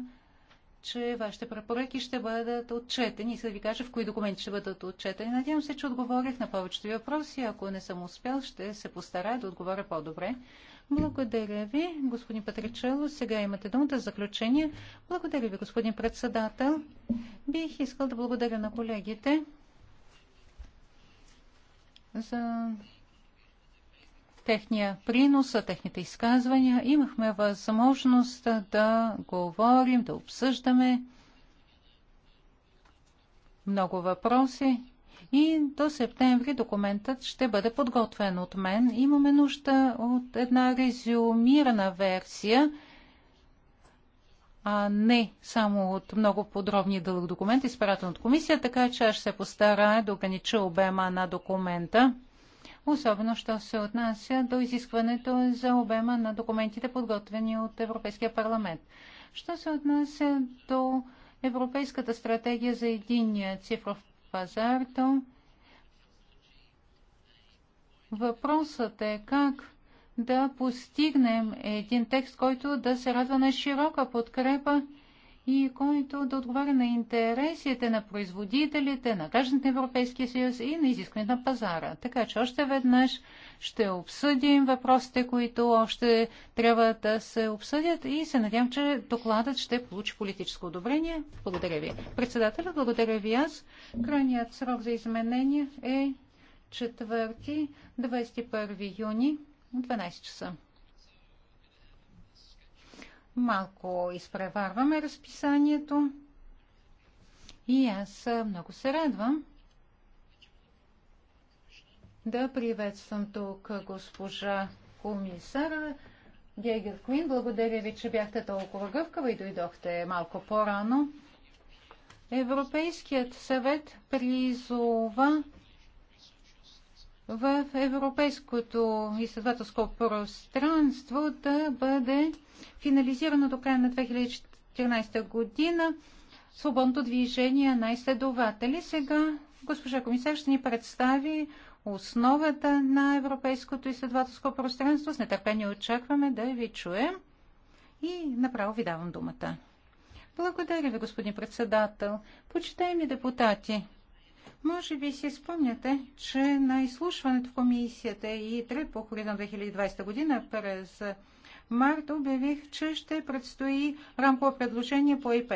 [SPEAKER 1] че вашите препоръки ще бъдат отчетени. Исках да ви кажа в кои документи ще бъдат отчетени. Надявам се, че отговорих на повечето въпроси. Ако не съм успял, ще се постарая да отговоря по-добре. Благодаря ви, господин Патричело. Сега имате думата за заключение. Благодаря ви, господин председател. Бих искал да благодаря на колегите за техния принос, за техните изказвания. Имахме възможност да говорим, да обсъждаме много въпроси и до септември документът ще бъде подготвен от мен. Имаме нужда от една резюмирана версия, а не само от много подробни дълъг документ, изпратен от комисия, така че аз ще се постарая да огранича обема на документа особено що се отнася до изискването за обема на документите, подготвени от Европейския парламент. Що се отнася до Европейската стратегия за единния цифров пазарто. Въпросът е как да постигнем един текст, който да се радва на широка подкрепа и който да отговаря на интересите на производителите, на гражданите на Европейския съюз и на изискването на пазара. Така че още веднъж ще обсъдим въпросите, които още трябва да се обсъдят и се надявам, че докладът ще получи политическо одобрение. Благодаря ви. Председателя, благодаря ви аз. Крайният срок за изменение е 4-21 юни 12 часа малко изпреварваме разписанието. И аз много се радвам да приветствам тук госпожа комисар Гегер Куин. Благодаря ви, че бяхте толкова гъвкава и дойдохте малко по-рано. Европейският съвет призова в европейското изследователско пространство да бъде финализирано до края на 2014 година свободното движение на изследователи. Сега госпожа комисар ще ни представи основата на европейското изследователско пространство. С нетърпение очакваме да ви чуем и направо ви давам думата. Благодаря ви, господин председател. Почитаеми депутати, може би си спомняте, че на изслушването в комисията и трет по хоризонт 2020 година през март обявих, че ще предстои рамково предложение по ИП.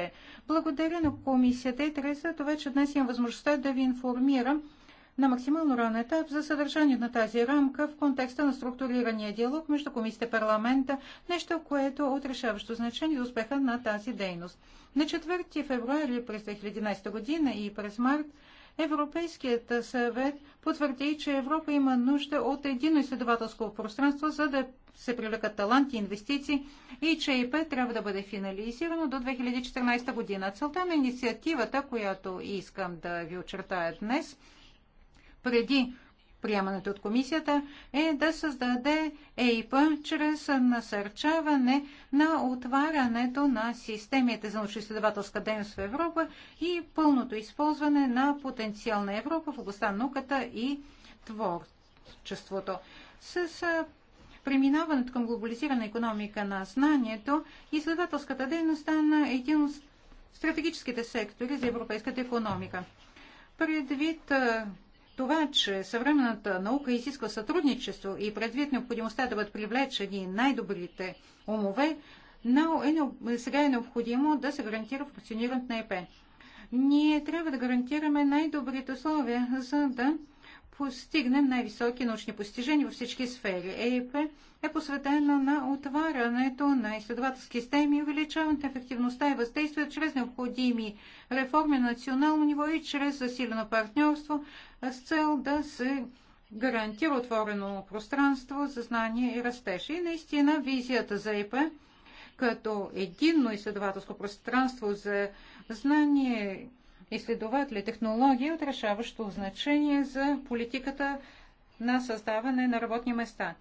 [SPEAKER 1] Благодаря на комисията и треса това, че днес имам възможността да ви информирам на максимално ран етап за съдържание на тази рамка в контекста на структурирания диалог между комисията и парламента, нещо, което е от решаващо значение за успеха на тази дейност. На 4 февруари през 2011 година и през март Европейският съвет потвърди, че Европа има нужда от едино изследователско пространство, за да се привлекат таланти и инвестиции и че ИП трябва да бъде финализирано до 2014 година. Целта на инициативата, която искам да ви очертая днес, преди приемането от комисията, е да създаде ЕИПА чрез насърчаване на отварянето на системите за научно-изследователска дейност в Европа и пълното използване на потенциална Европа в областта на науката и творчеството. С преминаването към глобализирана економика на знанието, изследователската дейност стана един от стратегическите сектори за европейската економика. Предвид това, че съвременната наука изисква сътрудничество и предвид необходимостта да бъдат привлечени най-добрите умове, но е, сега е необходимо да се гарантира функционирането на ЕП. Ние трябва да гарантираме най-добрите условия, за да постигнем най-високи научни постижения във всички сфери. ЕИП е посветена на отварянето на изследователски системи и увеличаването на ефективността и въздействието чрез необходими реформи на национално ниво и чрез засилено партньорство с цел да се гарантира отворено пространство за знание и растеж. И наистина визията за ЕИП като единно изследователско пространство за знание изследователи технологии е от решаващо значение за политиката на създаване на работни места.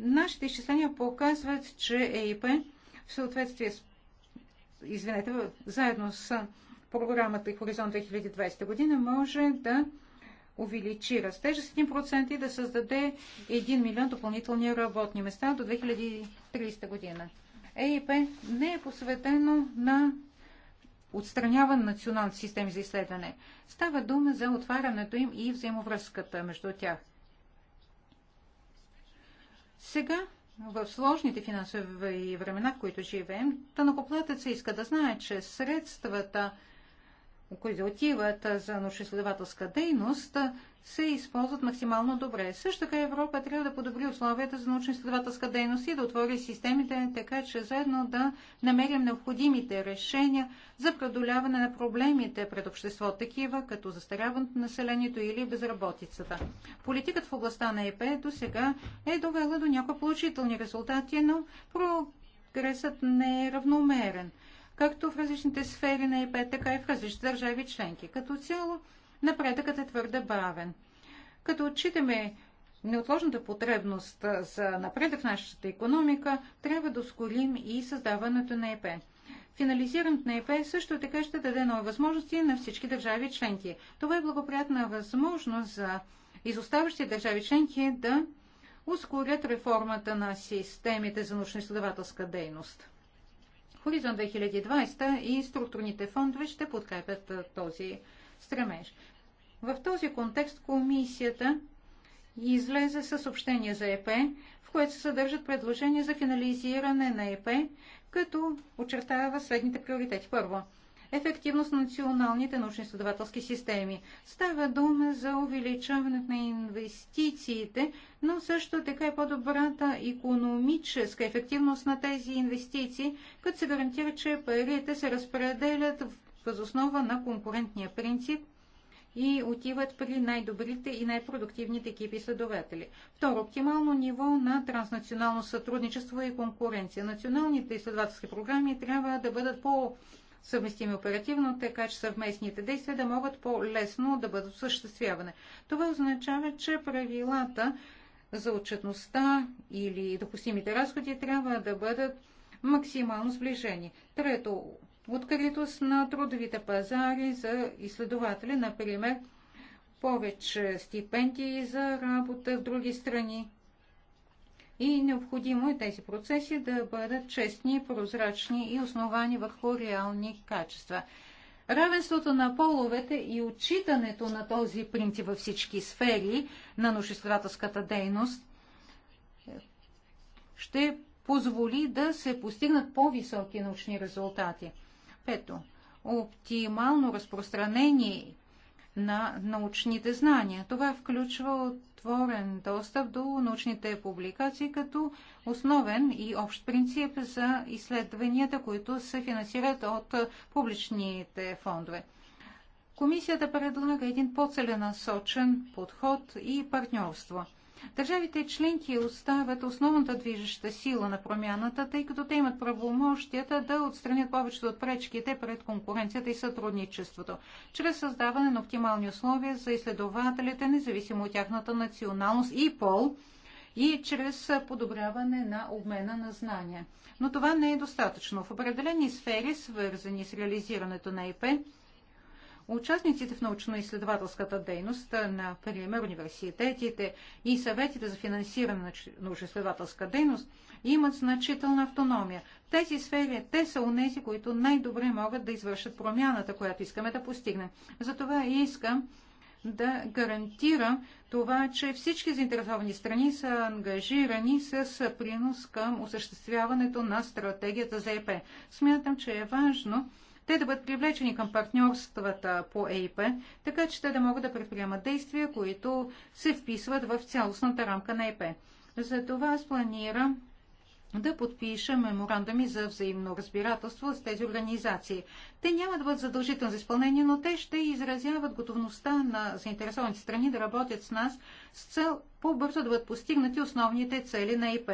[SPEAKER 1] Нашите изчисления показват, че ЕИП в съответствие с извинете, заедно с програмата и Хоризонт 2020 година може да увеличи растежа с 1% и да създаде 1 милион допълнителни работни места до 2030 година. ЕИП не е посветено на Отстраняван национални системи за изследване. Става дума за отварянето им и взаимовръзката между тях. Сега, в сложните финансови времена, в които живеем, се иска да знае, че средствата, които отиват за научно-изследователска дейност, се използват максимално добре. Също така Европа трябва да подобри условията за научно-изследователска дейност и да отвори системите, така че заедно да намерим необходимите решения за преодоляване на проблемите пред общество, такива като застаряването на населението или безработицата. Политиката в областта на ЕП до сега е довела до някои положителни резултати, но прогресът не е равномерен – както в различните сфери на ИП, така и в различните държави членки. Като цяло, напредъкът е твърде бавен. Като отчитаме неотложната потребност за напредък в нашата економика, трябва да ускорим и създаването на ЕП. Финализирането на ЕП също така ще даде нови възможности на всички държави членки. Това е благоприятна възможност за изоставащи държави членки да ускорят реформата на системите за научно-изследователска дейност. Хоризонт 2020 и структурните фондове ще подкрепят този стремеж. В този контекст комисията излезе със съобщение за ЕП, в което се съдържат предложения за финализиране на ЕП, като очертава следните приоритети. Първо, ефективност на националните научно-изследователски системи. Става дума за увеличаването на инвестициите, но също така и е по-добрата економическа ефективност на тези инвестиции, като се гарантира, че парите се разпределят възоснова на конкурентния принцип и отиват при най-добрите и най-продуктивните екипи следователи. Второ, оптимално ниво на транснационално сътрудничество и конкуренция. Националните изследователски програми трябва да бъдат по съвместими оперативно, така че съвместните действия да могат по-лесно да бъдат осъществявани. Това означава, че правилата за отчетността или допустимите разходи трябва да бъдат максимално сближени. Трето, откритост на трудовите пазари за изследователи, например, повече стипендии за работа в други страни, и необходимо е тези процеси да бъдат честни, прозрачни и основани върху реални качества. Равенството на половете и отчитането на този принцип във всички сфери на научествателската дейност ще позволи да се постигнат по-високи научни резултати. Пето, оптимално разпространение на научните знания. Това включва отворен достъп до научните публикации като основен и общ принцип за изследванията, които се финансират от публичните фондове. Комисията предлага един по-целенасочен подход и партньорство. Държавите членки остават основната движеща сила на промяната, тъй като те имат правомощията да отстранят повечето от пречките пред конкуренцията и сътрудничеството, чрез създаване на оптимални условия за изследователите, независимо от тяхната националност и пол, и чрез подобряване на обмена на знания. Но това не е достатъчно. В определени сфери, свързани с реализирането на ИП, Участниците в научно-изследователската дейност, например университетите и съветите за финансиране на научно-изследователска дейност, имат значителна автономия. В тези сфери те са унези, които най-добре могат да извършат промяната, която искаме да постигнем. Затова искам да гарантира това, че всички заинтересовани страни са ангажирани с принос към осъществяването на стратегията за ЕП. Смятам, че е важно те да бъдат привлечени към партньорствата по ЕИП, така че те да могат да предприемат действия, които се вписват в цялостната рамка на ЕИП. Затова аз планирам да подпиша меморандуми за взаимно разбирателство с тези организации. Те няма да бъдат задължителни за изпълнение, но те ще изразяват готовността на заинтересованите страни да работят с нас с цел по-бързо да бъдат постигнати основните цели на ИП.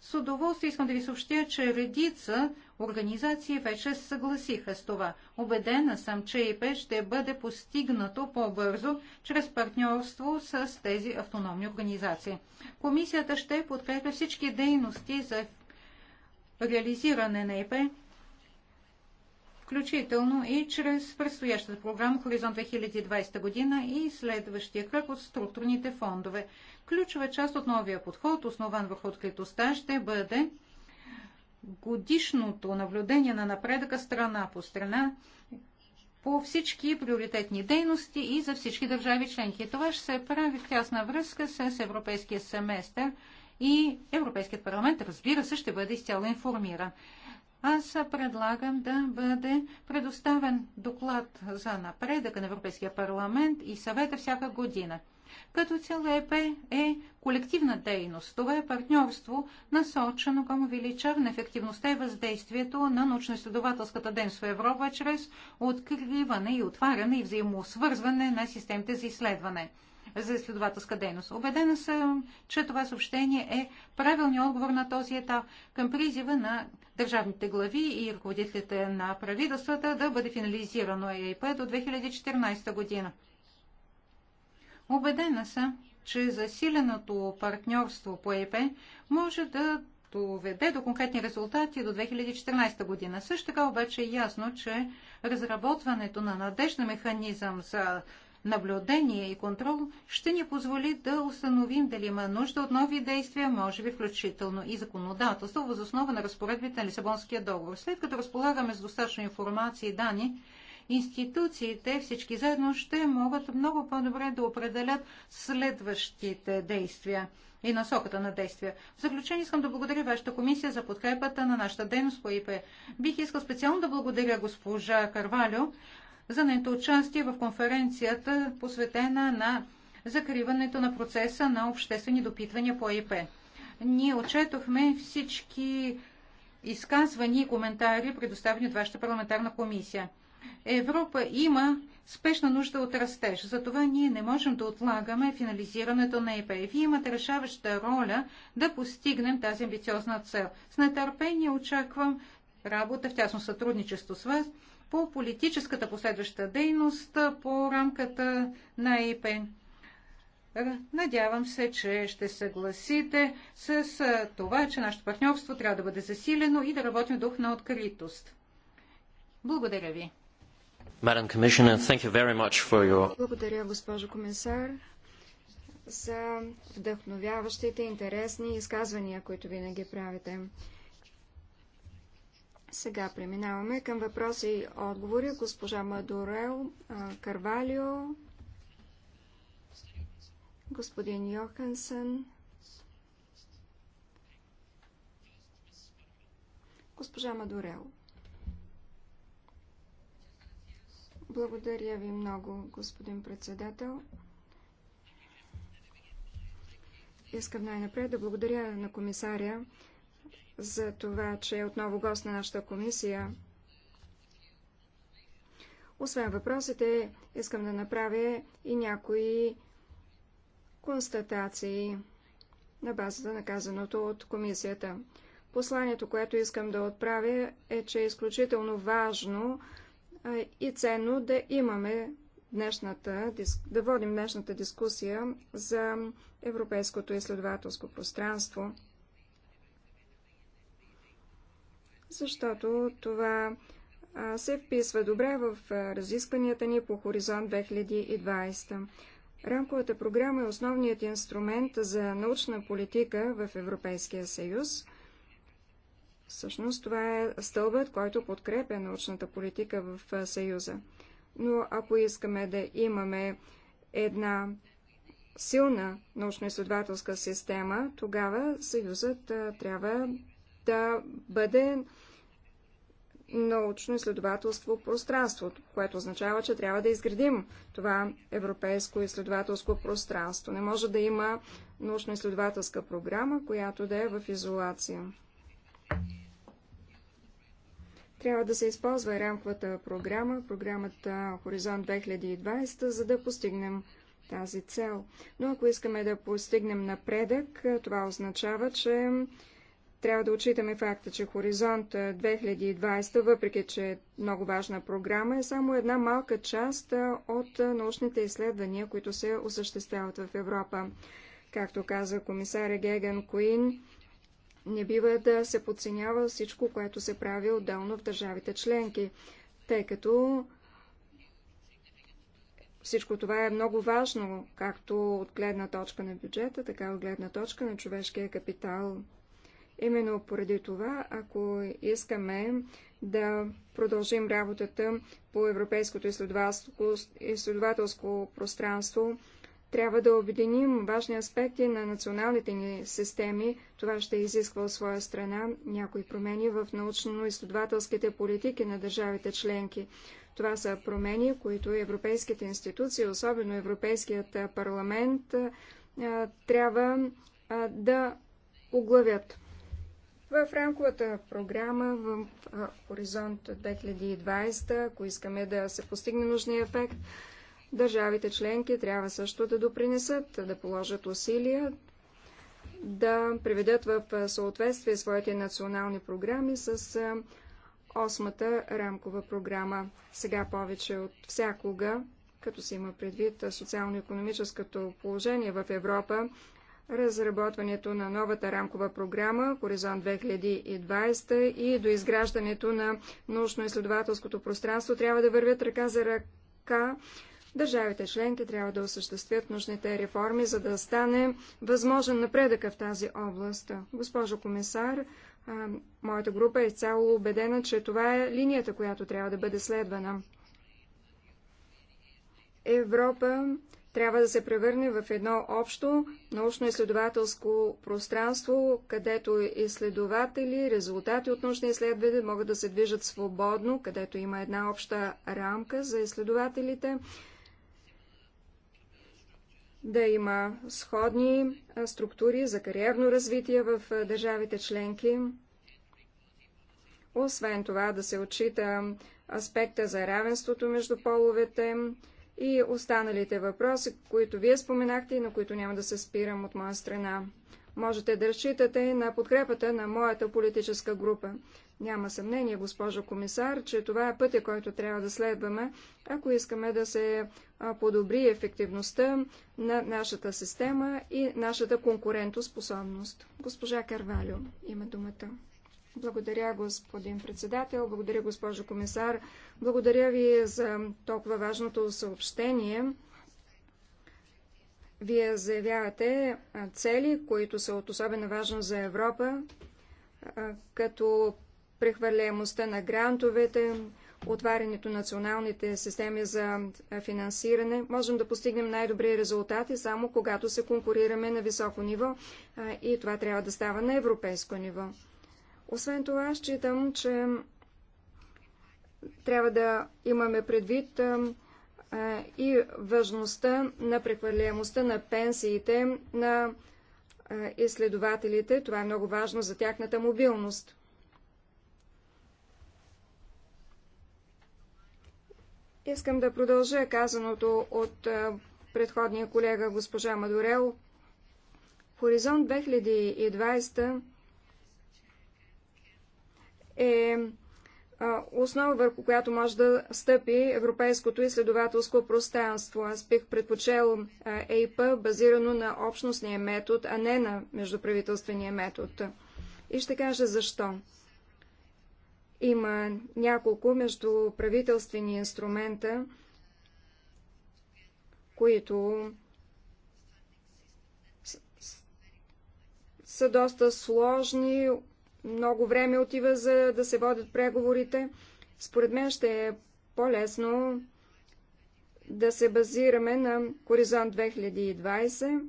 [SPEAKER 1] С удоволствие искам да ви съобщя, че редица организации вече съгласиха с това. Обедена съм, че ИП ще бъде постигнато по-бързо чрез партньорство с тези автономни организации. Комисията ще подкрепя всички дейности за реализиране на ИП, включително и чрез предстоящата програма Хоризонт 2020 година и следващия кръг от структурните фондове. Ключова част от новия подход, основан върху откритостта, ще бъде годишното наблюдение на напредъка страна по страна по всички приоритетни дейности и за всички държави членки. Това ще се прави в тясна връзка с Европейския семестър и Европейският парламент, разбира се, ще бъде изцяло информиран. Аз предлагам да бъде предоставен доклад за напредъка на Европейския парламент и съвета всяка година. Като цяло ЕП е колективна дейност. Това е партньорство, насочено към увеличаване ефективността и въздействието на научно-изследователската ден в Европа чрез откриване и отваряне и взаимосвързване на системите за изследване за изследователска дейност. Обедена съм, че това съобщение е правилният отговор на този етап към призива на държавните глави и ръководителите на правителствата да бъде финализирано ЕИП до 2014 година. Обедена съм, че засиленото партньорство по ЕП може да доведе до конкретни резултати до 2014 година. Също така обаче е ясно, че разработването на надежден механизъм за наблюдение и контрол ще ни позволи да установим дали има нужда от нови действия, може би включително и законодателство, възоснова на разпоредбите на Лисабонския договор. След като разполагаме с достатъчно информация и данни, институциите всички заедно ще могат много по-добре да определят следващите действия и насоката на действия. В заключение искам да благодаря вашата комисия за подкрепата на нашата дейност по ИП. Бих искал специално да благодаря госпожа Карвалю за нейното участие в конференцията, посветена на закриването на процеса на обществени допитвания по ИП. Ние отчетохме всички изказвания и коментари, предоставени от вашата парламентарна комисия. Европа има спешна нужда от растеж. Затова ние не можем да отлагаме финализирането на ЕП. Вие имате решаваща роля да постигнем тази амбициозна цел. С нетърпение очаквам работа в тясно сътрудничество с вас по политическата последваща дейност по рамката на ЕП. Надявам се, че ще съгласите с това, че нашето партньорство трябва да бъде засилено и да работим дух на откритост.
[SPEAKER 2] Благодаря ви. Благодаря, госпожо комисар, за вдъхновяващите, интересни изказвания, които винаги правите. Сега преминаваме към въпроси и отговори. Госпожа Мадурел, Карвалио, господин Йохансен, госпожа Мадурел. Благодаря ви много, господин председател. Искам най-напред да благодаря на комисаря за това, че е отново гост на нашата комисия. Освен въпросите, искам да направя и някои констатации на базата на казаното от комисията. Посланието, което искам да отправя е, че е изключително важно и ценно да имаме днешната, да водим днешната дискусия за европейското изследователско пространство. Защото това се вписва добре в разискванията ни по Хоризонт 2020. Рамковата програма е основният инструмент за научна политика в Европейския съюз. Всъщност това е стълбът, който подкрепя научната политика в Съюза. Но ако искаме да имаме една силна научно-изследователска система, тогава Съюзът трябва да бъде научно-изследователство пространство, което означава, че трябва да изградим това европейско изследователско пространство. Не може да има научно-изследователска програма, която да е в изолация. Трябва да се използва рамковата програма, програмата Хоризонт 2020, за да постигнем тази цел. Но ако искаме да постигнем напредък, това означава, че трябва да отчитаме факта, че Хоризонт 2020, въпреки че е много важна програма, е само една малка част от научните изследвания, които се осъществяват в Европа. Както каза комисаря Геган Куин, не бива да се подценява всичко, което се прави отделно в държавите членки, тъй като всичко това е много важно, както от гледна точка на бюджета, така и от гледна точка на човешкия капитал. Именно поради това, ако искаме да продължим работата по Европейското изследователско, изследователско пространство, трябва да обединим важни аспекти на националните ни системи. Това ще изисква от своя страна някои промени в научно-изследователските политики на държавите членки. Това са промени, които европейските институции, особено Европейският парламент, трябва да оглавят. В рамковата програма в Хоризонт 2020, ако искаме да се постигне нужния ефект, Държавите членки трябва също да допринесат, да положат усилия, да приведат в съответствие своите национални програми с осмата рамкова програма. Сега повече от всякога, като се има предвид социално-економическото положение в Европа, разработването на новата рамкова програма Хоризонт 2020 и до изграждането на научно-изследователското пространство трябва да вървят ръка за ръка Държавите членки трябва да осъществят нужните реформи, за да стане възможен напредъка в тази област. Госпожо комисар, моята група е цяло убедена, че това е линията, която трябва да бъде следвана. Европа трябва да се превърне в едно общо научно-изследователско пространство, където изследователи, резултати от научни изследвания могат да се движат свободно, където има една обща рамка за изследователите, да има сходни структури за кариерно развитие в държавите членки. Освен това да се отчита аспекта за равенството между половете и останалите въпроси, които вие споменахте и на които няма да се спирам от моя страна. Можете да разчитате на подкрепата на моята политическа група. Няма съмнение, госпожо комисар, че това е пътя, който трябва да следваме, ако искаме да се подобри ефективността на нашата система и нашата конкурентоспособност. Госпожа Карвалю има думата. Благодаря, господин председател, благодаря, госпожо комисар, благодаря ви за толкова важното съобщение. Вие заявявате цели, които са от особена важност за Европа, като прехвърляемостта на грантовете, отварянето на националните системи за финансиране. Можем да постигнем най-добри резултати само когато се конкурираме на високо ниво и това трябва да става на европейско ниво. Освен това, считам, че трябва да имаме предвид и важността на прехвърляемостта на пенсиите на изследователите. Това е много важно за тяхната мобилност. Искам да продължа казаното от е, предходния колега госпожа Мадорел. Хоризонт 2020 е, е основа, върху която може да стъпи европейското изследователско пространство. Аз бих предпочел е, ЕИП базирано на общностния метод, а не на междуправителствения метод. И ще кажа защо. Има няколко междуправителствени инструмента, които са доста сложни, много време отива за да се водят преговорите. Според мен ще е по-лесно да се базираме на Хоризонт 2020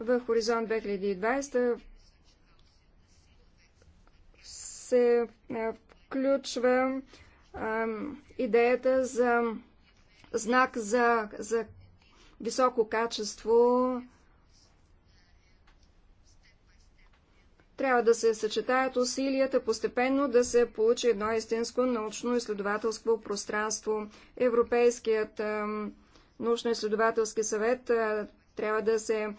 [SPEAKER 2] в Хоризонт 2020 се е, включва е, идеята за знак за, за високо качество. Трябва да се съчетаят усилията постепенно да се получи едно истинско научно-изследователско пространство. Европейският е, научно-изследователски съвет трябва да се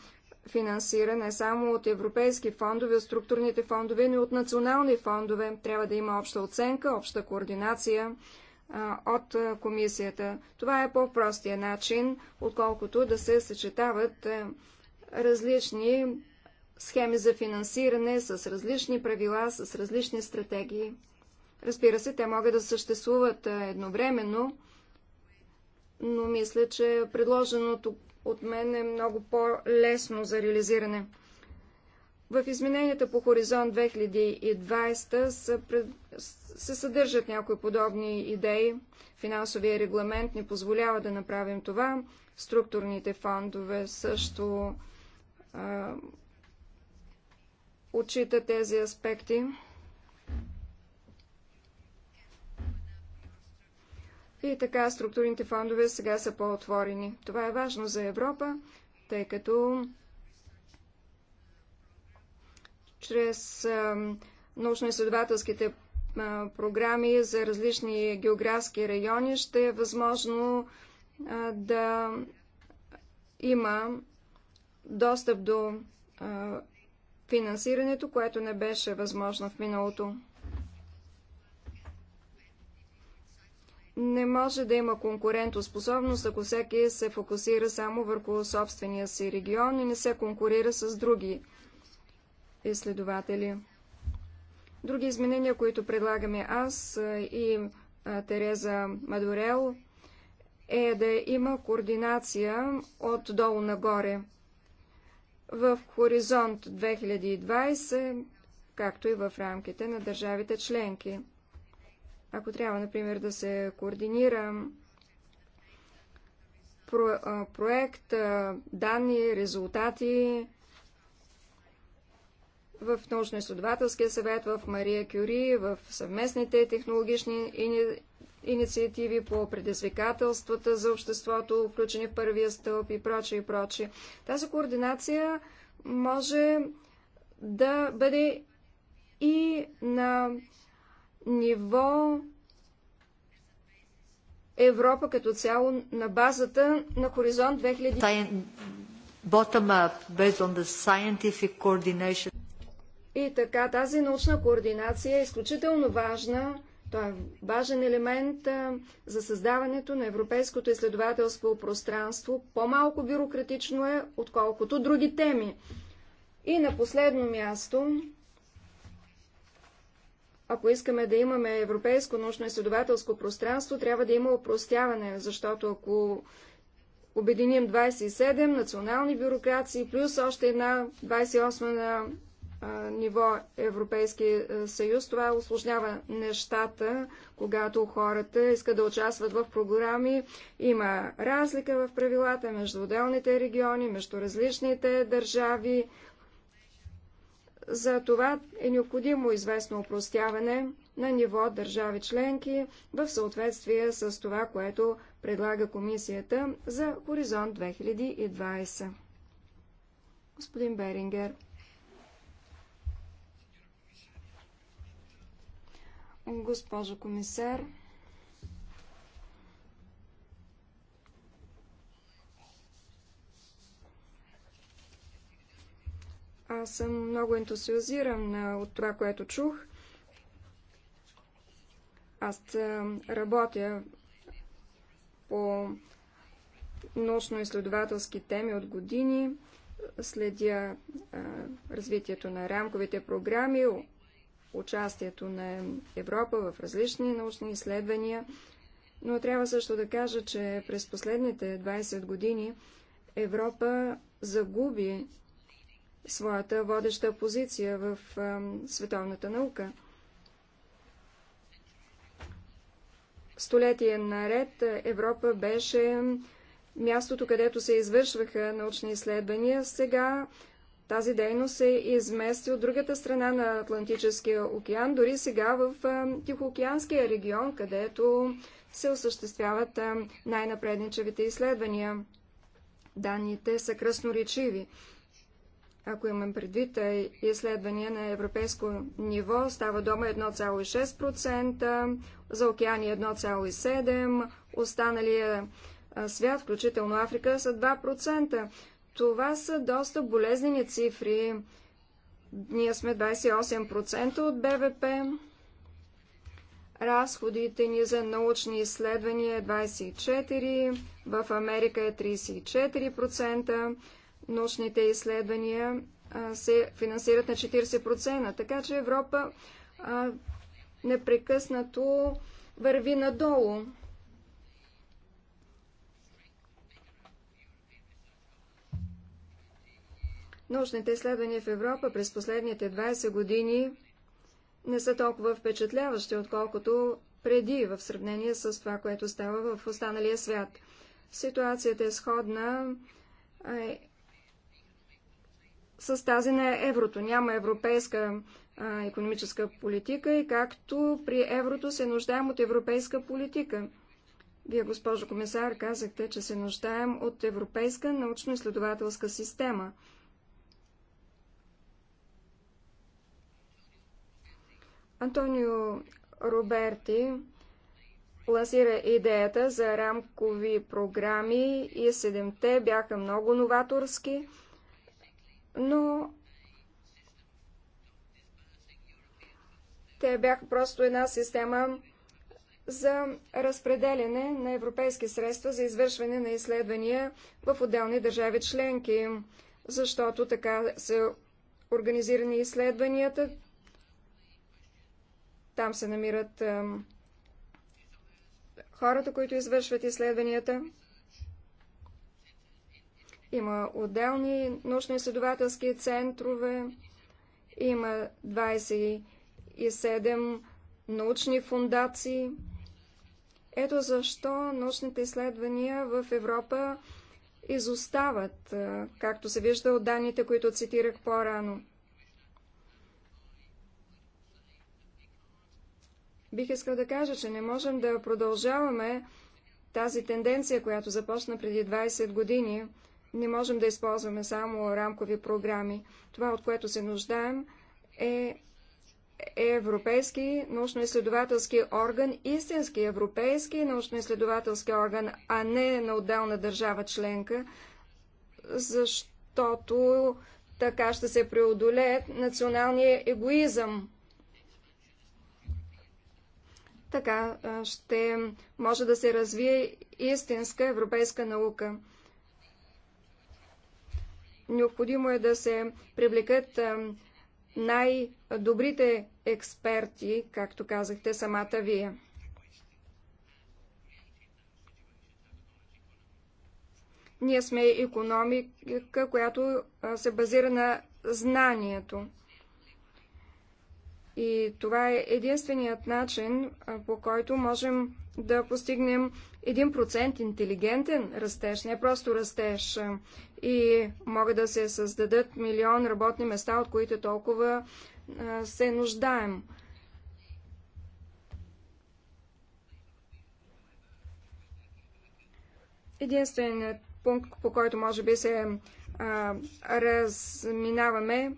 [SPEAKER 2] финансиране само от европейски фондове, от структурните фондове, но и от национални фондове. Трябва да има обща оценка, обща координация а, от комисията. Това е по-простия начин, отколкото да се съчетават а, различни схеми за финансиране с различни правила, с различни стратегии. Разбира се, те могат да съществуват едновременно, но мисля, че предложеното от мен е много по-лесно за реализиране. В измененията по Хоризонт 2020 са пред... се съдържат някои подобни идеи. Финансовия регламент ни позволява да направим това. Структурните фондове също а, отчита тези аспекти. И така структурните фондове сега са по-отворени. Това е важно за Европа, тъй като чрез научно-изследователските програми за различни географски райони ще е възможно да има достъп до финансирането, което не беше възможно в миналото. Не може да има конкурентоспособност, ако всеки се фокусира само върху собствения си регион и не се конкурира с други изследователи. Други изменения, които предлагаме аз и Тереза Мадорел, е да има координация от долу нагоре в хоризонт 2020, както и в рамките на държавите членки. Ако трябва, например, да се координира про, а, проект, а, данни, резултати в научно-изследователския съвет, в Мария Кюри, в съвместните технологични ини... инициативи по предизвикателствата за обществото, включени в първия стълб и прочее, и прочее. Тази координация може да бъде и на ниво Европа като цяло на базата на Хоризонт
[SPEAKER 1] 2000.
[SPEAKER 2] И така, тази научна координация е изключително важна. Той е важен елемент а, за създаването на европейското изследователско пространство. По-малко бюрократично е, отколкото други теми. И на последно място, ако искаме да имаме европейско научно-изследователско пространство, трябва да има упростяване, защото ако обединим 27 национални бюрокрации, плюс още една 28 на ниво Европейски е, съюз. Това осложнява нещата, когато хората искат да участват в програми. Има разлика в правилата между отделните региони, между различните държави. За това е необходимо известно упростяване на ниво държави членки в съответствие с това, което предлага комисията за Хоризонт 2020. Господин Берингер. Госпожо комисар, Аз съм много ентусиазиран от това, което чух. Аз работя по научно-изследователски теми от години, следя развитието на рамковите програми, участието на Европа в различни научни изследвания, но трябва също да кажа, че през последните 20 години Европа загуби своята водеща позиция в световната наука. Столетия наред Европа беше мястото, където се извършваха научни изследвания. Сега тази дейност се измести от другата страна на Атлантическия океан, дори сега в Тихоокеанския регион, където се осъществяват най-напредничевите изследвания. Данните са кръсноречиви. Ако имам предвид изследвания на европейско ниво, става дома 1,6%, за океани 1,7%, останалия свят, включително Африка, са 2%. Това са доста болезнени цифри. Ние сме 28% от БВП. Разходите ни за научни изследвания е 24%, в Америка е 34%, научните изследвания се финансират на 40%. Така че Европа непрекъснато върви надолу. Научните изследвания в Европа през последните 20 години не са толкова впечатляващи, отколкото преди в сравнение с това, което става в останалия свят. Ситуацията е сходна с тази на еврото. Няма европейска а, економическа политика и както при еврото се нуждаем от европейска политика. Вие, госпожо комисар, казахте, че се нуждаем от европейска научно-изследователска система. Антонио Роберти лансира идеята за рамкови програми и седемте бяха много новаторски но те бяха просто една система за разпределяне на европейски средства за извършване на изследвания в отделни държави членки, защото така са организирани изследванията. Там се намират хората, които извършват изследванията. Има отделни научно-изследователски центрове, има 27 научни фундации. Ето защо научните изследвания в Европа изостават, както се вижда от данните, които цитирах по-рано. Бих искал да кажа, че не можем да продължаваме тази тенденция, която започна преди 20 години, не можем да използваме само рамкови програми. Това, от което се нуждаем, е Европейски научно-изследователски орган, истински европейски научно-изследователски орган, а не на отделна държава членка, защото така ще се преодолее националния егоизъм. Така ще може да се развие истинска европейска наука. Необходимо е да се привлекат най-добрите експерти, както казахте самата вие. Ние сме економика, която се базира на знанието. И това е единственият начин, по който можем да постигнем 1% интелигентен растеж, не просто растеж. И могат да се създадат милион работни места, от които толкова се нуждаем. Единственият пункт, по който може би се а, разминаваме,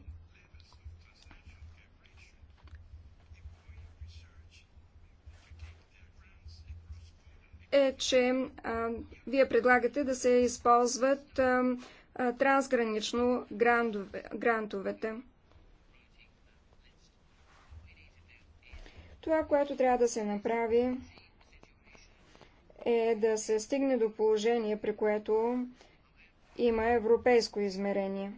[SPEAKER 2] е, че а, вие предлагате да се използват а, а, трансгранично грантове, грантовете. Това, което трябва да се направи, е да се стигне до положение, при което има европейско измерение.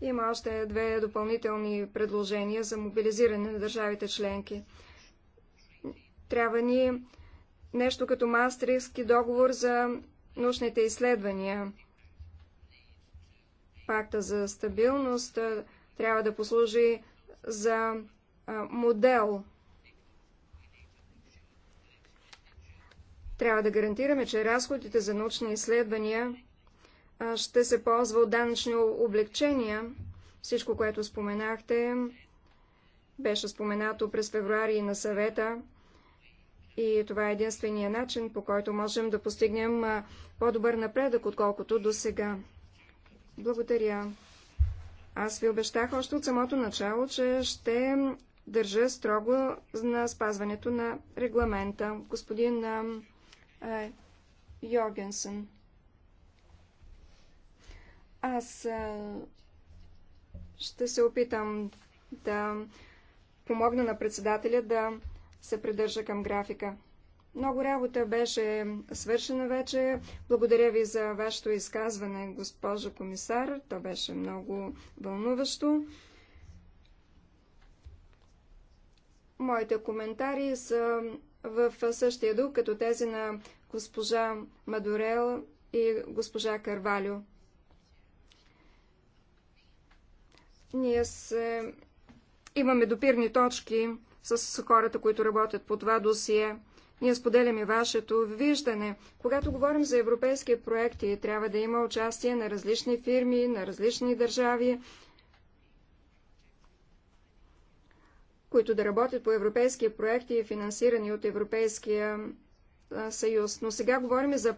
[SPEAKER 2] Има още две допълнителни предложения за мобилизиране на държавите членки. Трябва ни нещо като мастерски договор за научните изследвания. Пакта за стабилност трябва да послужи за модел. Трябва да гарантираме, че разходите за научни изследвания ще се ползва от данъчни облегчения. Всичко, което споменахте, беше споменато през февруари на съвета. И това е единствения начин, по който можем да постигнем по-добър напредък, отколкото до сега. Благодаря. Аз ви обещах още от самото начало, че ще държа строго на спазването на регламента. Господин е, Йогенсен. Аз е, ще се опитам да помогна на председателя да се придържа към графика. Много работа беше свършена вече. Благодаря ви за вашето изказване, госпожо комисар. То беше много вълнуващо. Моите коментари са в същия дух, като тези на госпожа Мадорел и госпожа Карвалю. Ние се... имаме допирни точки с хората, които работят по това досие. Ние споделяме вашето виждане. Когато говорим за европейски проекти, трябва да има участие на различни фирми, на различни държави, които да работят по европейски проекти, финансирани от Европейския съюз. Но сега говорим за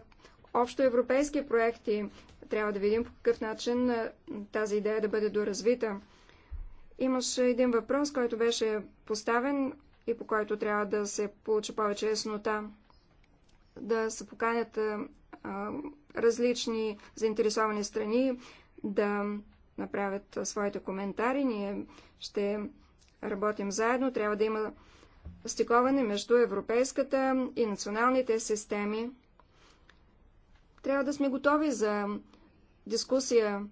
[SPEAKER 2] общо европейски проекти. Трябва да видим по какъв начин тази идея да бъде доразвита. Имаше един въпрос, който беше поставен и по който трябва да се получи повече яснота, да се поканят а, различни заинтересовани страни да направят своите коментари. Ние ще работим заедно. Трябва да има стиковане между европейската и националните системи. Трябва да сме готови за дискусия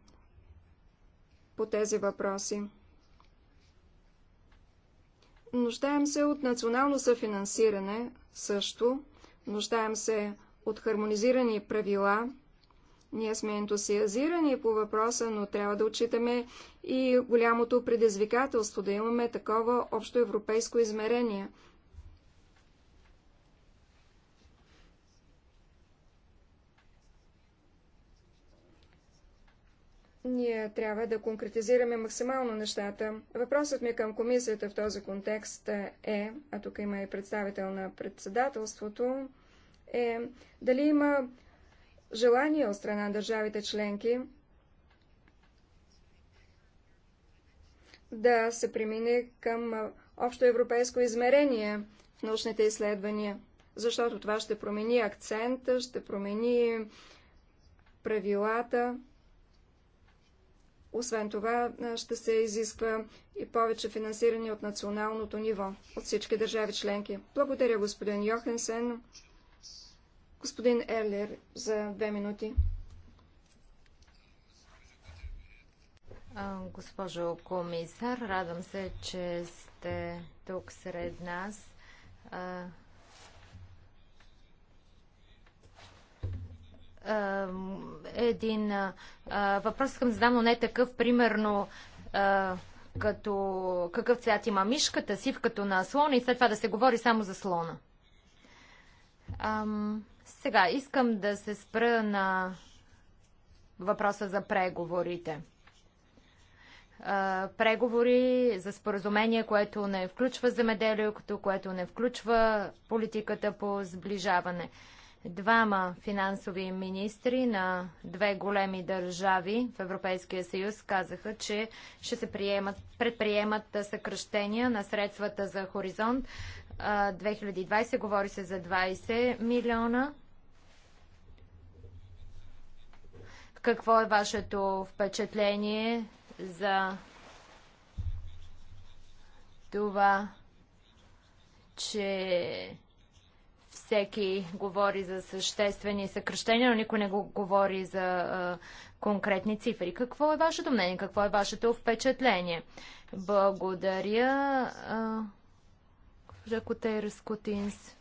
[SPEAKER 2] по тези въпроси. Нуждаем се от национално съфинансиране също. Нуждаем се от хармонизирани правила. Ние сме ентусиазирани по въпроса, но трябва да отчитаме и голямото предизвикателство да имаме такова общо европейско измерение. Ние трябва да конкретизираме максимално нещата. Въпросът ми към комисията в този контекст е, а тук има и представител на председателството, е дали има желание от страна на държавите членки да се премине към общо европейско измерение в научните изследвания, защото това ще промени акцента, ще промени правилата. Освен това, ще се изисква и повече финансиране от националното ниво, от всички държави членки. Благодаря, господин Йохенсен. Господин Ерлер, за две минути.
[SPEAKER 3] Госпожо комисар, радвам се, че сте тук сред нас. Е, един въпрос искам да задам, но не е такъв, примерно като какъв цвят има мишката, сив като на слона и след това да се говори само за слона. Ам, сега искам да се спра на въпроса за преговорите. А, преговори за споразумение, което не включва земеделието, което не включва политиката по сближаване. А, двама финансови министри на две големи държави в Европейския съюз казаха, че ще се приемат, предприемат съкръщения на средствата за хоризонт 2020. Говори се за 20 милиона. Какво е вашето впечатление за това, че всеки говори за съществени съкръщения, но никой не го говори за а, конкретни цифри. Какво е вашето мнение? Какво е вашето впечатление? Благодаря, а, Жакотей Раскотинс.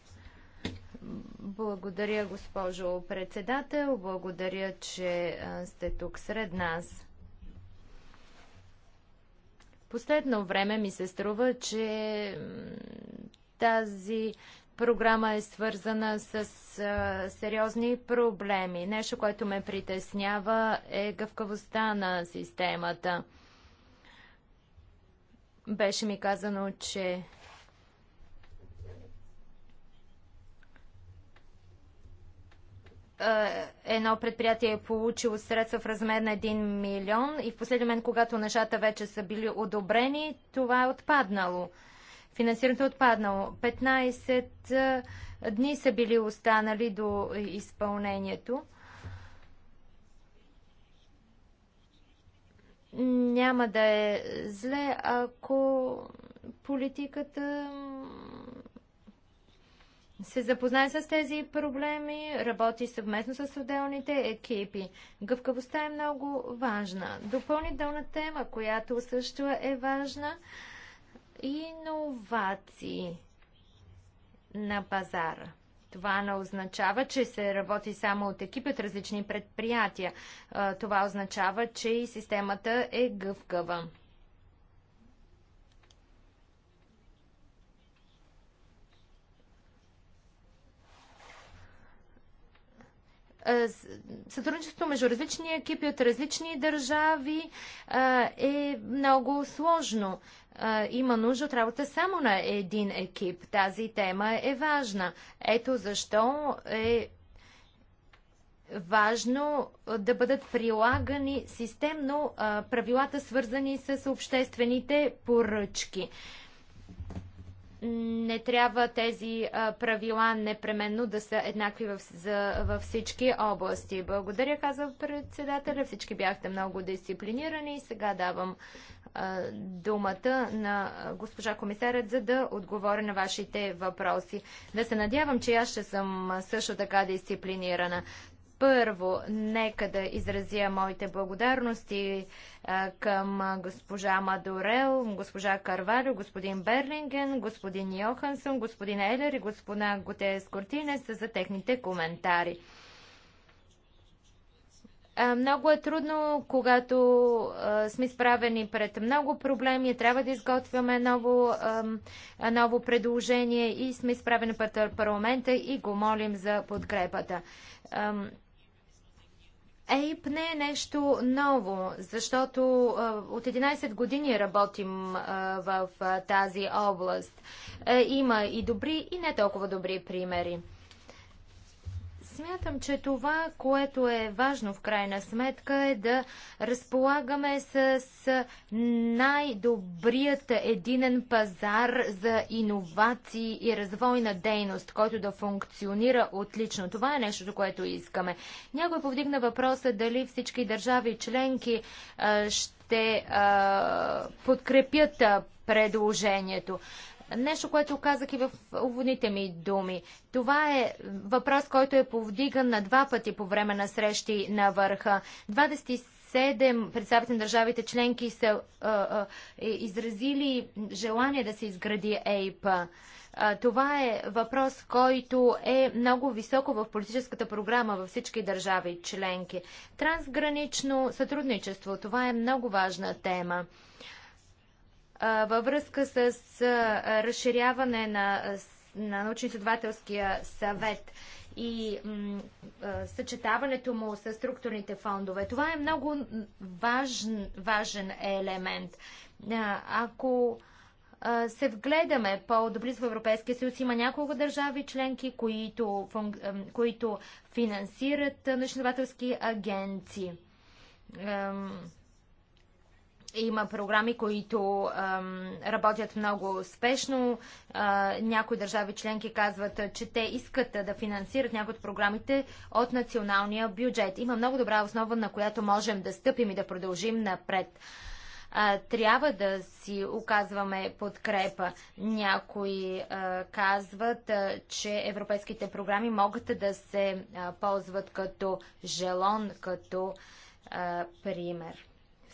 [SPEAKER 3] Благодаря, госпожо председател. Благодаря, че а, сте тук сред нас. Последно време ми се струва, че тази програма е свързана с а, сериозни проблеми. Нещо, което ме притеснява е гъвкавостта на системата. Беше ми казано, че едно предприятие е получило средства в размер на 1 милион и в последния момент, когато нещата вече са били одобрени, това е отпаднало. Финансирането е отпаднало. 15 дни са били останали до изпълнението. Няма да е зле, ако политиката се запознае с тези проблеми, работи съвместно с отделните екипи. Гъвкавостта е много важна. Допълнителна тема, която също е важна, иновации на пазара. Това не означава, че се работи само от екипи от различни предприятия. Това означава, че и системата е гъвкава. сътрудничеството между различни екипи от различни държави е много сложно има нужда от работа само на един екип. Тази тема е важна. Ето защо е важно да бъдат прилагани системно правилата, свързани с обществените поръчки не трябва тези а, правила непременно да са еднакви в, за, във всички области. Благодаря, каза председателя. Всички бяхте много дисциплинирани. Сега давам а, думата на госпожа комисарят, за да отговоря на вашите въпроси. Да се надявам, че аз ще съм също така дисциплинирана. Първо, нека да изразя моите благодарности към госпожа Мадорел, госпожа Карвалю, господин Берлинген, господин Йохансон, господин Елер и господа Готес Кортинес за техните коментари. много е трудно, когато а, сме изправени пред много проблеми, трябва да изготвяме ново, ново предложение и сме изправени пред парламента и го молим за подкрепата. Ейп не е нещо ново, защото от 11 години работим в тази област. Е, има и добри, и не толкова добри примери. Смятам, че това, което е важно в крайна сметка е да разполагаме с най-добрият единен пазар за иновации и развойна дейност, който да функционира отлично. Това е нещото, което искаме. Някой повдигна въпроса дали всички държави членки ще подкрепят предложението. Нещо, което казах и в уводните ми думи. Това е въпрос, който е повдиган на два пъти по време на срещи на върха. 27 представители на държавите членки са е, е, изразили желание да се изгради ЕИПА. Това е въпрос, който е много високо в политическата програма във всички държави членки. Трансгранично сътрудничество, това е много важна тема във връзка с разширяване на, на научно-изследователския съвет и съчетаването му с структурните фондове. Това е много важен, важен елемент. Ако се вгледаме по-доблизо в Европейския съюз, има няколко държави членки, които, които финансират научно-изследователски агенции има програми, които ам, работят много успешно. А, някои държави членки казват, че те искат да финансират някои от програмите от националния бюджет. Има много добра основа, на която можем да стъпим и да продължим напред. А, трябва да си оказваме подкрепа. Някои а, казват, а, че европейските програми могат да се ползват като желон, като пример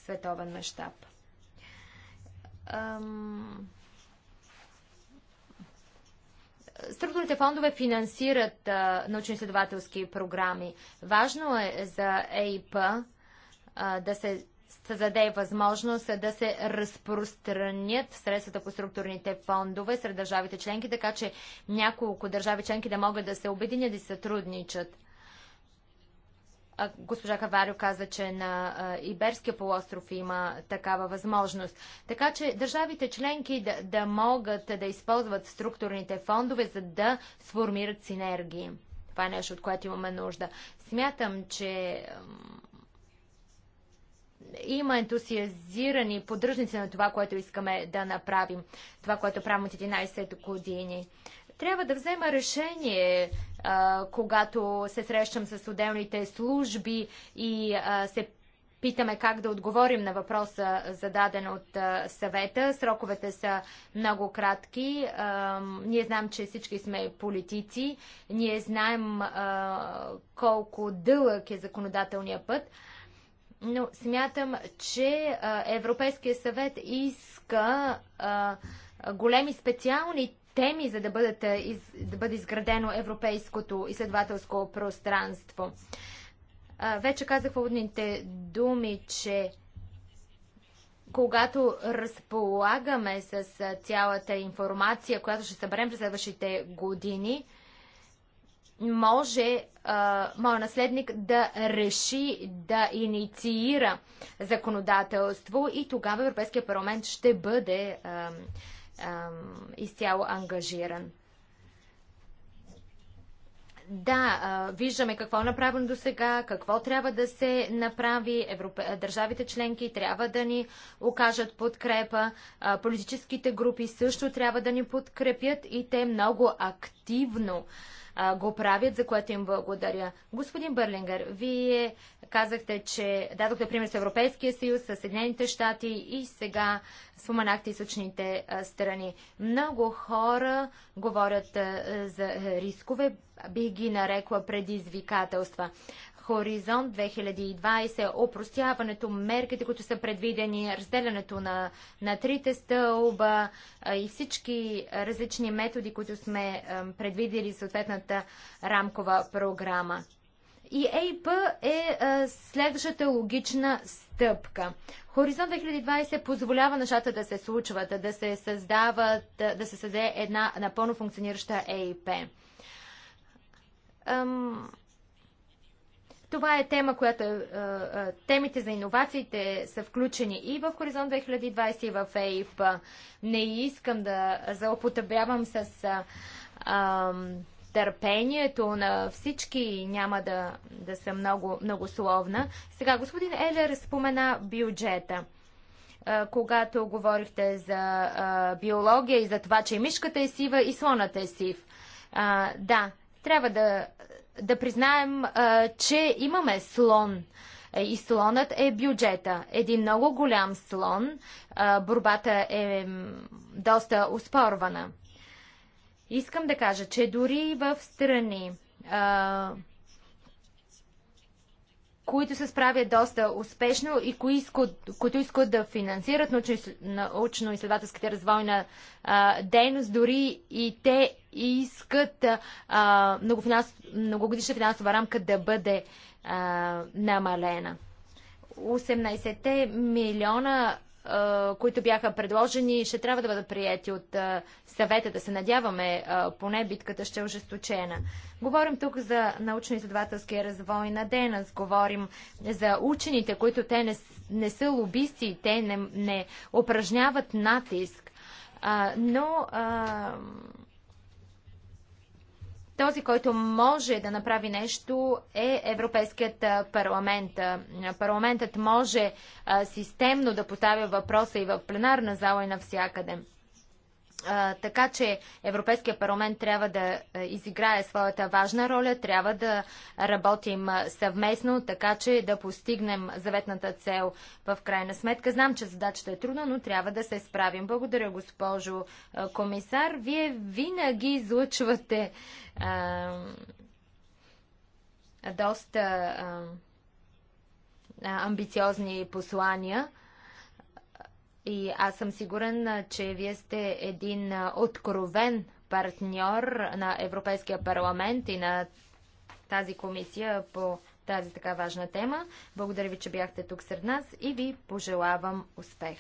[SPEAKER 3] световен мащаб. Структурните фондове финансират научно-изследователски програми. Важно е за ЕИП а, да се създаде възможност да се разпространят средствата по структурните фондове сред държавите членки, така че няколко държави членки да могат да се обединят и сътрудничат. Госпожа Каварио каза, че на Иберския полуостров има такава възможност. Така че държавите членки да, да могат да използват структурните фондове, за да сформират синергии. Това е нещо, от което имаме нужда. Смятам, че има ентусиазирани поддръжници на това, което искаме да направим, това, което правим от 11 години. Трябва да взема решение, а, когато се срещам с отделните служби и а, се питаме как да отговорим на въпроса, зададен от а, съвета. Сроковете са много кратки. А, ние знаем, че всички сме политици. Ние знаем а, колко дълъг е законодателния път. Но смятам, че Европейския съвет иска големи специални теми, за да, бъдат, да бъде изградено европейското изследователско пространство. Вече казах в водните думи, че когато разполагаме с цялата информация, която ще съберем през следващите години, може а, моят наследник да реши да инициира законодателство и тогава Европейския парламент ще бъде а, изцяло ангажиран. Да, виждаме какво е направено до сега, какво трябва да се направи. Държавите членки трябва да ни окажат подкрепа. Политическите групи също трябва да ни подкрепят и те много активно го правят, за което им благодаря. Господин Бърлингер, вие Казахте, че дадохте пример с Европейския съюз, с Съединените щати и сега споменахте източните страни. Много хора говорят за рискове, бих ги нарекла предизвикателства. Хоризонт 2020, опростяването, мерките, които са предвидени, разделянето на, на трите стълба и всички различни методи, които сме предвидели в съответната рамкова програма. И ЕИП е а, следващата логична стъпка. Хоризонт 2020 позволява нещата да се случват, да се създават, да се създаде една напълно функционираща ЕИП. Ам... Това е тема, която е, е, темите за иновациите са включени и в Хоризонт 2020 и в ЕИП. Не искам да заопотъбявам с търпението на всички няма да, да съм много, многословна. Сега господин Елер спомена бюджета. Когато говорихте за а, биология и за това, че мишката е сива и слонът е сив. А, да, трябва да, да признаем, а, че имаме слон. Е, и слонът е бюджета. Един много голям слон. Борбата е доста успорвана. Искам да кажа, че дори в страни, а, които се справят доста успешно и кои искат, които искат да финансират научно-изследователските развойна а, дейност, дори и те искат многогодишна финансова рамка да бъде а, намалена. 18 милиона които бяха предложени, ще трябва да бъдат приети от съвета. Да се надяваме, поне битката ще е ожесточена. Говорим тук за научно-изследователския развой на ДНС, Говорим за учените, които те не, не са лобисти, те не, не упражняват натиск. А, но а, този, който може да направи нещо е Европейският парламент. Парламентът може системно да поставя въпроса и в пленарна зала и навсякъде. А, така че Европейския парламент трябва да изиграе своята важна роля, трябва да работим съвместно, така че да постигнем заветната цел в крайна сметка. Знам, че задачата е трудна, но трябва да се справим. Благодаря, госпожо комисар. Вие винаги излъчвате а, доста а, амбициозни послания. И аз съм сигурен, че вие сте един откровен партньор на Европейския парламент и на тази комисия по тази така важна тема. Благодаря ви, че бяхте тук сред нас и ви пожелавам успех.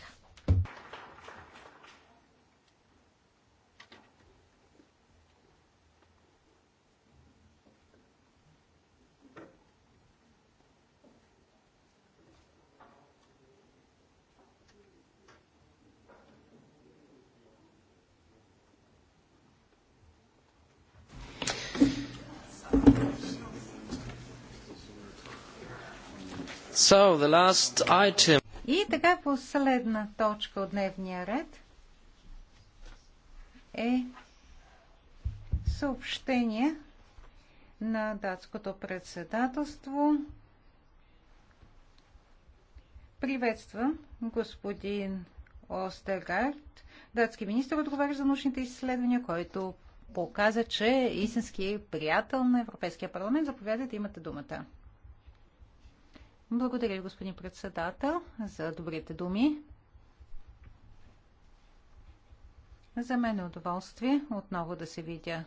[SPEAKER 1] So, the last item. И така последна точка от дневния ред е съобщение на датското председателство. Приветствам господин Остергард, датски министр, отговарящ за научните изследвания, който показа, че е истински приятел на Европейския парламент. Заповядайте, имате думата. Благодаря, господин председател, за добрите думи. За мен е удоволствие отново да се видя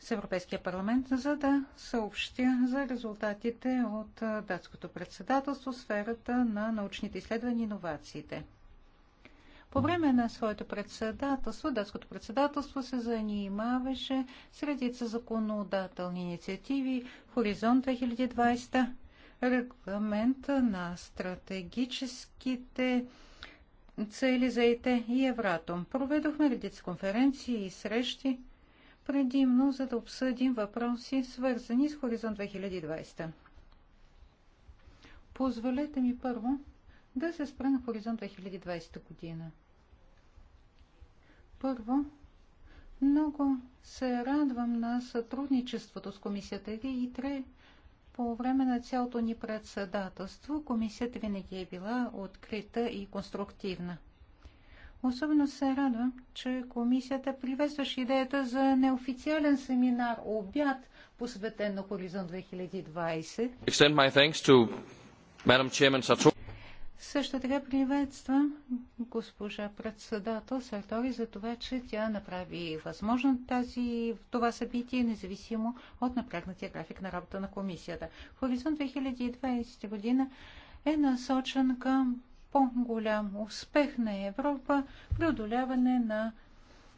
[SPEAKER 1] с Европейския парламент, за да съобщя за резултатите от датското председателство в сферата на научните изследвания и иновациите. По време на своето председателство, датското председателство се занимаваше с редица законодателни инициативи Хоризонт 2020 регламента на стратегическите цели за ИТ и Евратом. Проведохме редица конференции и срещи, предимно за да обсъдим въпроси, свързани с Хоризонт 2020. Позволете ми първо да се спра на Хоризонт 2020 година. Първо, много се радвам на сътрудничеството с комисията и по време на цялото ни председателство комисията винаги е била открита и конструктивна. Особено се радвам, че комисията приветстваше идеята за неофициален семинар обяд, посветен на Хоризонт
[SPEAKER 4] 2020.
[SPEAKER 1] Също така приветствам госпожа председател Сартори за това, че тя направи възможно тази, това събитие, независимо от напрегнатия график на работа на комисията. Хоризонт 2020 година е насочен към по-голям успех на Европа, преодоляване на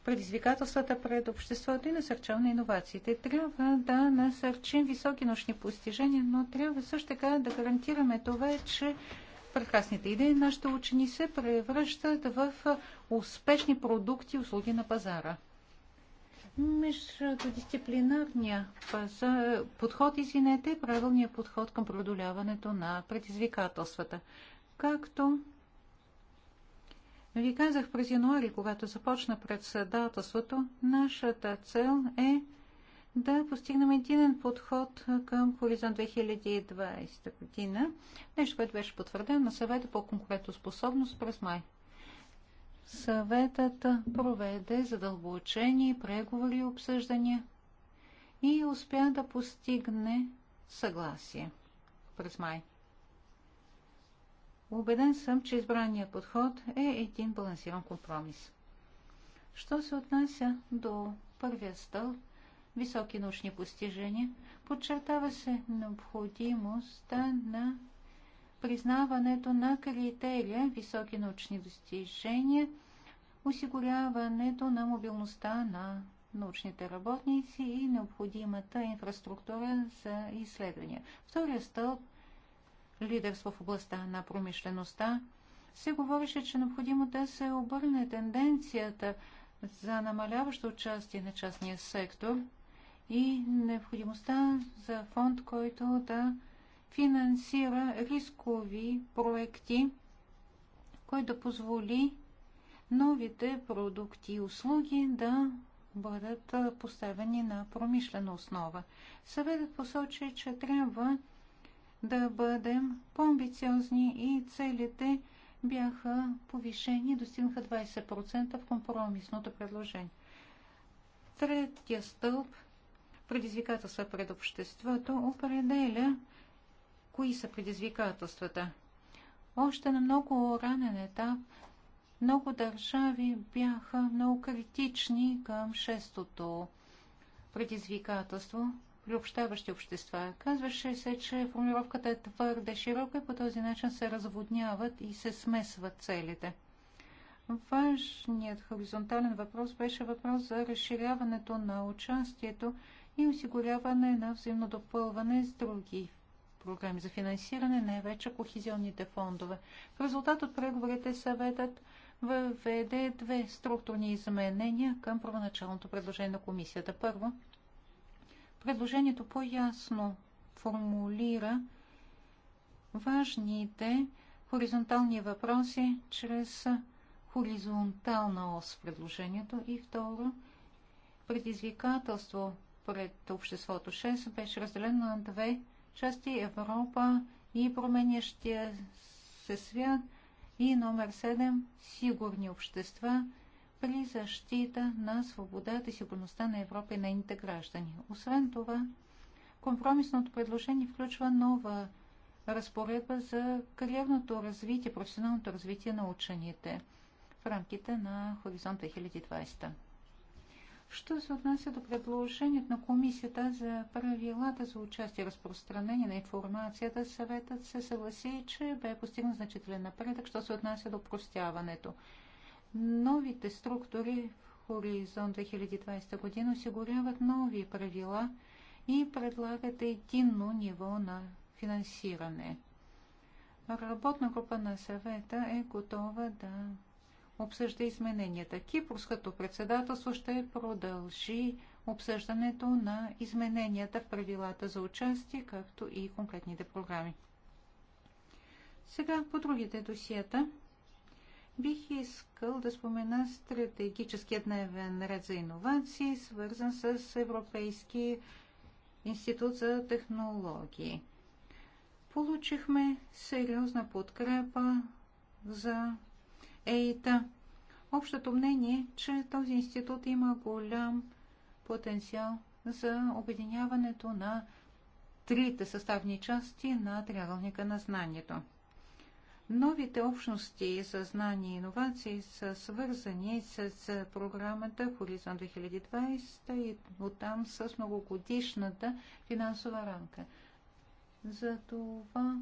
[SPEAKER 1] предизвикателствата пред обществото и насърчаване на иновациите. Трябва да насърчим високи нощни постижения, но трябва също така да гарантираме това, че прекрасните идеи на нашите учени се превръщат в успешни продукти и услуги на пазара. Междудисциплинарния пазар, подход, извинете, е правилният подход към преодоляването на предизвикателствата. Както ви казах през януари, когато започна председателството, нашата цел е да постигнем единен подход към Хоризонт 2020 година. Нещо, което беше потвърдено на съвета по конкурентоспособност през май. Съветът проведе задълбочени преговори и обсъждания и успя да постигне съгласие през май. Обеден съм, че избраният подход е един балансиран компромис. Що се отнася до първия стълб високи научни постижения, подчертава се необходимостта на признаването на критерия високи научни достижения, осигуряването на мобилността на научните работници и необходимата инфраструктура за изследвания. Втория стълб – лидерство в областта на промишлеността – се говореше, че е необходимо да се обърне тенденцията за намаляващо участие на частния сектор – и необходимостта за фонд, който да финансира рискови проекти, който да позволи новите продукти и услуги да бъдат поставени на промишлена основа. Съветът посочи, че трябва да бъдем по-амбициозни и целите бяха повишени достигнаха 20% в компромисното предложение. Третия стълб – предизвикателства пред обществото, определя кои са предизвикателствата. Още на много ранен етап много държави бяха много критични към шестото предизвикателство, приобщаващи общества. Казваше се, че формировката е твърде широка и по този начин се разводняват и се смесват целите. Важният хоризонтален въпрос беше въпрос за разширяването на участието и осигуряване на взаимно допълване с други програми за финансиране, най-вече кохизионните фондове. В резултат от преговорите съветът въведе две структурни изменения към първоначалното предложение на комисията. Първо, предложението по-ясно формулира важните хоризонтални въпроси чрез хоризонтална ос в предложението и второ, предизвикателство пред обществото 6 беше разделен на две части Европа и променящия се свят и номер 7 сигурни общества при защита на свободата и сигурността на Европа и нейните граждани. Освен това, компромисното предложение включва нова разпоредба за кариерното развитие, професионалното развитие на учените в рамките на Хоризонт 2020. Що се отнася до предложението на комисията за правилата за участие и разпространение на информацията, съветът се съгласи, че бе постигнат значителен напредък, що се отнася до простяването. Новите структури в Хоризонт 2020 година осигуряват нови правила и предлагат единно ниво на финансиране. Работна група на съвета е готова да обсъжда измененията. Кипърското председателство ще продължи обсъждането на измененията в правилата за участие, както и конкретните програми. Сега по другите досията бих искал да спомена стратегическия дневен ред за иновации, свързан с Европейски институт за технологии. Получихме сериозна подкрепа за ЕИТА. Общото мнение, е, че този институт има голям потенциал за обединяването на трите съставни части на триъгълника на знанието. Новите общности за знания и иновации са свързани с програмата Хоризон 2020 и оттам с многогодишната финансова рамка. За това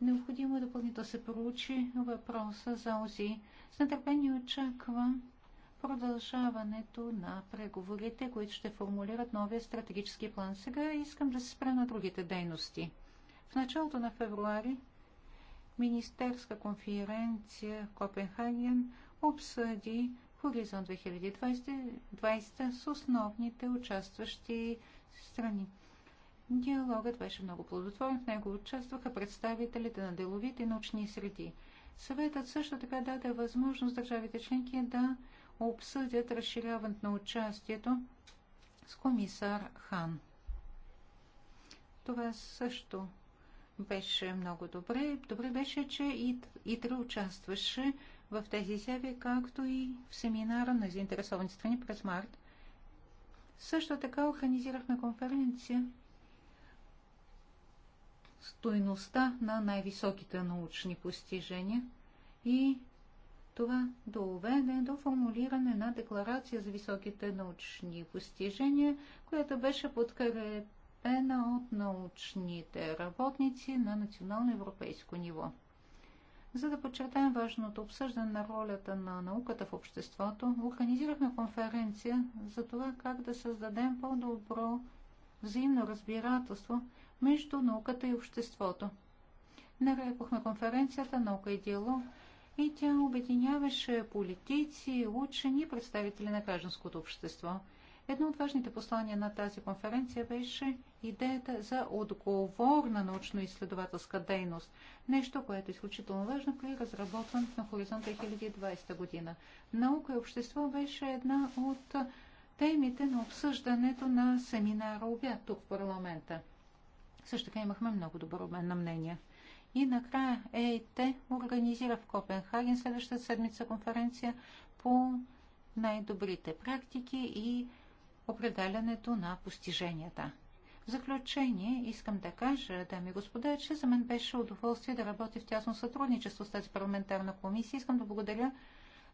[SPEAKER 1] Необходимо е допълнително да се проучи въпроса за ОЗИ. С нетърпение очаквам продължаването на преговорите, които ще формулират новия стратегически план. Сега искам да се спра на другите дейности. В началото на февруари Министерска конференция в Копенхаген обсъди Хоризонт 2020 с основните участващи страни. Диалогът беше много плодотворен, в него участваха представителите на деловите научни среди. Съветът също така даде възможност държавите членки да обсъдят разширяването на участието с комисар Хан. Това също беше много добре. Добре беше, че ИТРА участваше в тези изяви, както и в семинара на заинтересовани страни през март. Също така организирахме конференция стойността на най-високите научни постижения и това доведе до формулиране на декларация за високите научни постижения, която беше подкрепена от научните работници на национално европейско ниво. За да подчертаем важното обсъждане на ролята на науката в обществото, организирахме конференция за това как да създадем по-добро взаимно разбирателство между науката и обществото. Нарекохме конференцията «Наука и диалог» и тя обединяваше политици, учени и представители на гражданското общество. Едно от важните послания на тази конференция беше идеята за отговорна научно-изследователска дейност. Нещо, което е изключително важно при разработването на Хоризонт 2020 година. Наука и общество беше една от темите на обсъждането на семинара обяд тук в парламента. Също така имахме много добър обмен на мнения. И накрая ЕИТ организира в Копенхаген следващата седмица конференция по най-добрите практики и определянето на постиженията. В заключение искам да кажа, дами и господа, че за мен беше удоволствие да работя в тясно сътрудничество с тази парламентарна комисия. Искам да благодаря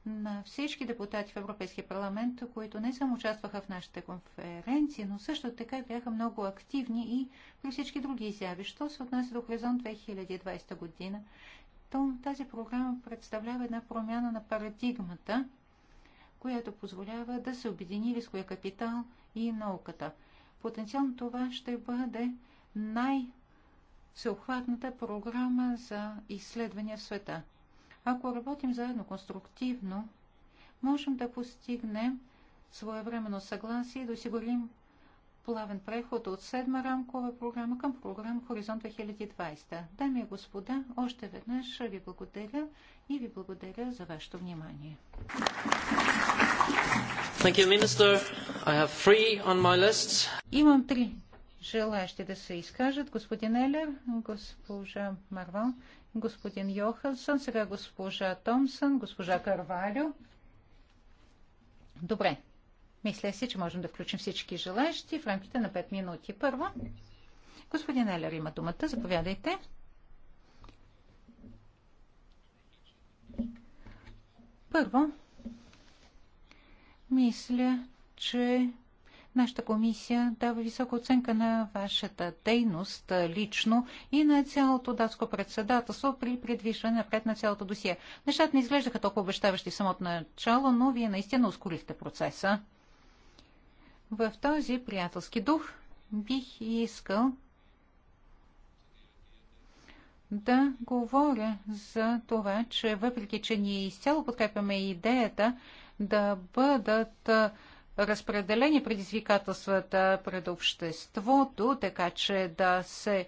[SPEAKER 1] на всички депутати в Европейския парламент, които не само участваха в нашите конференции, но също така бяха много активни и при всички други изяви. Що се отнася до Хоризонт 2020 година, то тази програма представлява една промяна на парадигмата, която позволява да се обедини рисковия капитал и науката. Потенциално това ще бъде най- всеобхватната програма за изследвания в света. Ако работим заедно конструктивно, можем да постигнем своевременно съгласие и да осигурим плавен преход от седма рамкова програма към програма Хоризонт 2020. Дами и господа, още веднъж ви благодаря и ви благодаря за вашето внимание.
[SPEAKER 4] Thank you, Minister. I have three on my list.
[SPEAKER 1] Имам три желаящи да се изкажат. Господин Елер, госпожа Марвал господин Йохансън, сега госпожа Томсън, госпожа Карвалю. Добре. Мисля си, че можем да включим всички желащи в рамките на 5 минути. Първо, господин Елер има думата. Заповядайте. Първо, мисля, че Нашата комисия дава висока оценка на вашата дейност лично и на цялото датско председателство при предвижване напред на цялото досие. Нещата не изглеждаха толкова обещаващи в самото начало, но вие наистина ускорихте процеса. В този приятелски дух бих искал да говоря за това, че въпреки, че ние изцяло подкрепяме идеята да бъдат разпределени предизвикателствата пред обществото, така че да се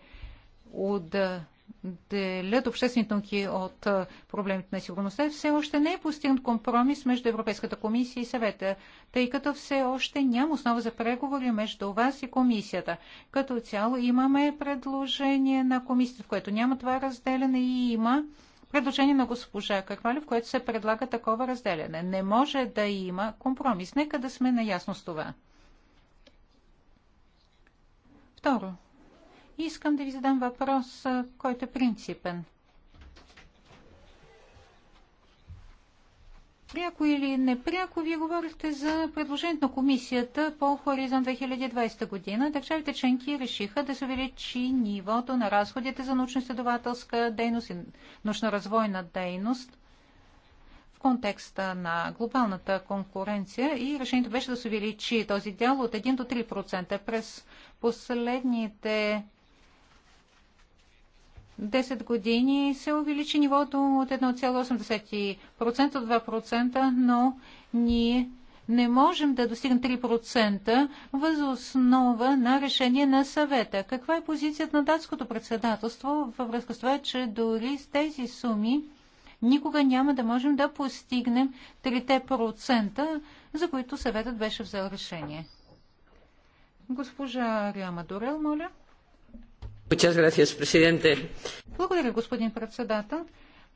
[SPEAKER 1] отделят обществените науки от проблемите на сигурността, все още не е постигнат компромис между Европейската комисия и съвета, тъй като все още няма основа за преговори между вас и комисията. Като цяло имаме предложение на комисията, в което няма това разделяне и има предложение на госпожа Карвали, в което се предлага такова разделяне. Не може да има компромис. Нека да сме наясно с това. Второ, искам да ви задам въпрос, който е принципен – пряко или непряко, вие говорихте за предложението на комисията по Хоризонт 2020 година. Държавите членки решиха да се увеличи нивото на разходите за научно-изследователска дейност и научно-развойна дейност в контекста на глобалната конкуренция и решението беше да се увеличи този дял от 1 до 3%. През последните 10 години се увеличи нивото от 1,8% до 2%, но ние не можем да достигнем 3% въз основа на решение на съвета. Каква е позицията на датското председателство във връзка с това, че дори с тези суми никога няма да можем да постигнем 3%, за които съветът беше взел решение? Госпожа Ряма Дорел, моля. Благодаря, господин председател.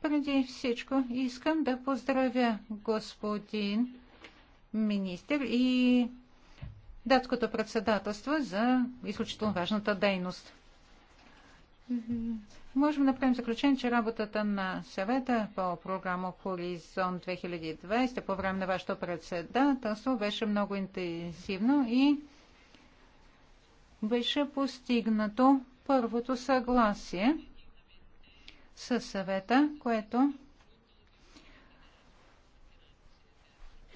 [SPEAKER 1] Преди всичко искам да поздравя господин министр и датското председателство за изключително важната дейност. Можем да направим заключение, че работата на съвета по програма Хоризонт 2020 по време на вашето председателство беше много интензивно и беше постигнато първото съгласие със съвета, което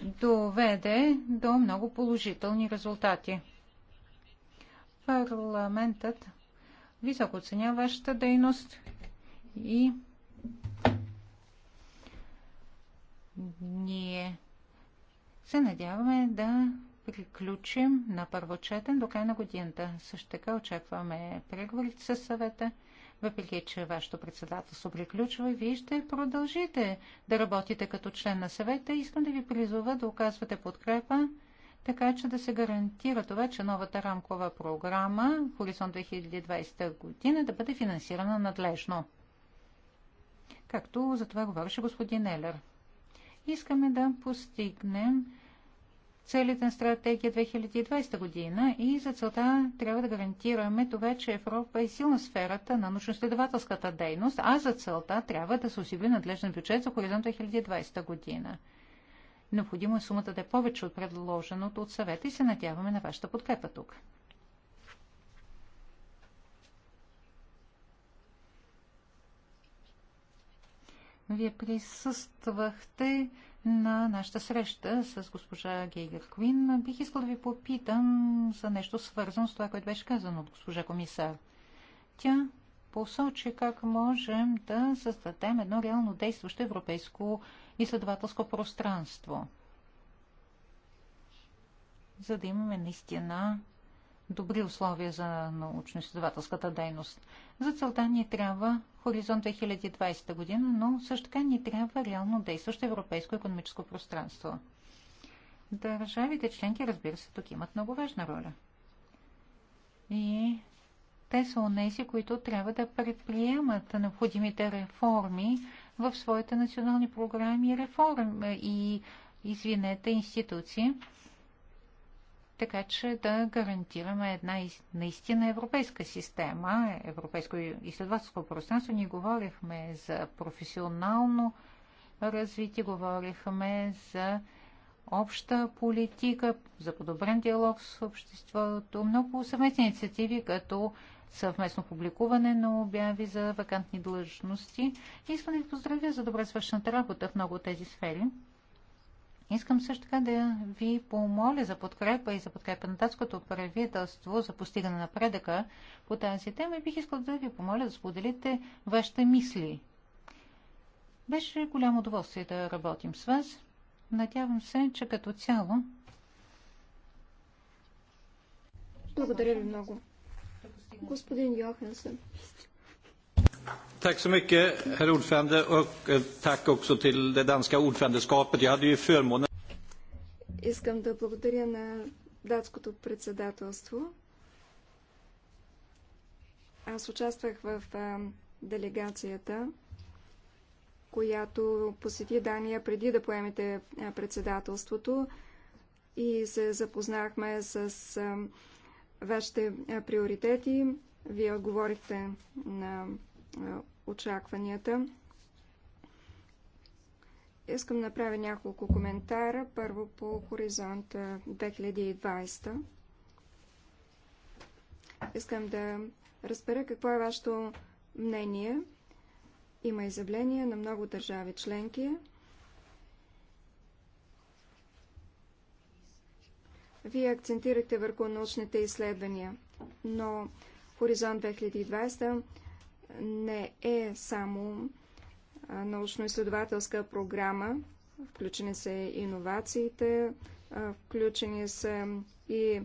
[SPEAKER 1] доведе до много положителни резултати. Парламентът високо оценя вашата дейност и ние се надяваме да приключим на първо четен до края на годината. Също така очакваме преговорите с съвета. Въпреки, че вашето председателство приключва, вие ще продължите да работите като член на съвета. Искам да ви призова да оказвате подкрепа, така че да се гарантира това, че новата рамкова програма Хоризонт 2020 година да бъде финансирана надлежно. Както за това говореше господин Елер. Искаме да постигнем целите на стратегия 2020 година и за целта трябва да гарантираме това, че Европа е силна сферата на научно-следователската дейност, а за целта трябва да се осигури надлежен бюджет за хоризонт 2020 година. Необходимо е сумата да е повече от предложеното от съвета и се надяваме на вашата подкрепа тук. Вие присъствахте на нашата среща с госпожа Гейгер Квин. Бих искал да ви попитам за нещо свързано с това, което беше казано от госпожа комисар. Тя посочи как можем да създадем едно реално действащо европейско изследователско пространство, за да имаме наистина добри условия за научно-изследователската дейност. За целта ни трябва хоризонт 2020 година, но също така ни трябва реално действащо европейско економическо пространство. Държавите членки, разбира се, тук имат много важна роля. И те са онези, които трябва да предприемат необходимите реформи в своите национални програми и реформи и, извинете, институции, така че да гарантираме една наистина европейска система, европейско изследователско пространство. Ние говорихме за професионално развитие, говорихме за обща политика, за подобрен диалог с обществото, много съвместни инициативи, като съвместно публикуване на обяви за вакантни длъжности. Искам да ви поздравя за добре свършената работа в много от тези сфери. Искам също така да ви помоля за подкрепа и за подкрепа на татското правителство за постигане на предъка по тази тема и бих искал да ви помоля да споделите вашите мисли. Беше голямо удоволствие да работим с вас. Надявам се, че като цяло.
[SPEAKER 2] Благодаря ви много. Господин Йохансен.
[SPEAKER 1] Tack så mycket, herr ordförande, och eh, tack också till det danska ordförandeskapet. Jag hade ju förmånen...
[SPEAKER 2] Искам да благодаря на датското председателство. Аз участвах в делегацията, която посети Дания преди да поемете председателството и се запознахме с вашите приоритети. Вие отговорихте на очакванията. Искам да направя няколко коментара. Първо по хоризонта 2020. Искам да разбера какво е вашето мнение. Има изявление на много държави членки. Вие акцентирахте върху научните изследвания, но Хоризонт 2020 не е само научно-изследователска програма. Включени са иновациите, включени са и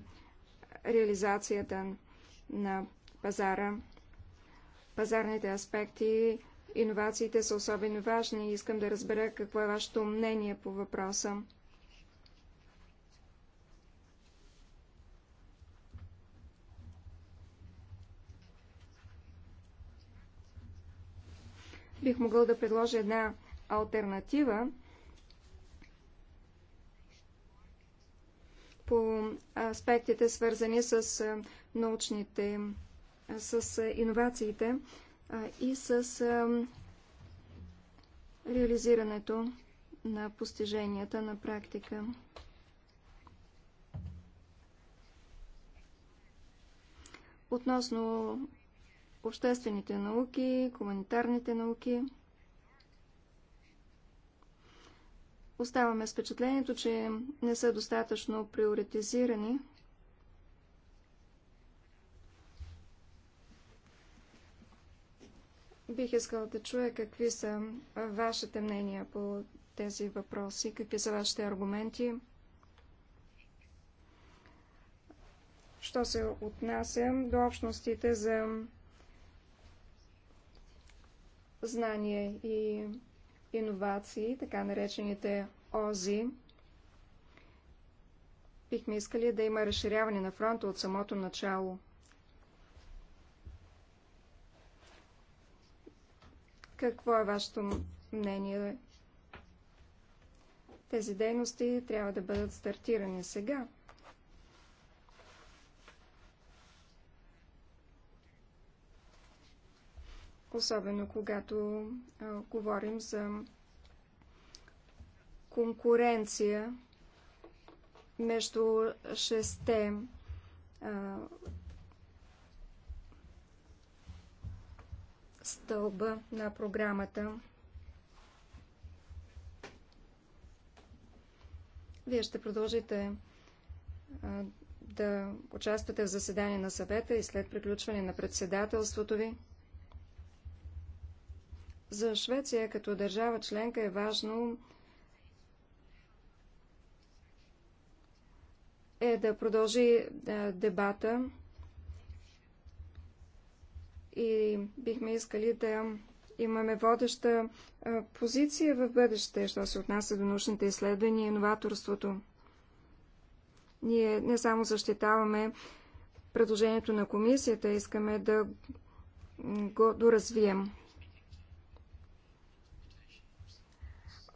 [SPEAKER 2] реализацията на пазара, пазарните аспекти. Иновациите са особено важни и искам да разбера какво е вашето мнение по въпроса. бих могъл да предложа една альтернатива по аспектите, свързани с научните, с иновациите и с реализирането на постиженията на практика. Относно обществените науки, хуманитарните науки. Оставаме с впечатлението, че не са достатъчно приоритизирани. Бих искала да чуя какви са вашите мнения по тези въпроси, какви са вашите аргументи. Що се отнася до общностите за знания и иновации, така наречените ОЗИ. Бихме искали да има разширяване на фронта от самото начало. Какво е вашето мнение? Тези дейности трябва да бъдат стартирани сега. особено когато а, говорим за конкуренция между шесте а, стълба на програмата. Вие ще продължите а, да участвате в заседание на съвета и след приключване на председателството ви. За Швеция като държава членка е важно е да продължи е, дебата и бихме искали да имаме водеща е, позиция в бъдеще, що се отнася до научните изследвания и новаторството. Ние не само защитаваме предложението на комисията, искаме да го доразвием.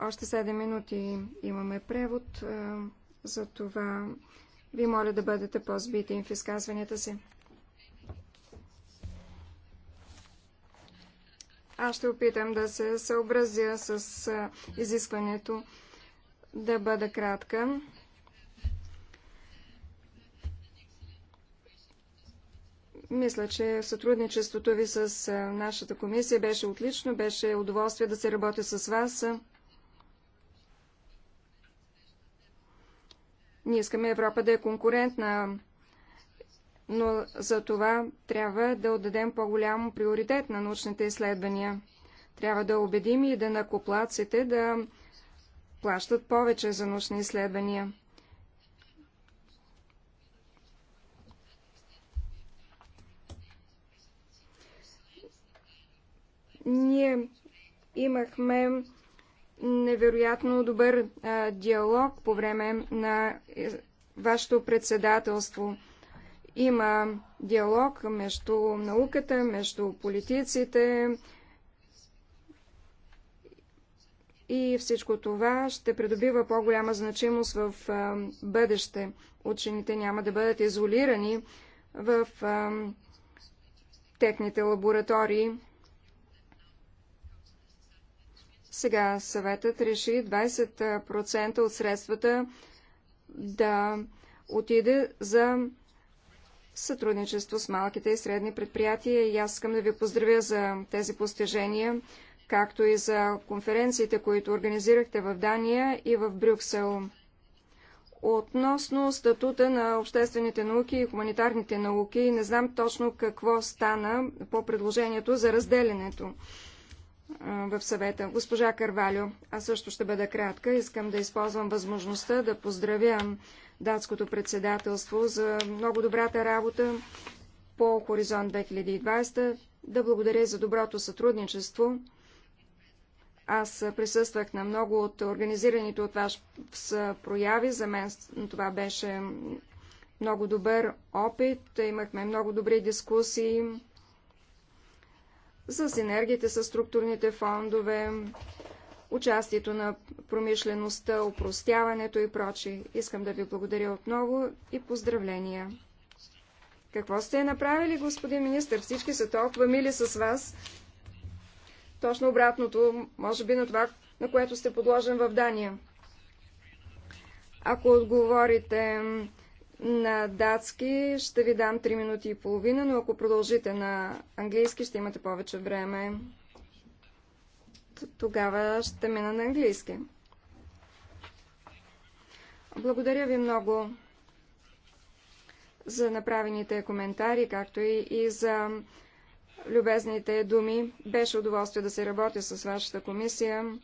[SPEAKER 2] Още 7 минути имаме превод, за това ви моля да бъдете по-збити в изказванията си. Аз ще опитам да се съобразя с изискването да бъда кратка. Мисля, че сътрудничеството ви с нашата комисия беше отлично, беше удоволствие да се работи с вас. Ние искаме Европа да е конкурентна, но за това трябва да отдадем по-голям приоритет на научните изследвания. Трябва да убедим и да накоплаците да плащат повече за научни изследвания. Ние имахме невероятно добър а, диалог по време на е, вашето председателство. Има диалог между науката, между политиците и всичко това ще придобива по-голяма значимост в а, бъдеще. Учените няма да бъдат изолирани в а, техните лаборатории сега съветът реши 20% от средствата да отиде за сътрудничество с малките и средни предприятия и аз искам да ви поздравя за тези постижения, както и за конференциите, които организирахте в Дания и в Брюксел. Относно статута на обществените науки и хуманитарните науки, не знам точно какво стана по предложението за разделянето в съвета. Госпожа Карвалю, аз също ще бъда кратка. Искам да използвам възможността да поздравя датското председателство за много добрата работа по Хоризонт 2020, да благодаря за доброто сътрудничество. Аз присъствах на много от организираните от вас прояви. За мен това беше много добър опит. Имахме много добри дискусии за енергиите, с структурните фондове, участието на промишлеността, упростяването и прочи. Искам да ви благодаря отново и поздравления. Какво сте направили, господин министр? Всички са толкова мили с вас. Точно обратното, може би на това, на което сте подложен в Дания. Ако отговорите на датски ще ви дам 3 минути и половина, но ако продължите на английски, ще имате повече време. Тогава ще мина на английски. Благодаря ви много за направените коментари, както и, и за любезните думи. Беше удоволствие да се работя с вашата комисия,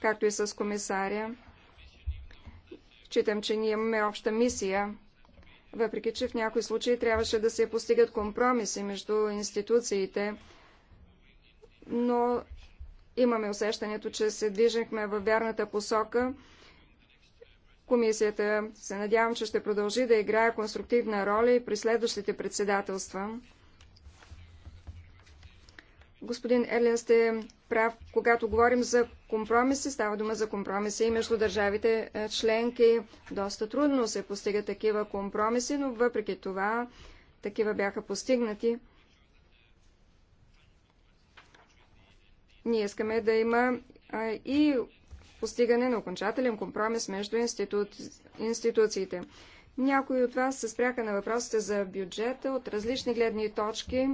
[SPEAKER 2] както и с комисаря. Считам, че ние имаме обща мисия, въпреки че в някои случаи трябваше да се постигат компромиси между институциите, но имаме усещането, че се движихме във вярната посока. Комисията се надявам, че ще продължи да играе конструктивна роля и при следващите председателства. Господин Елен, сте прав, когато говорим за компромиси, става дума за компромиси и между държавите е, членки. Доста трудно се постигат такива компромиси, но въпреки това такива бяха постигнати. Ние искаме да има а, и постигане на окончателен компромис между институ... институциите. Някои от вас се спряха на въпросите за бюджета от различни гледни точки.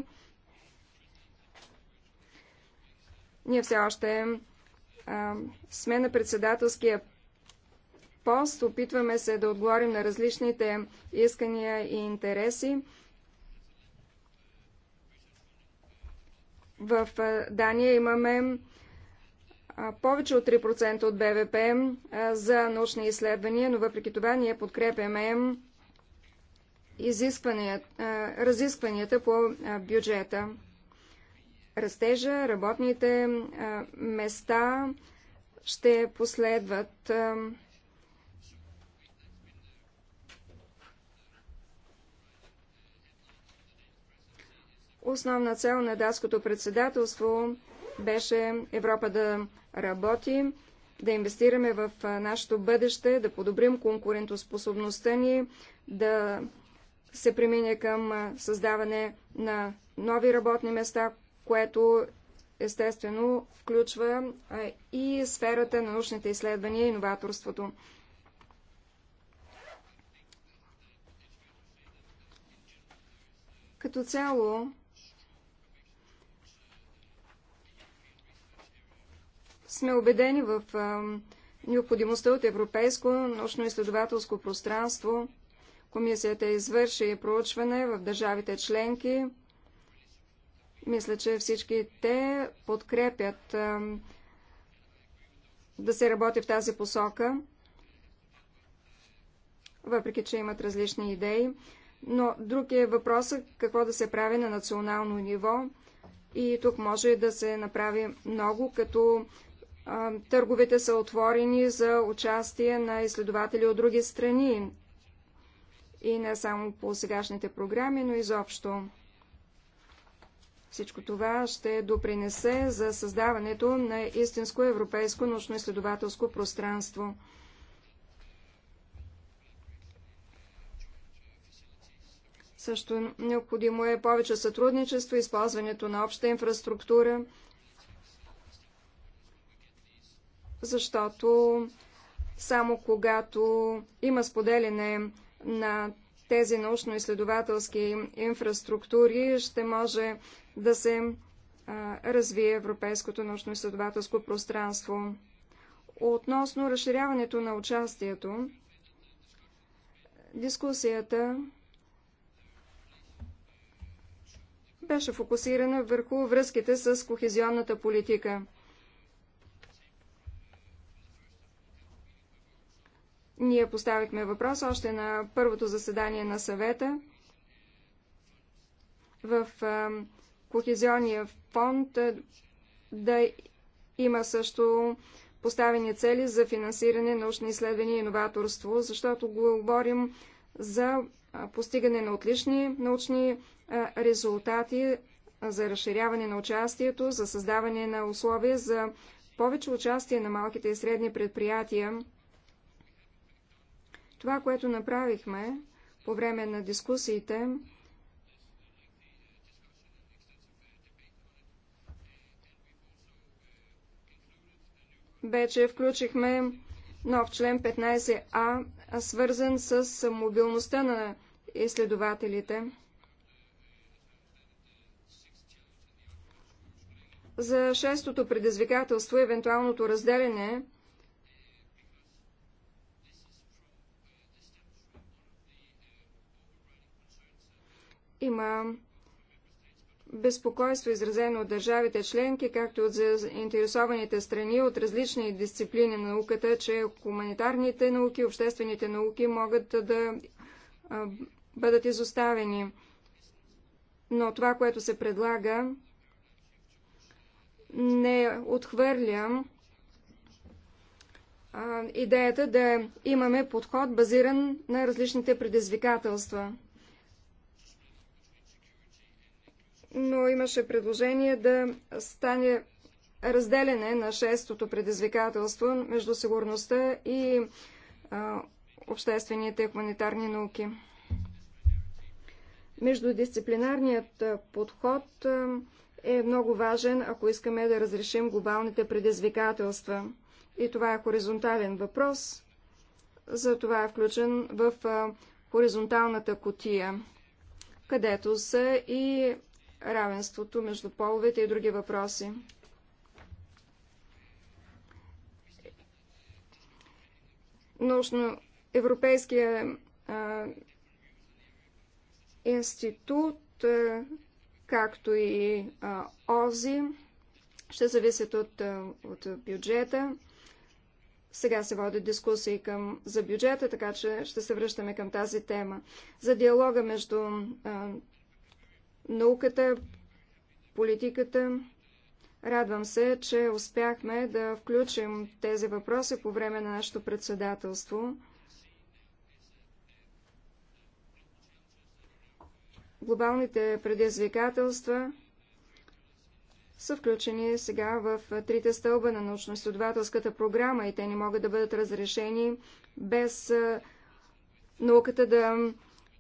[SPEAKER 2] Ние все още а, сме на председателския пост, опитваме се да отговорим на различните искания и интереси. В Дания имаме повече от 3% от БВП за научни изследвания, но въпреки това ние подкрепяме изискванията, разискванията по бюджета растежа, работните места ще последват. Основна цел на датското председателство беше Европа да работи, да инвестираме в нашето бъдеще, да подобрим конкурентоспособността ни, да се премине към създаване на нови работни места, което естествено включва и сферата на научните изследвания и новаторството. Като цяло, сме убедени в необходимостта от европейско научно-изследователско пространство. Комисията извърши проучване в държавите членки мисля, че всички те подкрепят да се работи в тази посока, въпреки че имат различни идеи. Но друг е въпросът какво да се прави на национално ниво. И тук може да се направи много, като а, търговете са отворени за участие на изследователи от други страни. И не само по сегашните програми, но изобщо. Всичко това ще допринесе за създаването на истинско европейско научно-изследователско пространство. Също необходимо е повече сътрудничество, използването на обща инфраструктура, защото само когато има споделяне на тези научно-изследователски инфраструктури ще може да се развие европейското научно-изследователско пространство. Относно разширяването на участието, дискусията беше фокусирана върху връзките с кохезионната политика. Ние поставихме въпрос още на първото заседание на съвета. В Кохезионния фонд да има също поставени цели за финансиране научни изследвания и новаторство, защото говорим за постигане на отлични научни резултати, за разширяване на участието, за създаване на условия за повече участие на малките и средни предприятия това, което направихме по време на дискусиите, вече включихме нов член 15а, свързан с мобилността на изследователите. За шестото предизвикателство, евентуалното разделяне Има безпокойство, изразено от държавите членки, както от заинтересованите страни от различни дисциплини на науката, че хуманитарните науки, обществените науки могат да бъдат изоставени. Но това, което се предлага, не отхвърля идеята да имаме подход базиран на различните предизвикателства. но имаше предложение да стане разделяне на шестото предизвикателство между сигурността и а, обществените и хуманитарни науки. Междудисциплинарният подход е много важен, ако искаме да разрешим глобалните предизвикателства. И това е хоризонтален въпрос. За това е включен в хоризонталната котия, където са и равенството между половете и други въпроси. Нощно Европейския а, институт, а, както и а, ОЗИ, ще зависят от, от бюджета. Сега се води дискусии към, за бюджета, така че ще се връщаме към тази тема. За диалога между а, науката, политиката. Радвам се, че успяхме да включим тези въпроси по време на нашето председателство. Глобалните предизвикателства са включени сега в трите стълба на научно-изследователската програма и те не могат да бъдат разрешени без науката да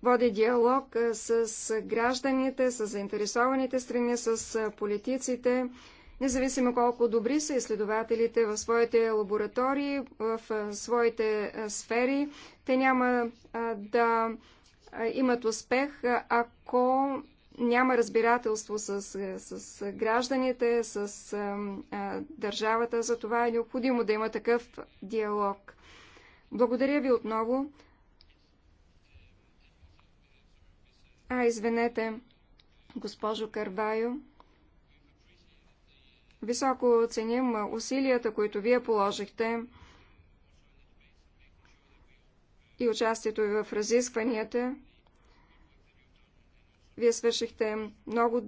[SPEAKER 2] води диалог с гражданите, с заинтересованите страни, с политиците, независимо колко добри са изследователите в своите лаборатории, в своите сфери, те няма да имат успех, ако няма разбирателство с, с гражданите, с а, държавата. това е необходимо да има такъв диалог. Благодаря ви отново. А, извинете, госпожо Карвайо. Високо оценим усилията, които вие положихте и участието ви в разискванията. Вие свършихте много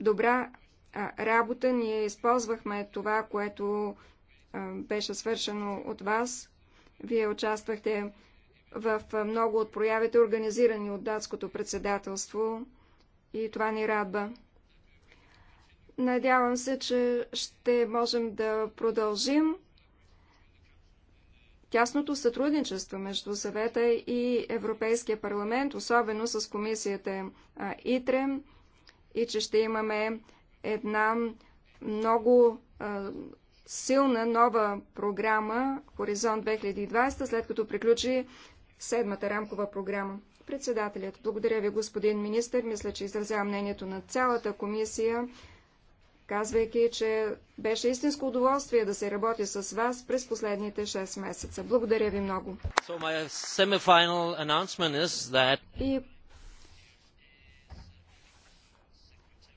[SPEAKER 2] добра а, работа. Ние използвахме това, което а, беше свършено от вас. Вие участвахте в много от проявите, организирани от датското председателство и това ни радва. Надявам се, че ще можем да продължим тясното сътрудничество между съвета и Европейския парламент, особено с комисията ИТРЕ, и че ще имаме една много силна нова програма Хоризонт 2020, след като приключи седмата рамкова програма. Председателят, благодаря ви, господин министр. Мисля, че изразявам мнението на цялата комисия, казвайки, че беше истинско удоволствие да се работи с вас през последните 6 месеца. Благодаря ви много.
[SPEAKER 1] So
[SPEAKER 2] that... И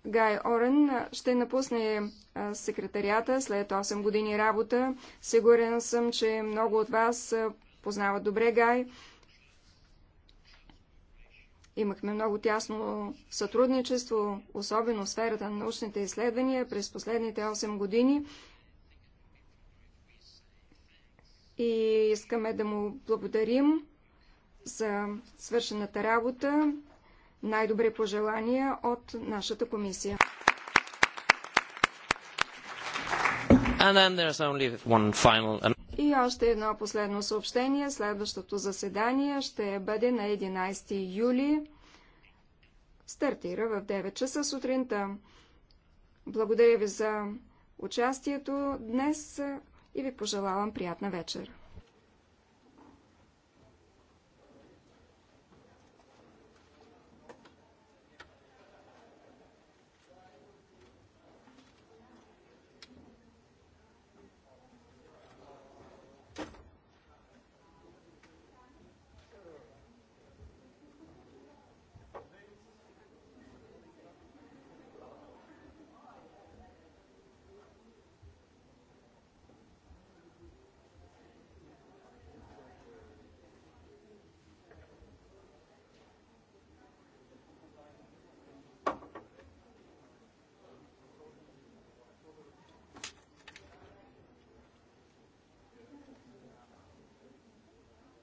[SPEAKER 2] Гай Орен ще напусне секретарията след 8 години работа. Сигурен съм, че много от вас познават добре Гай. Имахме много тясно сътрудничество, особено в сферата на научните изследвания през последните 8 години. И искаме да му благодарим за свършената работа. Най-добре пожелания от нашата комисия.
[SPEAKER 4] And then there's only one final...
[SPEAKER 2] И още едно последно съобщение. Следващото заседание ще бъде на 11 юли. Стартира в 9 часа сутринта. Благодаря ви за участието днес и ви пожелавам приятна вечер.